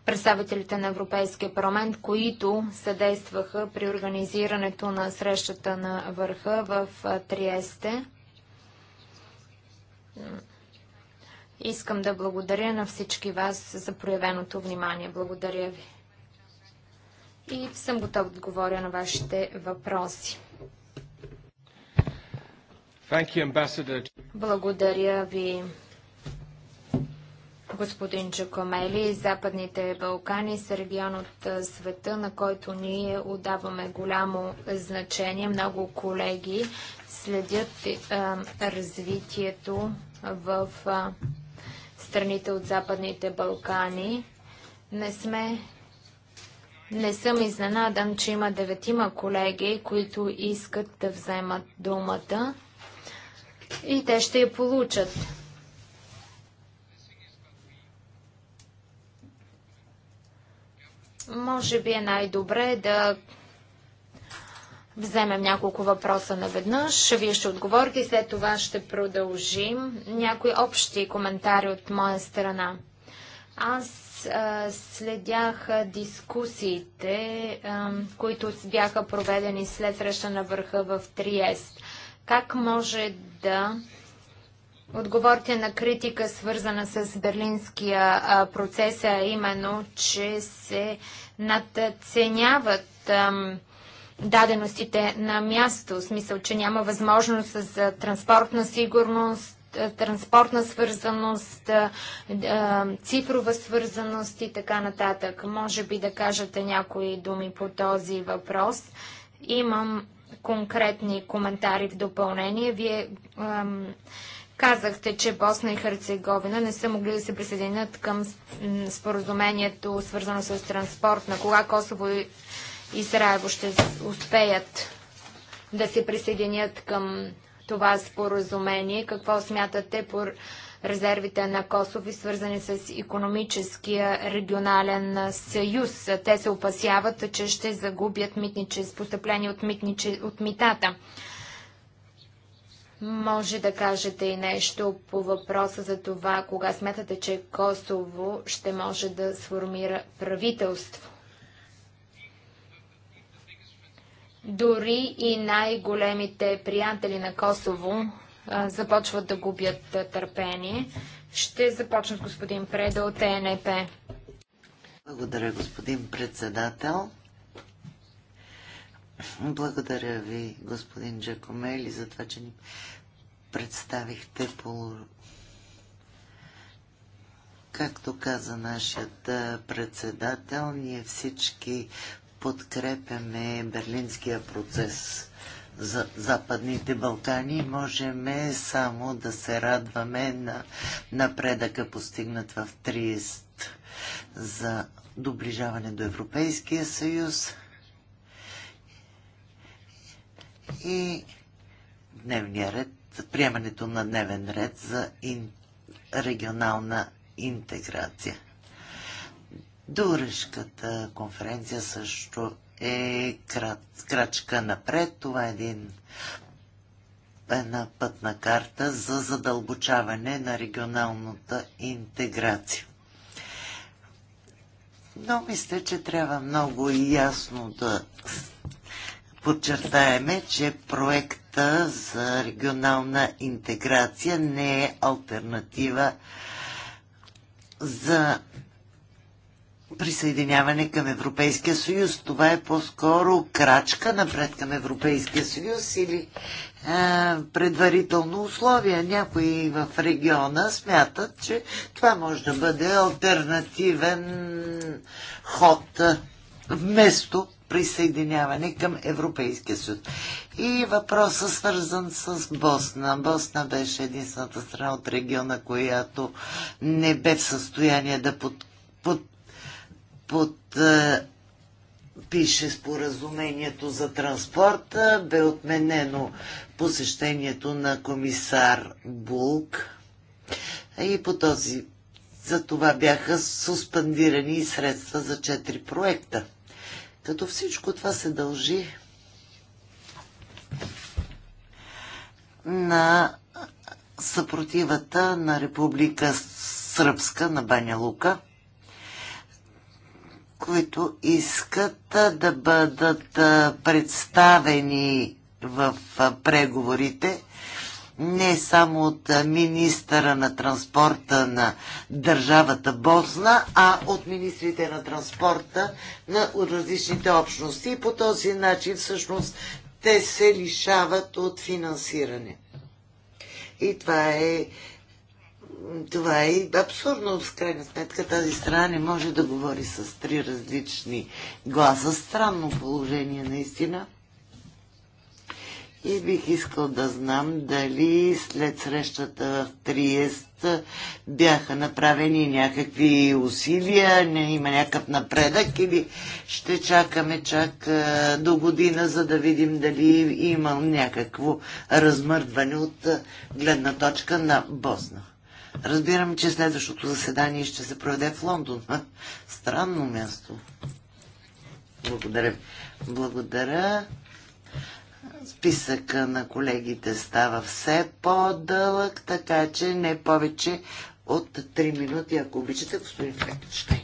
представителите на Европейския парламент, които съдействаха при организирането на срещата на върха в Триесте. Искам да благодаря на всички вас за проявеното внимание. Благодаря ви. И съм готов да говоря на вашите въпроси. Благодаря ви, господин Джакомели. Западните Балкани са регион от света, на който ние отдаваме голямо значение. Много колеги следят развитието в страните от Западните Балкани. Не сме не съм изненадан, че има деветима колеги, които искат да вземат думата и те ще я получат. Може би е най-добре да вземем няколко въпроса наведнъж. Вие ще отговорите и след това ще продължим. Някои общи коментари от моя страна. Аз а, следях дискусиите, а, които бяха проведени след среща на върха в Триест. Как може да отговорите на критика, свързана с берлинския процес, а именно, че се надценяват даденостите на място, в смисъл, че няма възможност за транспортна сигурност, транспортна свързаност, цифрова свързаност и така нататък. Може би да кажете някои думи по този въпрос. Имам конкретни коментари в допълнение. Вие ам, Казахте, че Босна и Херцеговина не са могли да се присъединят към споразумението, свързано с транспорт. На кога Косово и Израево ще успеят да се присъединят към това споразумение? Какво смятате по резервите на Косово, свързани с економическия регионален съюз? Те се опасяват, че ще загубят митниче, постъпление от, митниче, от митата. Може да кажете и нещо по въпроса за това, кога смятате, че Косово ще може да сформира правителство. Дори и най-големите приятели на Косово а, започват да губят а, търпение. Ще започнат господин Преда от ЕНП. Благодаря, господин председател. Благодаря ви, господин Джакомели, за това, че ни представихте по... Както каза нашият председател, ние всички подкрепяме берлинския процес за Западните Балкани. Можем само да се радваме на напредъка постигнат в 30 за доближаване до Европейския съюз и дневния ред, приемането на дневен ред за ин, регионална интеграция. Дурешката конференция също е крат, крачка напред. Това е един, една пътна карта за задълбочаване на регионалната интеграция. Но мисля, че трябва много ясно да подчертаеме, че проекта за регионална интеграция не е альтернатива за присъединяване към Европейския съюз. Това е по-скоро крачка напред към Европейския съюз или а, предварително условие. Някои в региона смятат, че това може да бъде альтернативен ход вместо присъединяване към Европейския съюз. И въпросът свързан с Босна. Босна беше единствената страна от региона, която не бе в състояние да под, под, под е, пише споразумението за транспорта, бе отменено посещението на комисар Булк и по този за това бяха суспендирани средства за четири проекта. Като всичко това се дължи на съпротивата на Република Сръбска на Баня Лука, които искат да бъдат представени в преговорите не само от министъра на транспорта на държавата Босна, а от министрите на транспорта на различните общности. И по този начин всъщност те се лишават от финансиране. И това е това е абсурдно, в крайна сметка тази страна не може да говори с три различни гласа. Странно положение, наистина. И бих искал да знам дали след срещата в Триест бяха направени някакви усилия, не има някакъв напредък или ще чакаме чак до година, за да видим дали има някакво размърдване от гледна точка на Босна. Разбирам, че следващото заседание ще се проведе в Лондон. Странно място. Благодаря. Благодаря списъка на колегите става все по-дълъг, така че не повече от 3 минути, ако обичате, господин Флекенштейн.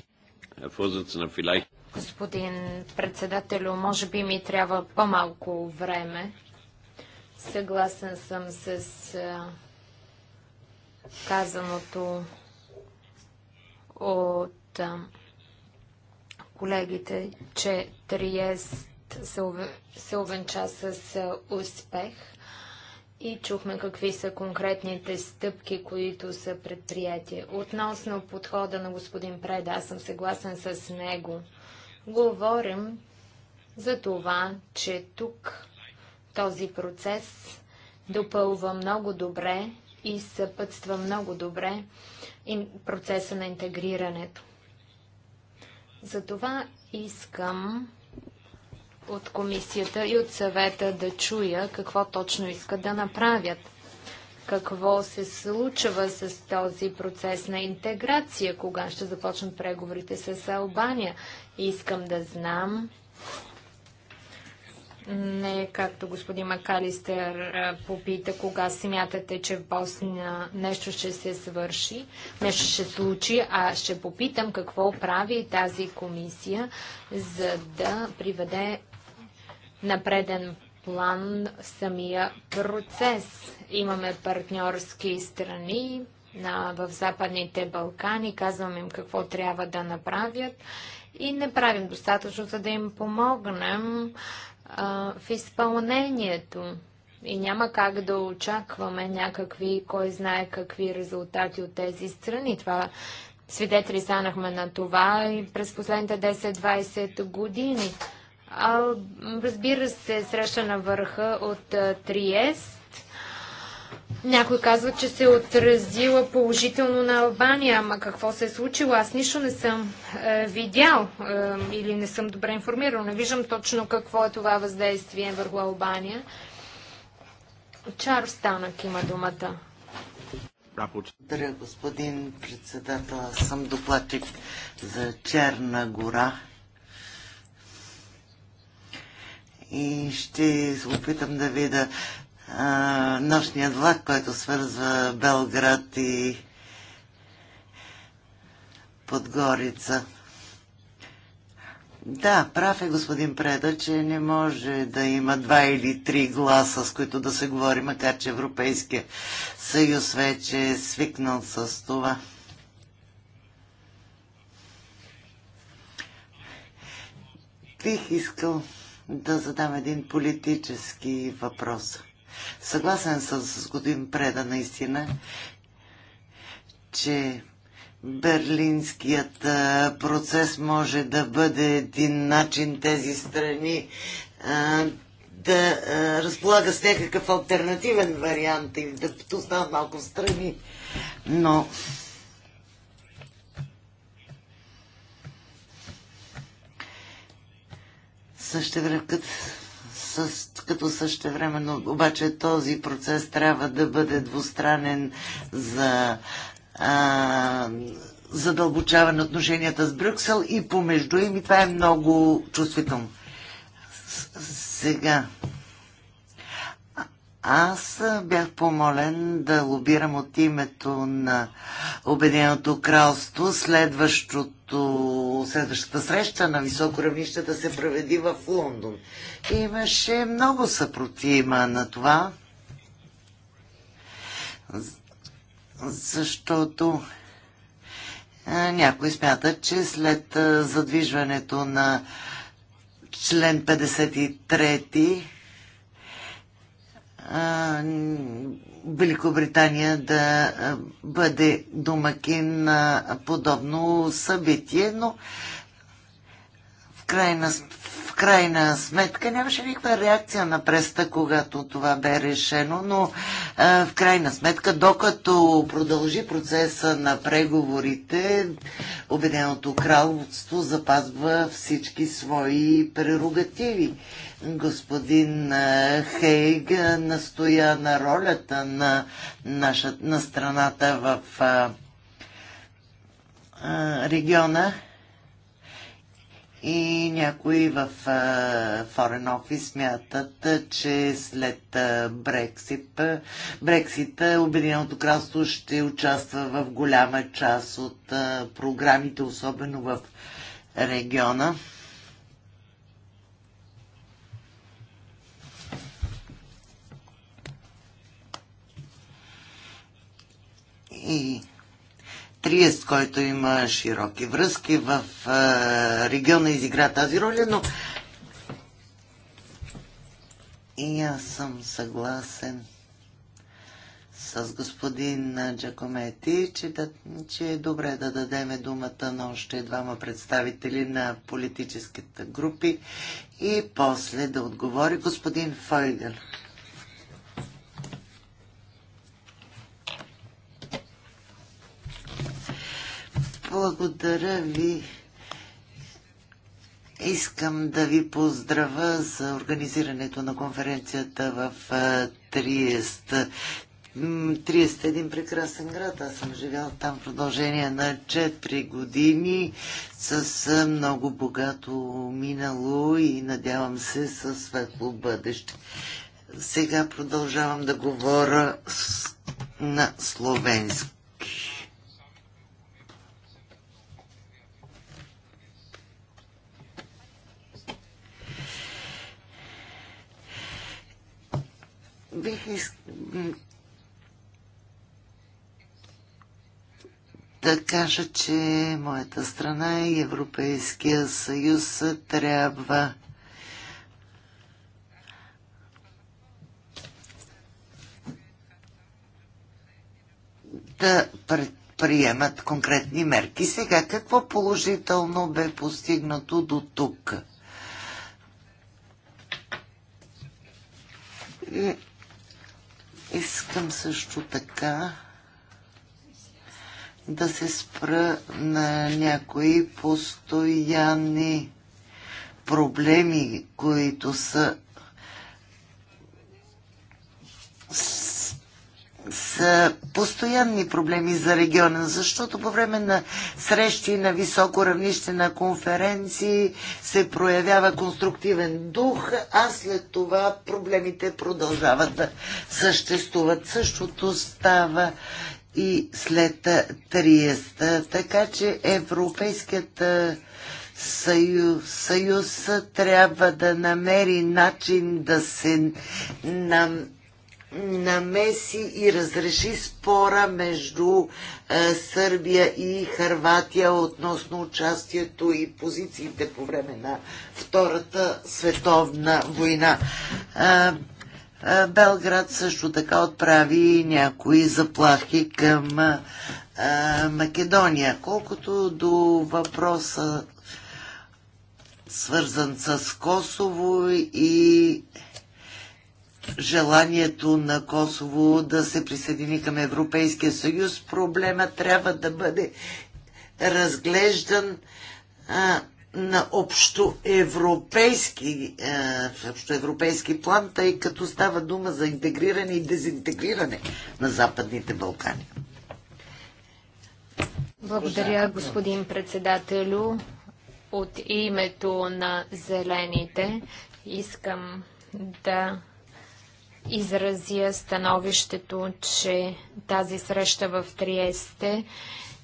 Господин председателю, може би ми трябва по-малко време. Съгласен съм с казаното от колегите, че Триест се увенча с успех и чухме какви са конкретните стъпки, които са предприяти. Относно подхода на господин Преда, аз съм съгласен с него. Говорим за това, че тук този процес допълва много добре и съпътства много добре процеса на интегрирането. Затова искам от комисията и от съвета да чуя какво точно искат да направят. Какво се случва с този процес на интеграция? Кога ще започнат преговорите с Албания? Искам да знам. Не, както господин Макалистер попита, кога смятате, че в Босния нещо ще се свърши, нещо ще случи, а ще попитам какво прави тази комисия, за да приведе на преден план самия процес. Имаме партньорски страни на, в Западните Балкани, казваме им какво трябва да направят и не правим достатъчно, за да им помогнем а, в изпълнението. И няма как да очакваме някакви, кой знае какви резултати от тези страни. Това свидетели станахме на това и през последните 10-20 години. А, разбира се, среща на върха от Триест. Някой казва, че се е отразила положително на Албания, ама какво се е случило? Аз нищо не съм е, видял е, или не съм добре информирал. Не виждам точно какво е това въздействие върху Албания. Чар Станък има думата. Благодаря, господин председател. Аз съм докладчик за Черна гора и ще се опитам да видя а, нощния влак, който свързва Белград и Подгорица. Да, прав е господин Преда, че не може да има два или три гласа, с които да се говори, макар че Европейския съюз вече е свикнал с това. Бих искал да задам един политически въпрос. Съгласен съм с годин Преда наистина, че берлинският процес може да бъде един начин тези страни да разполага с някакъв альтернативен вариант и да останат малко страни. Но Също като, като но обаче този процес трябва да бъде двустранен за а, задълбочаване на отношенията с Брюксел и помежду им и това е много чувствително. Сега. Аз бях помолен да лобирам от името на Обединеното кралство следващото следващото, следващата среща на високо равнище да се проведи в Лондон. Имаше много съпротива на това, защото някои смятат, че след задвижването на член 53 Великобритания да бъде домакин на подобно събитие, но в крайна сметка крайна сметка нямаше никаква реакция на преста, когато това бе решено, но а, в крайна сметка, докато продължи процеса на преговорите, Обединеното кралство запазва всички свои прерогативи. Господин Хейг настоя на ролята на, наша, на страната в а, а, региона и някои в Foreign Office смятат, че след Брексит, Брексит Обединеното кралство ще участва в голяма част от програмите, особено в региона. И Триест, който има широки връзки в региона, изигра тази роля, но и аз съм съгласен с господин Джакомети, че, да, че е добре да дадеме думата на още двама представители на политическите групи и после да отговори господин Фойгър. Благодаря ви. Искам да ви поздравя за организирането на конференцията в Триест. Триест е един прекрасен град. Аз съм живял там в продължение на 4 години с много богато минало и надявам се със светло бъдеще. Сега продължавам да говоря на словенски. бих искал да кажа, че моята страна и Европейския съюз трябва да предприемат конкретни мерки. Сега, какво положително бе постигнато до тук? Е, Искам също така да се спра на някои постоянни проблеми, които са са постоянни проблеми за региона, защото по време на срещи на високо равнище на конференции се проявява конструктивен дух, а след това проблемите продължават да съществуват. Същото става и след триеста. Така че Европейският съюз, съюз трябва да намери начин да се нам намеси и разреши спора между е, Сърбия и Харватия относно участието и позициите по време на Втората световна война. Е, е, Белград също така отправи някои заплахи към е, Македония. Колкото до въпроса свързан с Косово и желанието на Косово да се присъедини към Европейския съюз. Проблема трябва да бъде разглеждан а, на общоевропейски, а, европейски план, тъй като става дума за интегриране и дезинтегриране на Западните Балкани. Благодаря, господин председателю. От името на Зелените искам да изразя становището, че тази среща в Триесте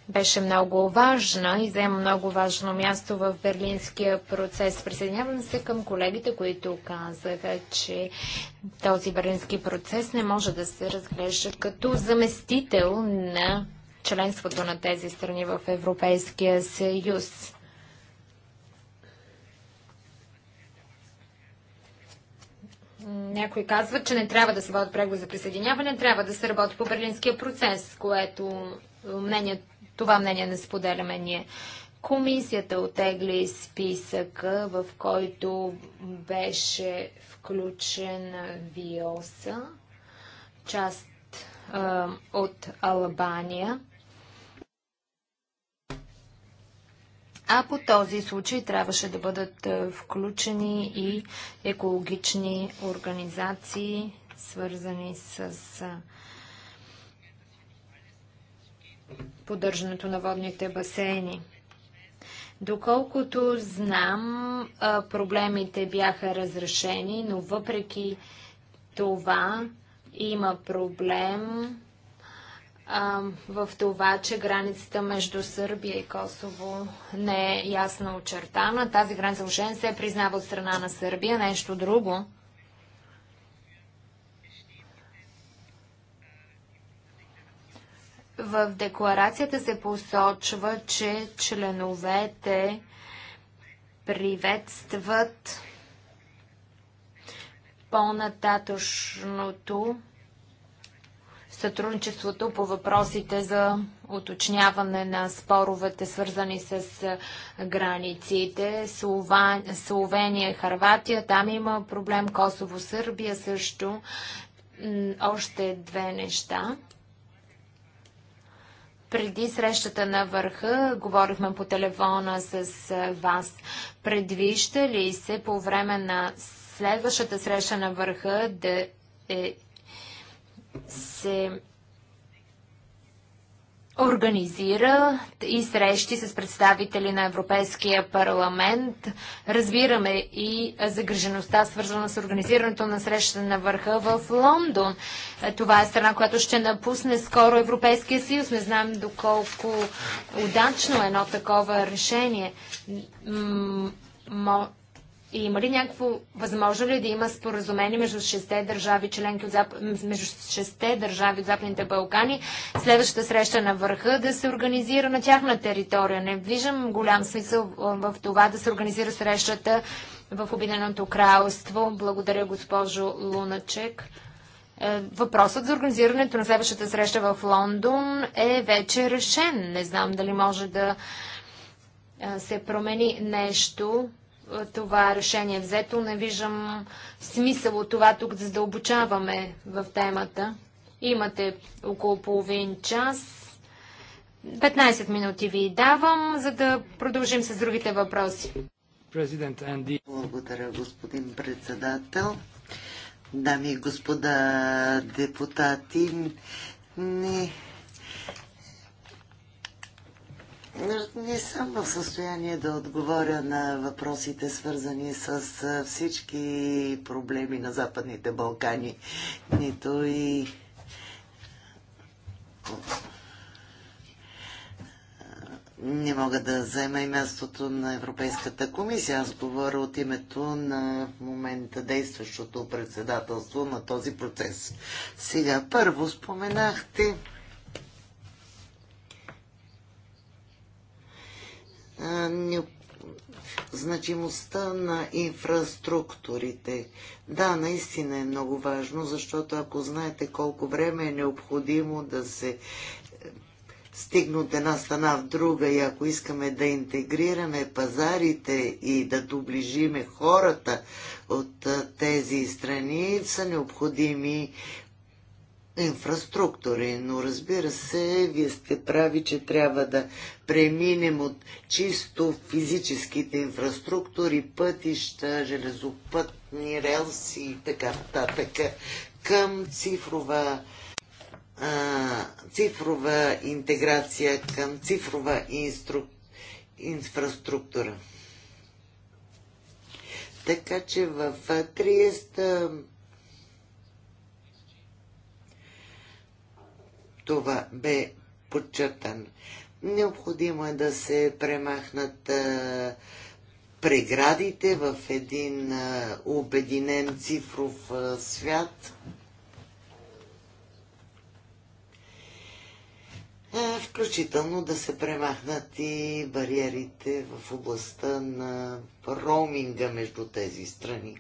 беше много важна и взема много важно място в берлинския процес. Присъединявам се към колегите, които казаха, че този берлински процес не може да се разглежда като заместител на членството на тези страни в Европейския съюз. някои казват, че не трябва да се водят преговори за присъединяване, трябва да се работи по берлинския процес, което е, мнение, това мнение не споделяме ние. Комисията отегли списъка, в който беше включен Виоса, част е, от Албания. А по този случай трябваше да бъдат е, включени и екологични организации, свързани с е, поддържането на водните басейни. Доколкото знам, е, проблемите бяха разрешени, но въпреки това има проблем в това, че границата между Сърбия и Косово не е ясно очертана. Тази граница въобще не се признава от страна на Сърбия, нещо друго. В декларацията се посочва, че членовете приветстват по-нататъчното сътрудничеството по въпросите за уточняване на споровете, свързани с границите. Словения и Харватия, там има проблем. Косово, Сърбия също. Още две неща. Преди срещата на върха говорихме по телефона с вас. Предвижда ли се по време на следващата среща на върха да е се организира и срещи с представители на Европейския парламент. Разбираме и загрижеността, свързана с организирането на среща на върха в Лондон. Това е страна, която ще напусне скоро Европейския съюз. Не знаем доколко удачно е едно такова решение и има ли някакво, възможно ли е да има споразумение между шесте държави, членки от Зап... между шесте държави от Западните Балкани, следващата среща на върха да се организира на тяхна територия? Не виждам голям смисъл в това да се организира срещата в Обединеното кралство. Благодаря, госпожо Луначек. Е, въпросът за организирането на следващата среща в Лондон е вече решен. Не знам дали може да се промени нещо това решение взето. Не виждам смисъл от това тук да задълбочаваме в темата. Имате около половин час. 15 минути ви давам, за да продължим с другите въпроси. Благодаря, господин председател. Дами и господа депутати, не не съм в състояние да отговоря на въпросите, свързани с всички проблеми на Западните Балкани, нито и не мога да взема и мястото на Европейската комисия. Аз говоря от името на момента действащото председателство на този процес. Сега първо споменахте значимостта на инфраструктурите. Да, наистина е много важно, защото ако знаете колко време е необходимо да се е, стигне от една страна в друга и ако искаме да интегрираме пазарите и да доближиме хората от е, тези страни, са необходими инфраструктури, но разбира се, вие сте прави, че трябва да преминем от чисто физическите инфраструктури, пътища, железопътни релси и така нататък към цифрова а, цифрова интеграция, към цифрова инстру... инфраструктура. Така че в 30 Това бе подчертано. Необходимо е да се премахнат а, преградите в един а, обединен цифров а, свят. А, включително да се премахнат и бариерите в областта на роуминга между тези страни.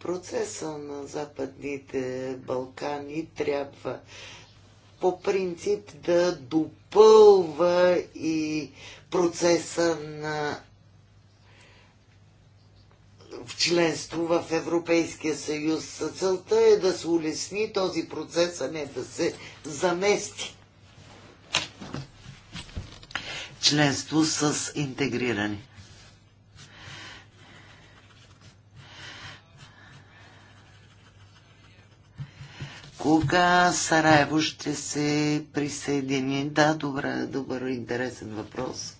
Процеса на Западните Балкани трябва по принцип да допълва и процеса на в членство в Европейския съюз. Целта е да се улесни този процес, а не да се замести. Членство с интегриране. Кога Сараево ще се присъедини? Да, добра, добър, интересен въпрос.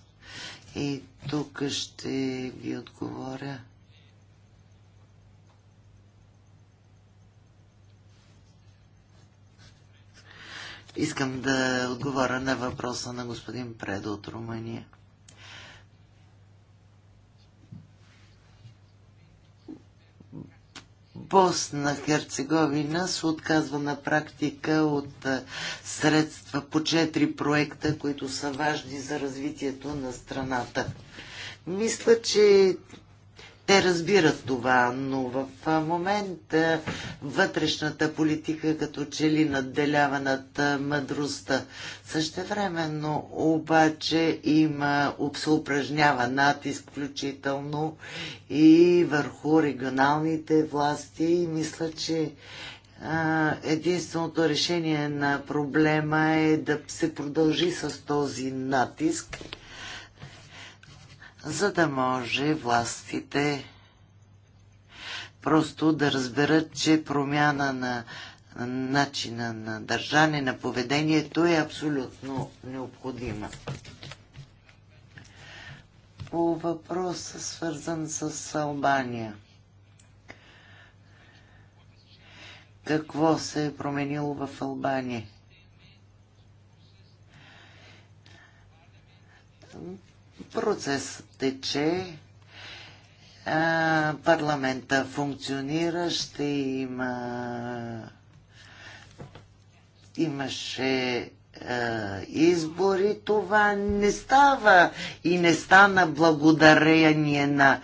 И тук ще ви отговоря. Искам да отговоря на въпроса на господин Предо от Румъния. Босна Херцеговина се отказва на практика от средства по четири проекта, които са важни за развитието на страната. Мисля, че те разбират това, но в момента вътрешната политика като че ли надделява над мъдростта. Същевременно обаче има се упражнява над изключително и върху регионалните власти и мисля, че единственото решение на проблема е да се продължи с този натиск за да може властите просто да разберат, че промяна на начина на държане, на поведението е абсолютно необходима. По въпроса, свързан с Албания. Какво се е променило в Албания? Процес тече. парламента функционира. Ще има. Имаше избори, това не става и не стана благодарение на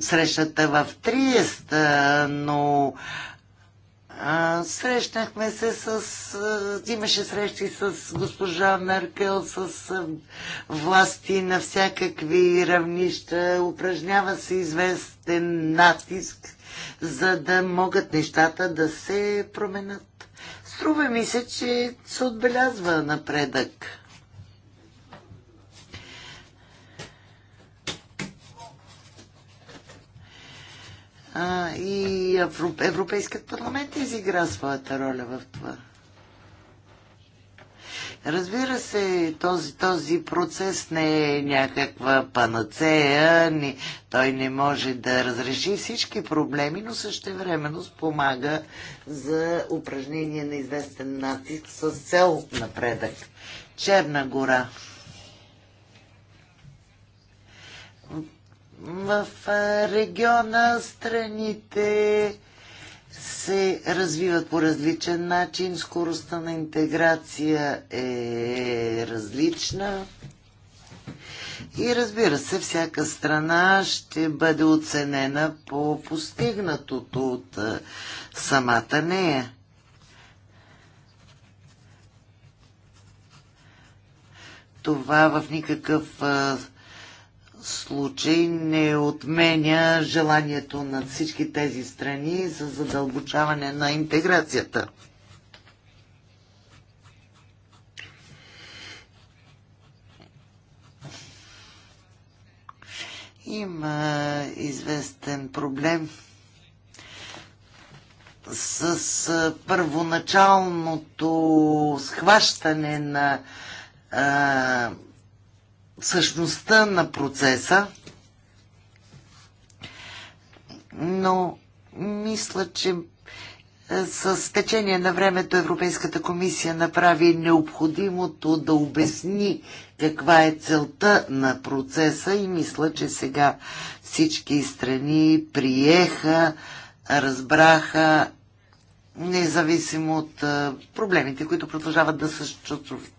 срещата в Триест, а, но срещнахме се с... Имаше срещи с госпожа Меркел, с власти на всякакви равнища. Упражнява се известен натиск, за да могат нещата да се променят. Струва ми се, че се отбелязва напредък. А, и Европейският парламент изигра своята роля в това. Разбира се, този, този процес не е някаква панацея, не, той не може да разреши всички проблеми, но същевременно спомага за упражнение на известен натиск с цел напредък. Черна гора. в региона страните се развиват по различен начин, скоростта на интеграция е различна. И разбира се, всяка страна ще бъде оценена по постигнатото от самата нея. Това в никакъв случай не отменя желанието на всички тези страни за задълбочаване на интеграцията. Има известен проблем с първоначалното схващане на а, същността на процеса, но мисля, че е, с течение на времето Европейската комисия направи необходимото да обясни каква е целта на процеса и мисля, че сега всички страни приеха, разбраха, независимо от е, проблемите, които продължават да съществуват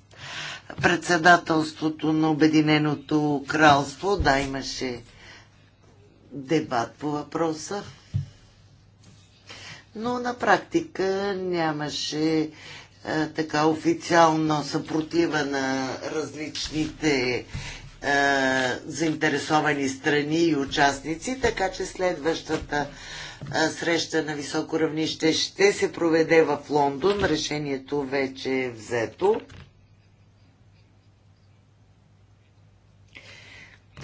председателството на Обединеното кралство. Да, имаше дебат по въпроса. Но на практика нямаше а, е, така официално съпротива на различните а, е, заинтересовани страни и участници, така че следващата е, среща на високо равнище ще се проведе в Лондон. Решението вече е взето.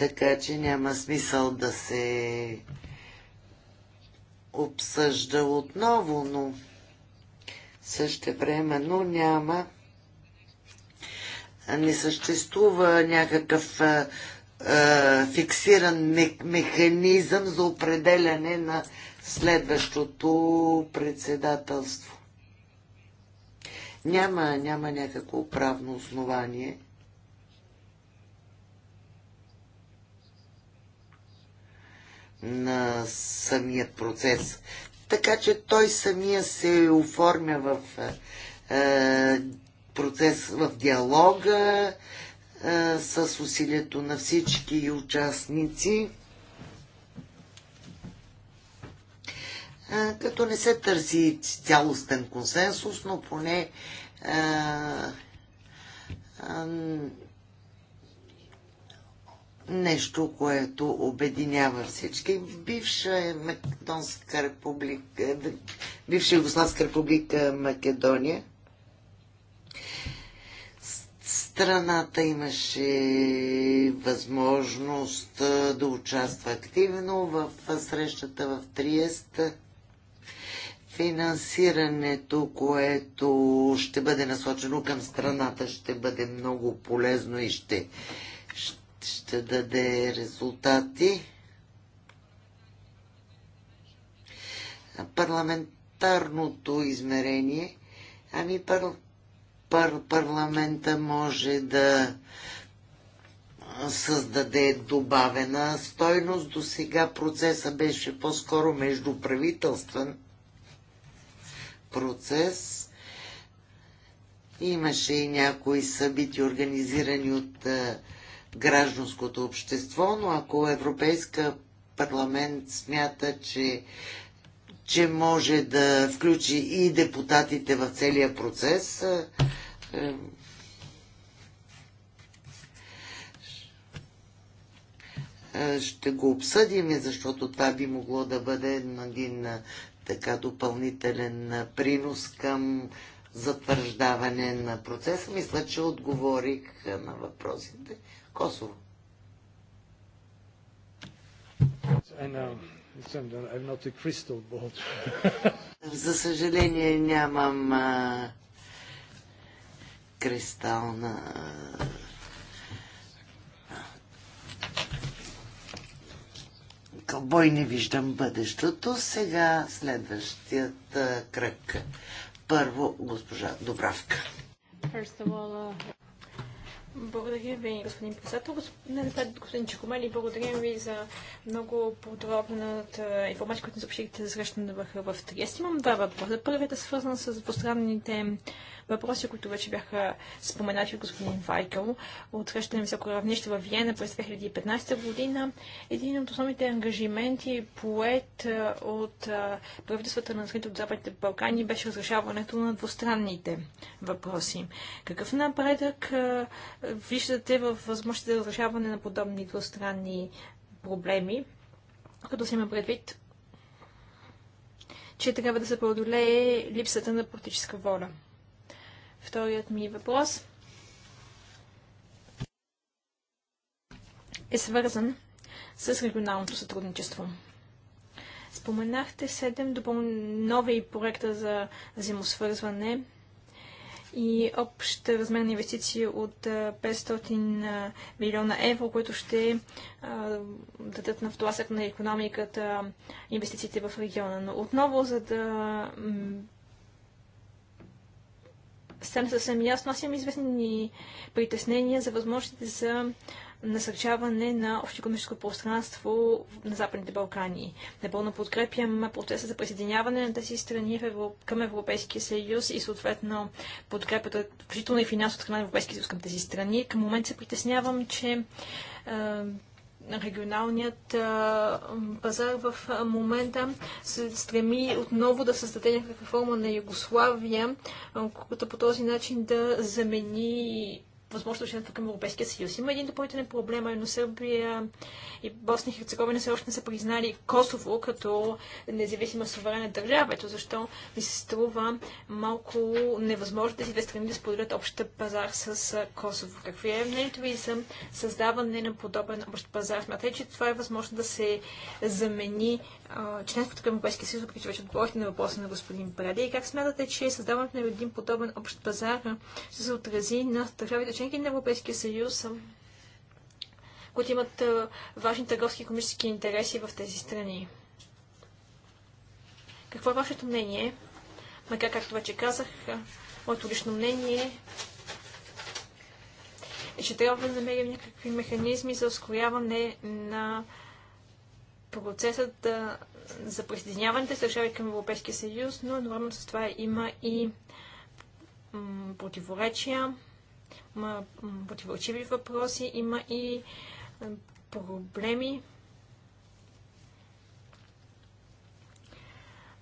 така че няма смисъл да се обсъжда отново, но също времено няма не съществува някакъв а, а, фиксиран механизъм за определяне на следващото председателство. Няма, няма някакво правно основание – на самия процес. Така че той самия се оформя в е, е, процес, в диалога е, с усилието на всички участници. Е, като не се търси цялостен консенсус, но поне е, е нещо, което обединява всички. Бивша е Македонска република, бивша Югославска република Македония, страната имаше възможност да участва активно в срещата в Триест. Финансирането, което ще бъде насочено към страната, ще бъде много полезно и ще ще даде резултати. Парламентарното измерение, ами пар, пар, парламента може да създаде добавена стойност. До сега процеса беше по-скоро междуправителствен процес. Имаше и някои събити, организирани от а, гражданското общество, но ако Европейска парламент смята, че, че може да включи и депутатите в целия процес, е, е, ще го обсъдим, защото това би могло да бъде един е, така допълнителен принос към затвърждаване на процеса. Мисля, че отговорих на въпросите. Косово. За съжаление нямам а, кристална кълбой не виждам бъдещето. Сега следващият кръг. Първо госпожа Добравка. All, uh... Благодаря ви, господин председател. Господин Чекомели, благодаря ви за много подробната информация, която ни съобщихте за срещане в, в Триест. Имам два въпроса. Първият е свързан с двустранните въпроси, които вече бяха споменати от господин Вайкъл от среща на високо равнище в Виена през 2015 година. Един от основните ангажименти поет е, от е, правителствата на страните от Западните Балкани беше разрешаването на двустранните въпроси. Какъв напредък е, виждате в възможността за разрешаване на подобни двустранни проблеми, като се има предвид че трябва да се преодолее липсата на политическа воля. Вторият ми въпрос е свързан с регионалното сътрудничество. Споменахте седем нови проекта за взаимосвързване и общ размер на инвестиции от 500 милиона евро, които ще дадат на втласък на економиката инвестициите в региона. Но отново, за да стане съвсем ясно, аз имам известни притеснения за възможностите за насърчаване на общо пространство на Западните Балкани. Напълно подкрепям процеса за присъединяване на тези страни към Европейския съюз и съответно подкрепата, включително и финансово страна на Европейския съюз към тези страни. Към момента се притеснявам, че регионалният пазар в момента се стреми отново да създаде някаква форма на Югославия, която по този начин да замени възможно членство към Европейския съюз. Има един допълнителен проблем, но Сърбия и Босния и Херцеговина все още не са признали Косово като независима суверена държава. Ето защо ми се струва малко невъзможно тези две страни да споделят общата пазар с Косово. Какви е мнението ви за създаване на подобен общ пазар? Смятате, че това е възможно да се замени членството към Европейския съюз, въпреки че вече отговорихте на въпроса на господин Преди. И как смятате, че създаването на един подобен общ пазар ще се отрази на държавите, членки на Европейския съюз, които имат важни търговски и економически интереси в тези страни. Какво е вашето мнение? Макар, както вече казах, моето лично мнение е, че трябва да намерим някакви механизми за ускоряване на процесът за присъединяването с държави към Европейския съюз, но едновременно с това има и противоречия има противоречиви въпроси, има и е, проблеми.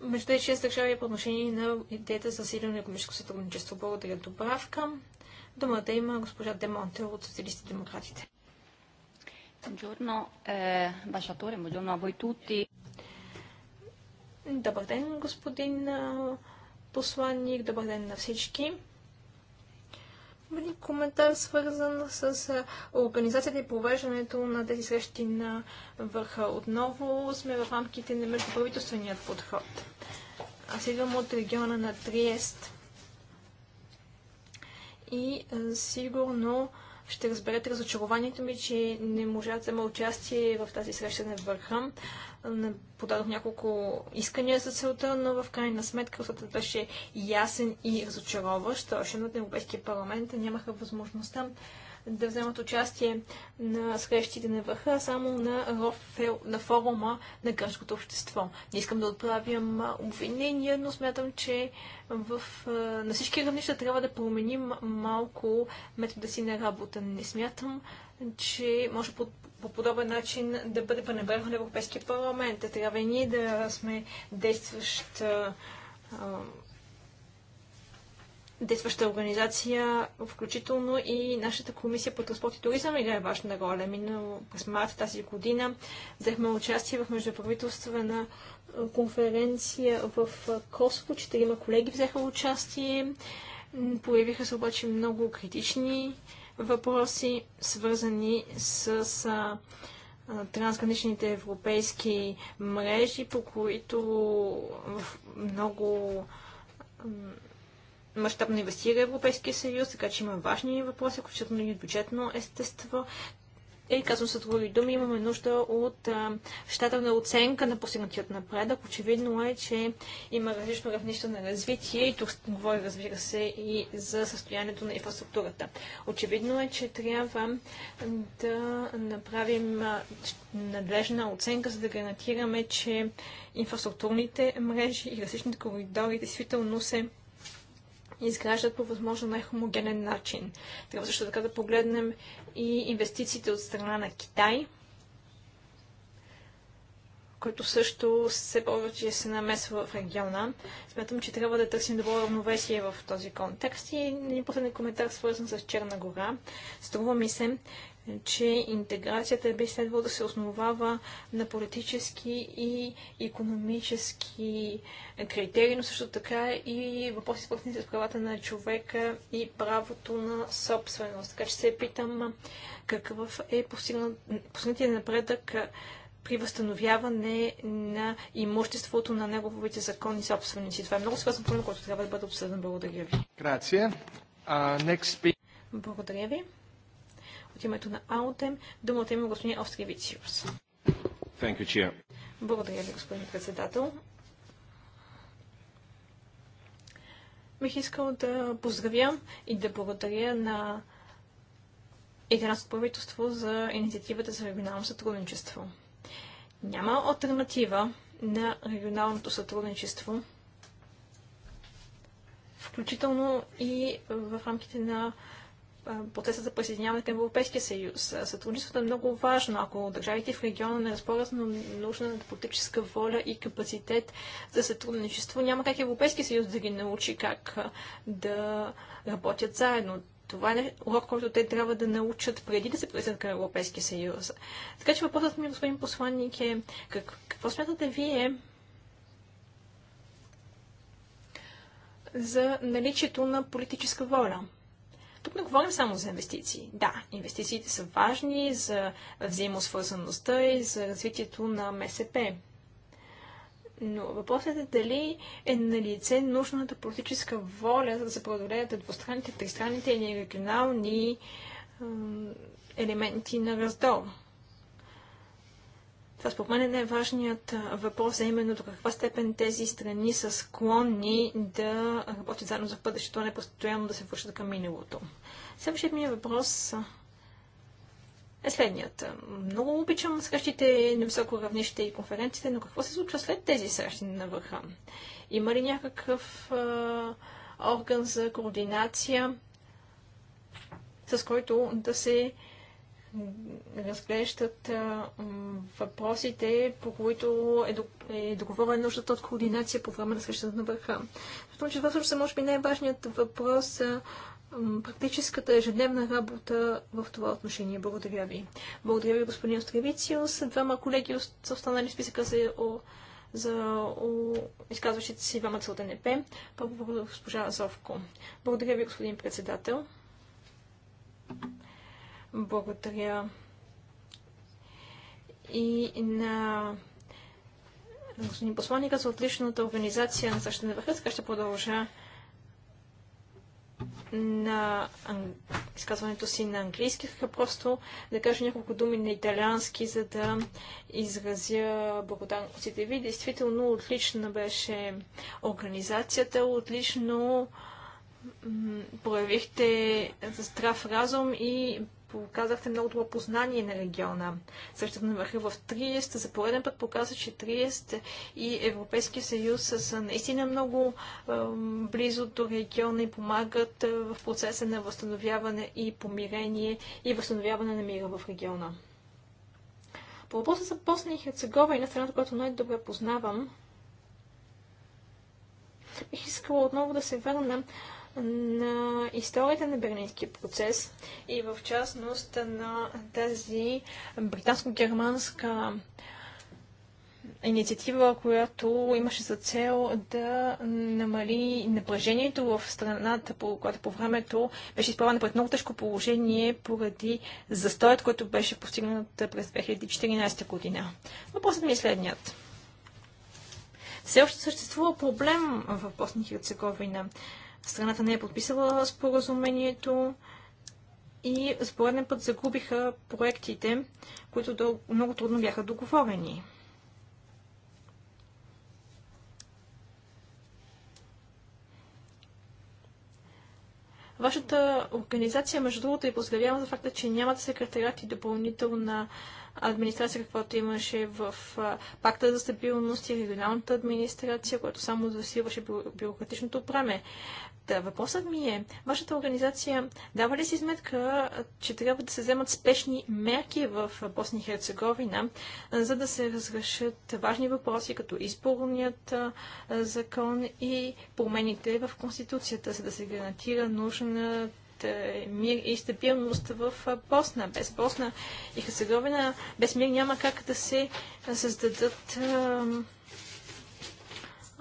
Между тези шест държави по отношение на идеята за силено економическо сътрудничество. Благодаря добавка. Думата има госпожа Демонте от Социалисти демократите. Buongiorno, е, buongiorno a voi tutti. Добър ден, господин е, посланник, добър ден на всички. Един коментар свързан с организацията и провеждането на тези срещи на върха. Отново сме в рамките на междуправителственият подход. Аз идвам от региона на Триест. И сигурно ще разберете разочарованието ми, че не можа да взема участие в тази среща на върха. Подадох няколко искания за целта, но в крайна сметка резултатът беше ясен и разочароващ. Още на Европейския парламент нямаха възможността да вземат участие на срещите на върха, а само на, Рофел, на форума на гръцкото общество. Не искам да отправям обвинения, но смятам, че в, на всички равнища трябва да променим малко метода си на работа. Не смятам, че може по, по подобен начин да бъде пренебрегван Европейския парламент. Трябва и ние да сме действащ действаща организация, включително и нашата комисия по транспорт и туризъм играе важна роля. Минало през март тази година взехме участие в междуправителствена конференция в Косово. Четирима колеги взеха участие. Появиха се обаче много критични въпроси, свързани с а, трансграничните европейски мрежи, по които в много мащабно инвестира Европейския съюз, така че има важни въпроси, включително и бюджетно естество. И е, казвам с други думи, имаме нужда от щателна оценка на постигнатият напредък. Очевидно е, че има различно равнище на развитие и тук говори, разбира се, и за състоянието на инфраструктурата. Очевидно е, че трябва да направим надлежна оценка, за да гарантираме, че инфраструктурните мрежи и различните коридори действително се изграждат по възможно най-хомогенен начин. Трябва също така да погледнем и инвестициите от страна на Китай, който също все повече се намесва в региона. Смятам, че трябва да търсим добро равновесие в този контекст. И един последен коментар, свързан с Черна гора. Струва ми се, че интеграцията би следвало да се основава на политически и економически критерии, но също така и въпроси свързани с правата на човека и правото на собственост. Така че се питам какъв е постигнатия напредък при възстановяване на имуществото на неговите законни собственици. Това е много свързан проблем, който трябва да бъде обсъден. Благодаря ви. Благодаря ви. От името на АУТЕМ думата има господин Овски Остревициус. Благодаря ви, господин председател. Бих искал да поздравя и да благодаря на Иранското правителство за инициативата за регионално сътрудничество. Няма альтернатива на регионалното сътрудничество, включително и в рамките на процеса за присъединяване към Европейския съюз. Сътрудничеството е много важно. Ако държавите в региона не разполагат на нужната политическа воля и капацитет за сътрудничество, няма как Европейския съюз да ги научи как да работят заедно. Това е урок, който те трябва да научат преди да се присъединят към Европейския съюз. Така че въпросът ми, господин посланник, е как, какво смятате вие за наличието на политическа воля? Тук не говорим само за инвестиции. Да, инвестициите са важни за взаимосвързаността и за развитието на МСП. Но въпросът е дали е на лице нужната политическа воля, за да се преодолеят двустранните, тристранните или регионални елементи на раздол. Това според мен е най-важният въпрос, а именно до каква степен тези страни са склонни да работят заедно за бъдещето, а не постоянно да се връщат към миналото. Следващият ми въпрос е следният. Много обичам срещите на високо равнище и конференциите, но какво се случва след тези срещи на върха? Има ли някакъв орган за координация, с който да се разглеждат въпросите, по които е, е договорена нуждата от координация по време на срещата на върха. Защото че това също може би най-важният въпрос а, практическата ежедневна работа в това отношение. Благодаря ви. Благодаря ви, господин Остревициус. Двама колеги са останали в списъка за, о, за о, изказващите си двамата от НП. Първо госпожа Азовко. Благодаря ви, господин председател. Thank you. Благодаря и на господин посланника за отличната организация на същата на ще продължа на изказването си на английски. Така просто да кажа няколко думи на италиански, за да изразя благодарностите ви. Действително отлична беше организацията, отлично проявихте здрав разум и показахте много добро познание на региона. Срещата на върха в Триест за пореден път показа, че Триест и Европейския съюз са наистина много е, близо до региона и помагат в процеса на възстановяване и помирение и възстановяване на мира в региона. По въпроса за Босна и Херцеговина, страната, която най-добре познавам, бих искала отново да се върна на историята на Берлинския процес и в частност на тази британско-германска инициатива, която имаше за цел да намали напрежението в страната, по, която по времето беше изправена пред много тежко положение поради застоят, който беше постигнат през 2014 година. Въпросът ми е следният. Все още съществува проблем в Босния и Херцеговина. Страната не е подписала споразумението и за пореден път загубиха проектите, които много трудно бяха договорени. Вашата организация, между другото, и е поздравявам за факта, че нямате секретарят и допълнителна администрация, каквото имаше в пакта за стабилност и регионалната администрация, която само засилваше бюрократичното бреме. Да, въпросът ми е, вашата организация дава ли си сметка, че трябва да се вземат спешни мерки в Босния и Херцеговина, за да се разрешат важни въпроси, като изборният закон и промените в Конституцията, за да се гарантира нужната мир е, и стабилност в Босна. Без Босна и Херцеговина, без мир няма как да се създадат а,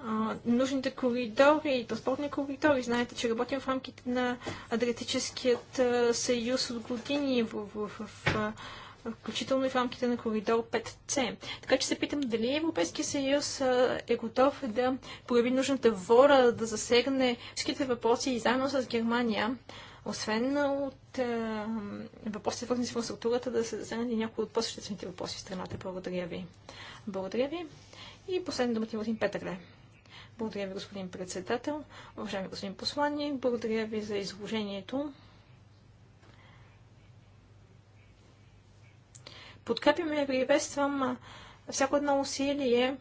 а, нужните коридори, транспортни коридори. Знаете, че работим в рамките на Адриатическият съюз от години в, в, в, в включително и в рамките на коридор 5C. Така че се питам дали Европейския съюз е готов да прояви нужната воля да засегне всичките въпроси и заедно с Германия освен от е, въпросите, свързани с инфраструктурата, да се засегнат и някои от по-съществените въпроси в страната. Благодаря ви. Благодаря ви. И последно думата Мартин Петърле. Благодаря ви, господин председател. Уважаеми господин послани, благодаря ви за изложението. Подкрепяме и приветствам всяко едно усилие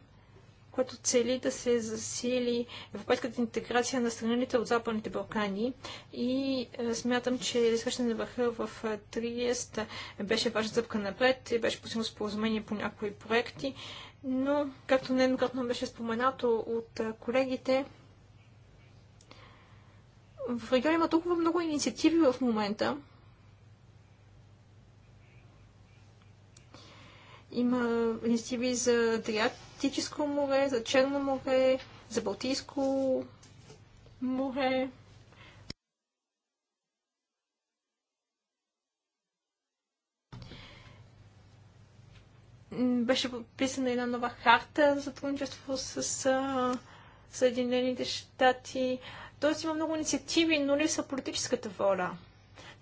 което цели да се засили европейската интеграция на страните от Западните Балкани. И е, смятам, че срещане на върха в е, Триест беше важна стъпка напред и беше посилно споразумение по някои проекти. Но, както нееднократно беше споменато от е, колегите, в региона има толкова много инициативи в момента, Има инициативи за Адриатическо море, за Черно море, за Балтийско море. Беше подписана една нова харта за сътрудничество с Съединените щати. Тоест има много инициативи, но ли са политическата воля?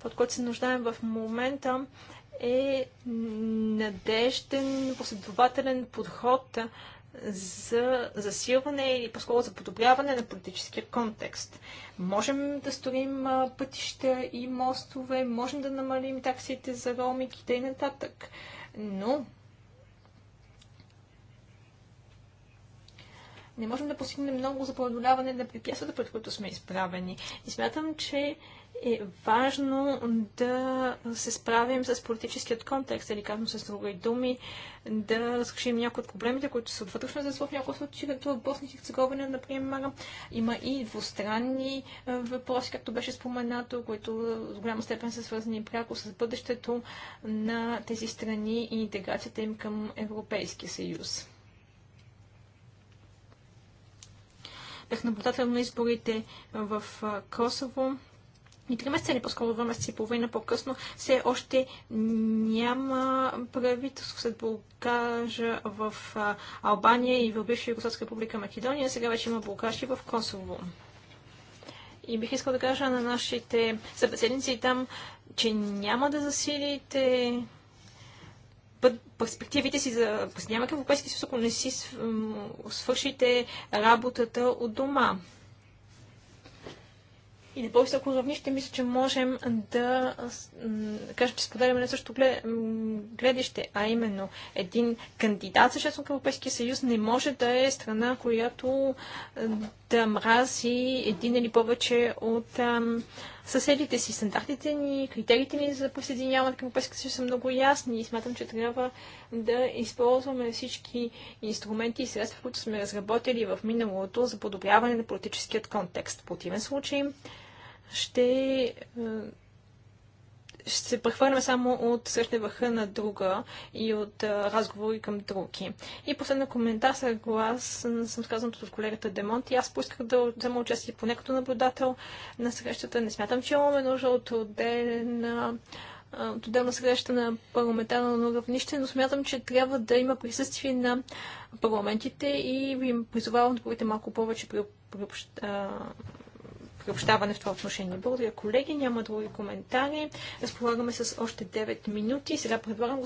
от което се нуждаем в момента, е надежден, последователен подход за засилване или по-скоро за подобряване на политическия контекст. Можем да строим пътища и мостове, можем да намалим таксите за роуминг и нататък. Но не можем да постигнем много за преодоляване на препятствата, пред които сме изправени. И смятам, че е важно да се справим с политическият контекст, или казвам с други думи, да разрешим някои от проблемите, които са отвътрешно за в някои случаи, като в Босния и Херцеговина, например, има и двустранни е, въпроси, както беше споменато, които в голяма степен са свързани пряко с бъдещето на тези страни и интеграцията им към Европейския съюз. Бях наблюдател на изборите в е, Косово и три месеца или по-скоро два месеца и половина по-късно, все още няма правителство след блокажа в Албания и в бивша Югославска република Македония. Сега вече има блокажи в Косово. И бих искал да кажа на нашите събеседници там, че няма да засилите перспективите си за няма към европейски съюз, ако не си свършите работата от дома и на по-високо равнище, мисля, че можем да кажем, че споделяме на също гледаще, а именно един кандидат за членство към Европейския съюз не може да е страна, която да мрази един или повече от съседите си. Стандартите ни, критериите ни за присъединяване към Европейския съюз са много ясни и смятам, че трябва да използваме всички инструменти и средства, които сме разработили в миналото за подобряване на политическият контекст. В противен случай, ще е, ще се прехвърляме само от срещне върха на друга и от е, разговори към други. И последно коментар, съгласен съм с казаното от колегата Демонт и аз поисках да взема участие поне като наблюдател на срещата. Не смятам, че имаме нужда от отделна е, от отделна среща на парламентарно равнище, но смятам, че трябва да има присъствие на парламентите и ви призовавам да бъдете малко повече при, при, приобщаване в това отношение. Благодаря, колеги. Няма други коментари. Разполагаме с още 9 минути. Сега предлагам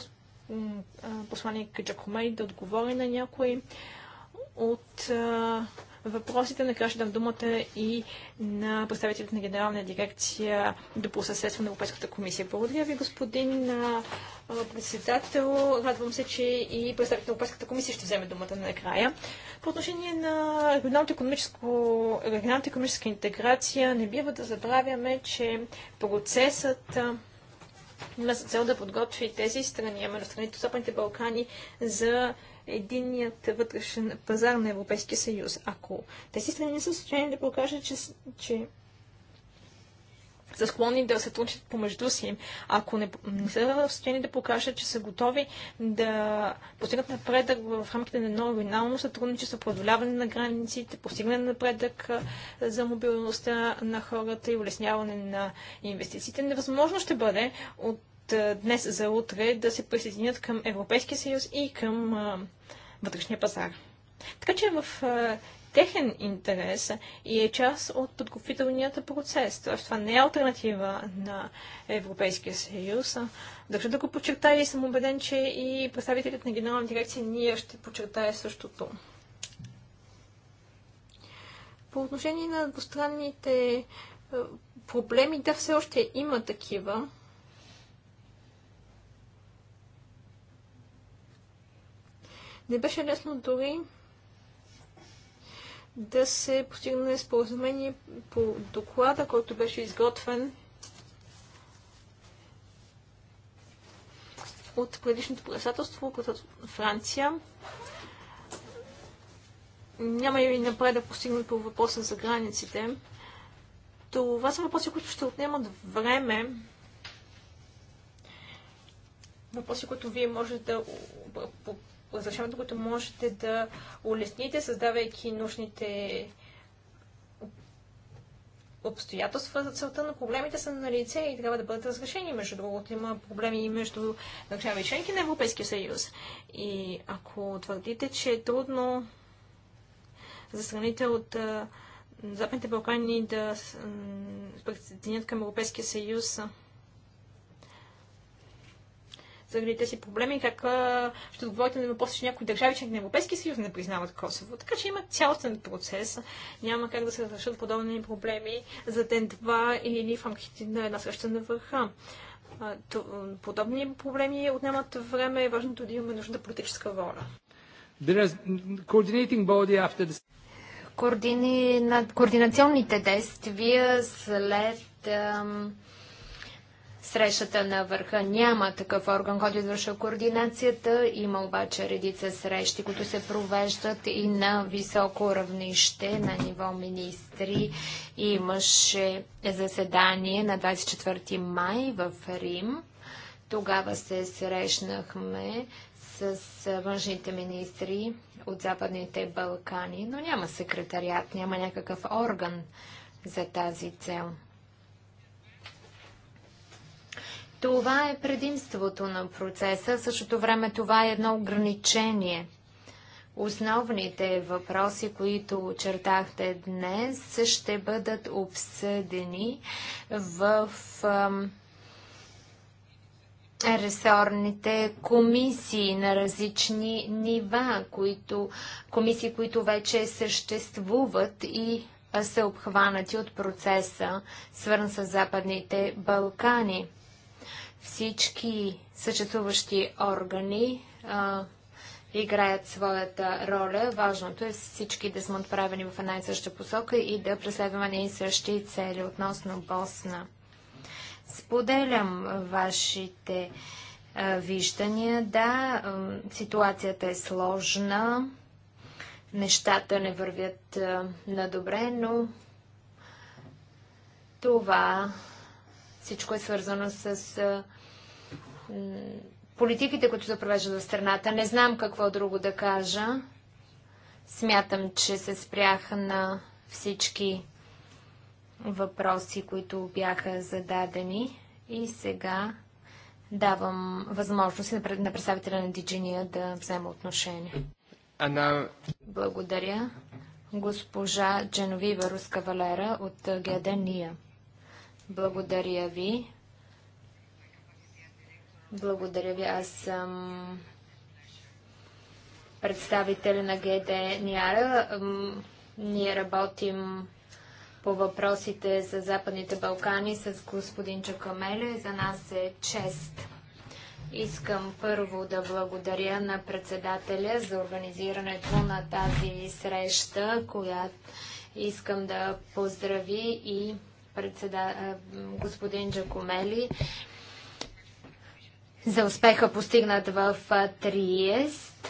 посланник Джакомей да отговори на някои от въпросите. Накрая ще дам думата и на представителите на Генерална дирекция до съседство на Европейската комисия. Благодаря ви, господин председател. Радвам се, че и представител на Европейската комисия ще вземе думата накрая. По отношение на регионалната економическа интеграция, не бива да забравяме, че процесът има за цел да подготви тези страни, именно страните от Западните Балкани, за единният вътрешен пазар на Европейския съюз. Ако тези страни не са състояние да покажат, че, че са склонни да сътрудничат помежду си, ако не, не са в състояние да покажат, че са готови да постигнат напредък в рамките на едно оригинално сътрудничество, продоляване на границите, постигане на напредък за мобилността на хората и улесняване на инвестициите, невъзможно ще бъде от днес за утре да се присъединят към Европейския съюз и към а, вътрешния пазар. Така че в а, техен интерес и е част от подготвителният процес. Тоест, това не е альтернатива на Европейския съюз. Държа да го подчертая и съм убеден, че и представителят на генерална дирекция ние ще подчертая същото. По отношение на двустранните проблеми, да, все още има такива. Не беше лесно дори да се постигне споразумение по доклада, който беше изготвен от предишното председателство, Франция. Няма и напред да постигнат по въпроса за границите. Това са въпроси, които ще отнемат време. Въпроси, които вие може да разрешаването, което можете да улесните, създавайки нужните обстоятелства за целта, но проблемите са на лице и трябва да бъдат разрешени. Между другото, има проблеми и между държави членки на Европейския съюз. И ако твърдите, че е трудно за страните от Западните Балкани да присъединят към Европейския съюз, заради тези проблеми, как ще отговорите на въпроса, че някои държави, че на Европейския съюз не признават Косово. Така че има цялостен процес. Няма как да се разрешат подобни проблеми за ден-два или в рамките на една среща на върха. Подобни проблеми отнемат време. и е Важното е да имаме нужда политическа воля. Координационните действия след ам, срещата на върха няма такъв орган, който извършва координацията. Има обаче редица срещи, които се провеждат и на високо равнище, на ниво министри. Имаше заседание на 24 май в Рим. Тогава се срещнахме с външните министри от Западните Балкани, но няма секретариат, няма някакъв орган за тази цел. Това е предимството на процеса, същото време това е едно ограничение. Основните въпроси, които очертахте днес, ще бъдат обсъдени в ресорните комисии на различни нива, които, комисии, които вече съществуват и са обхванати от процеса, свързан с Западните Балкани. Всички съществуващи органи а, играят своята роля. Важното е всички да сме отправени в една и съща посока и да преследваме и същи цели относно Босна. Споделям вашите а, виждания. Да, а, ситуацията е сложна, нещата не вървят а, на добре, но това всичко е свързано с политиките, които се провеждат в страната. Не знам какво друго да кажа. Смятам, че се спрях на всички въпроси, които бяха зададени. И сега давам възможност на представителя на Диджиния да взема отношение. Now... Благодаря. Госпожа Дженовива Руска Валера от Геадения. Благодаря ви. Благодаря ви. Аз съм представител на ГД Ниара. Ние работим по въпросите за Западните Балкани с господин Чакамеле. За нас е чест. Искам първо да благодаря на председателя за организирането на тази среща, която искам да поздрави и председа... господин Джакомели за успеха постигнат в Триест.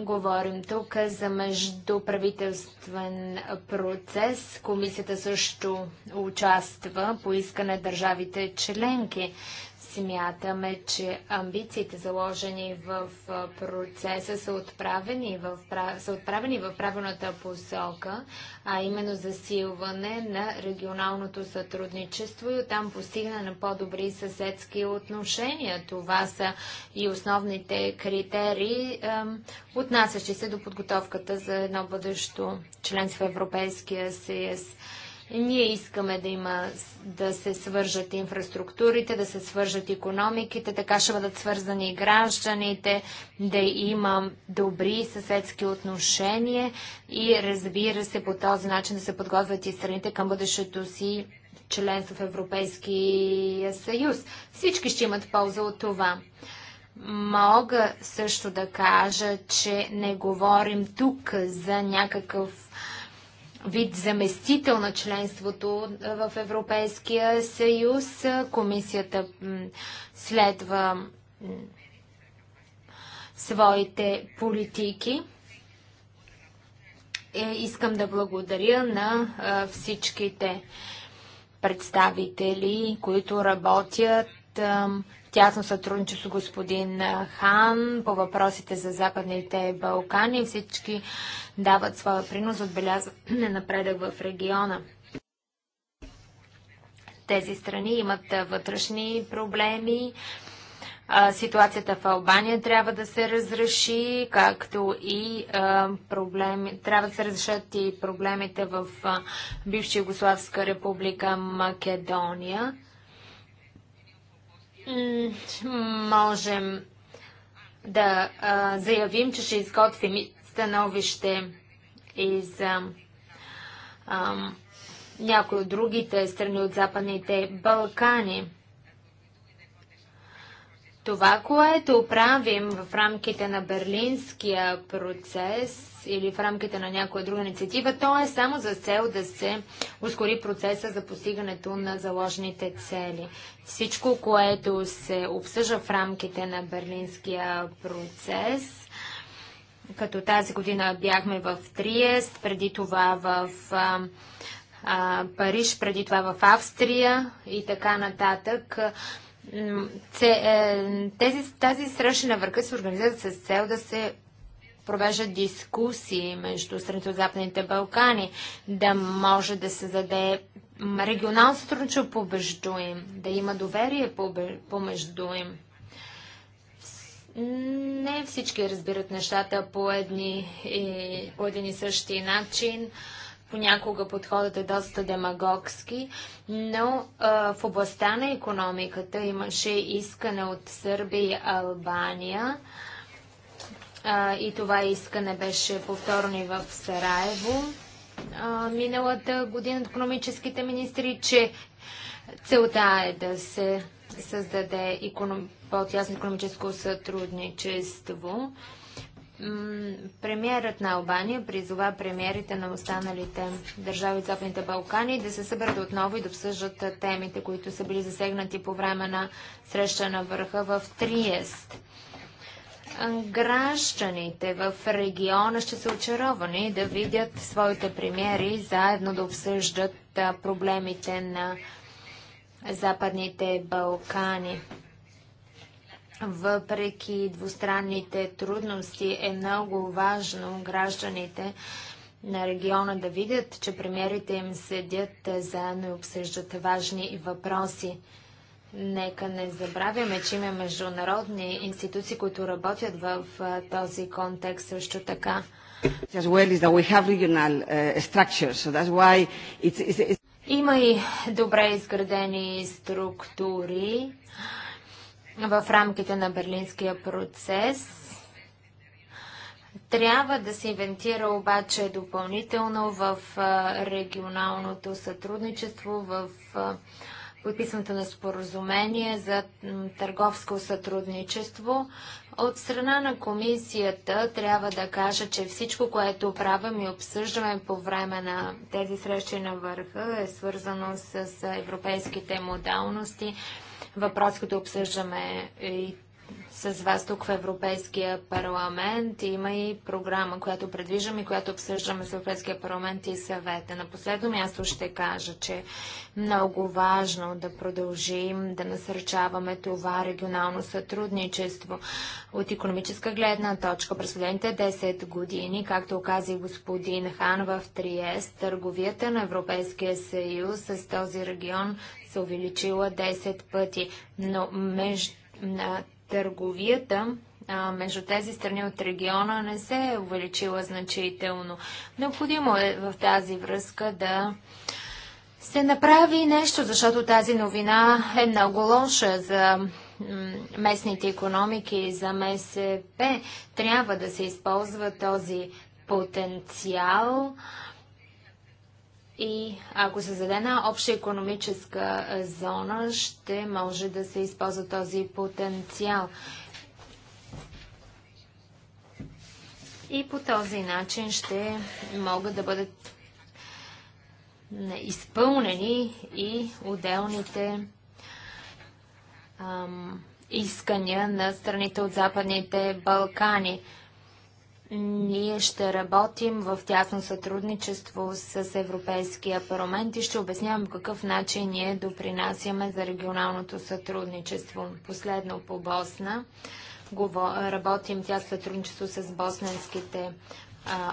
Говорим тук за междуправителствен процес. Комисията също участва по искане държавите членки. Смятаме, че амбициите заложени в процеса са отправени в, са отправени в правилната посока, а именно засилване на регионалното сътрудничество и оттам постигане на по-добри съседски отношения. Това са и основните критерии, отнасящи се до подготовката за едно бъдещо членство в Европейския съюз. Ние искаме да има да се свържат инфраструктурите, да се свържат економиките, така ще бъдат свързани и гражданите, да има добри съседски отношения и разбира се по този начин да се подготвят и страните към бъдещето си членство в Европейския съюз. Всички ще имат полза от това. Мога също да кажа, че не говорим тук за някакъв вид заместител на членството в Европейския съюз. Комисията следва своите политики. Е, искам да благодаря на всичките представители, които работят тясно сътрудничество господин Хан по въпросите за Западните Балкани. Всички дават своя принос, отбелязване напредък в региона. Тези страни имат вътрешни проблеми. ситуацията в Албания трябва да се разреши, както и проблеми, трябва да се разрешат и проблемите в а, бивша Югославска република Македония можем да а, заявим, че ще изготвим становище и за а, някои от другите страни от Западните Балкани. Това, което правим в рамките на берлинския процес, или в рамките на някоя друга инициатива, то е само за цел да се ускори процеса за постигането на заложените цели. Всичко, което се обсъжда в рамките на берлинския процес, като тази година бяхме в Триест, преди това в а, а, Париж, преди това в Австрия и така нататък. Е, тези, тази среща на върха се организира с цел да се провеждат дискусии между страните от Западните Балкани, да може да се заде регионално сътрудничество помежду им, да има доверие помежду им. Не всички разбират нещата по, едни, и, по един и същи начин. Понякога подходът е доста демагогски, но а, в областта на економиката имаше искане от Сърбия и Албания. А, а, и това искане беше повторно и в Сараево а, миналата година от економическите министри, че целта е да се създаде економ... по-тясно економическо сътрудничество. Премьерът на Албания призова премиерите на останалите държави от Западните Балкани да се съберат отново и да обсъждат темите, които са били засегнати по време на среща на върха в Триест. Гражданите в региона ще са очаровани да видят своите премиери заедно да обсъждат проблемите на Западните Балкани. Въпреки двустранните трудности е много важно гражданите на региона да видят, че премиерите им седят заедно и обсъждат важни въпроси. Нека не забравяме, че има международни институции, които работят в този контекст също така. Well regional, uh, so it's, it's... Има и добре изградени структури в рамките на берлинския процес. Трябва да се инвентира обаче допълнително в регионалното сътрудничество, в подписването на споразумение за търговско сътрудничество. От страна на комисията трябва да кажа, че всичко, което правим и обсъждаме по време на тези срещи на върха е свързано с европейските модалности. Въпрос, като обсъждаме и с вас тук в Европейския парламент. Има и програма, която предвиждаме, която обсъждаме с Европейския парламент и съвета. На последно място ще кажа, че е много важно да продължим да насърчаваме това регионално сътрудничество от економическа гледна точка. През последните 10 години, както оказа и господин Хан в Триест, търговията на Европейския съюз с този регион се увеличила 10 пъти. Но между търговията между тези страни от региона не се е увеличила значително. Необходимо е в тази връзка да се направи нещо, защото тази новина е много лоша за местните економики и за МСП. Трябва да се използва този потенциал. И ако се заде на обща економическа зона, ще може да се използва този потенциал. И по този начин ще могат да бъдат изпълнени и отделните ам, искания на страните от Западните Балкани. Ние ще работим в тясно сътрудничество с Европейския парламент и ще обяснявам какъв начин ние допринасяме за регионалното сътрудничество. Последно по Босна. Работим тя сътрудничество с босненските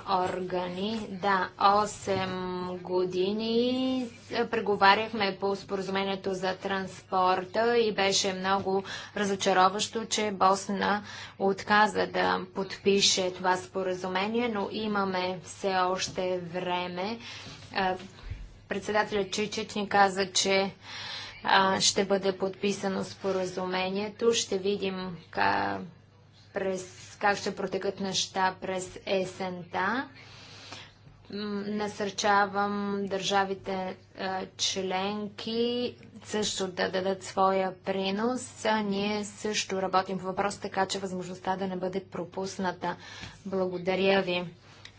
органи. Да, 8 години преговаряхме по споразумението за транспорта и беше много разочароващо, че Босна отказа да подпише това споразумение, но имаме все още време. Председателят Чичич ни каза, че ще бъде подписано споразумението. Ще видим през как ще протекат неща през есента. Насърчавам държавите е, членки също да дадат своя принос. Ние също работим по въпрос, така че възможността да не бъде пропусната. Благодаря ви.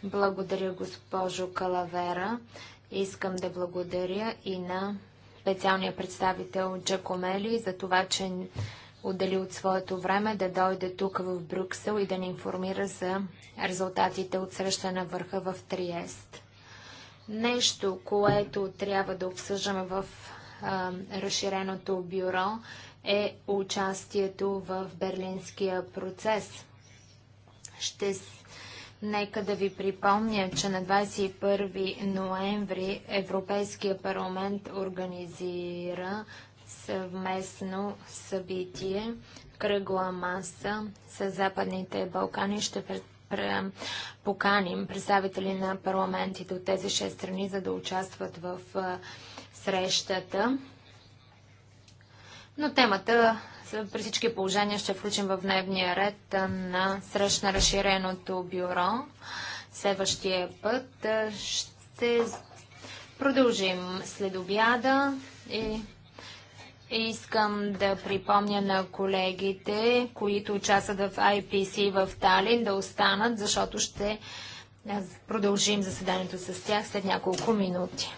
Благодаря, госпожо Калавера. Искам да благодаря и на специалния представител Джакомели за това, че отдели от своето време да дойде тук в Брюксел и да ни информира за резултатите от среща на върха в Триест. Нещо, което трябва да обсъждаме в а, разширеното бюро е участието в берлинския процес. Ще Нека да ви припомня, че на 21 ноември Европейския парламент организира съвместно събитие, кръгла маса с Западните Балкани. Ще поканим представители на парламентите от тези шест страни, за да участват в срещата. Но темата при всички положения ще включим в дневния ред срещ на срещна разширеното бюро. Следващия път ще продължим след обяда и Искам да припомня на колегите, които участват в IPC в Талин, да останат, защото ще продължим заседанието с тях след няколко минути.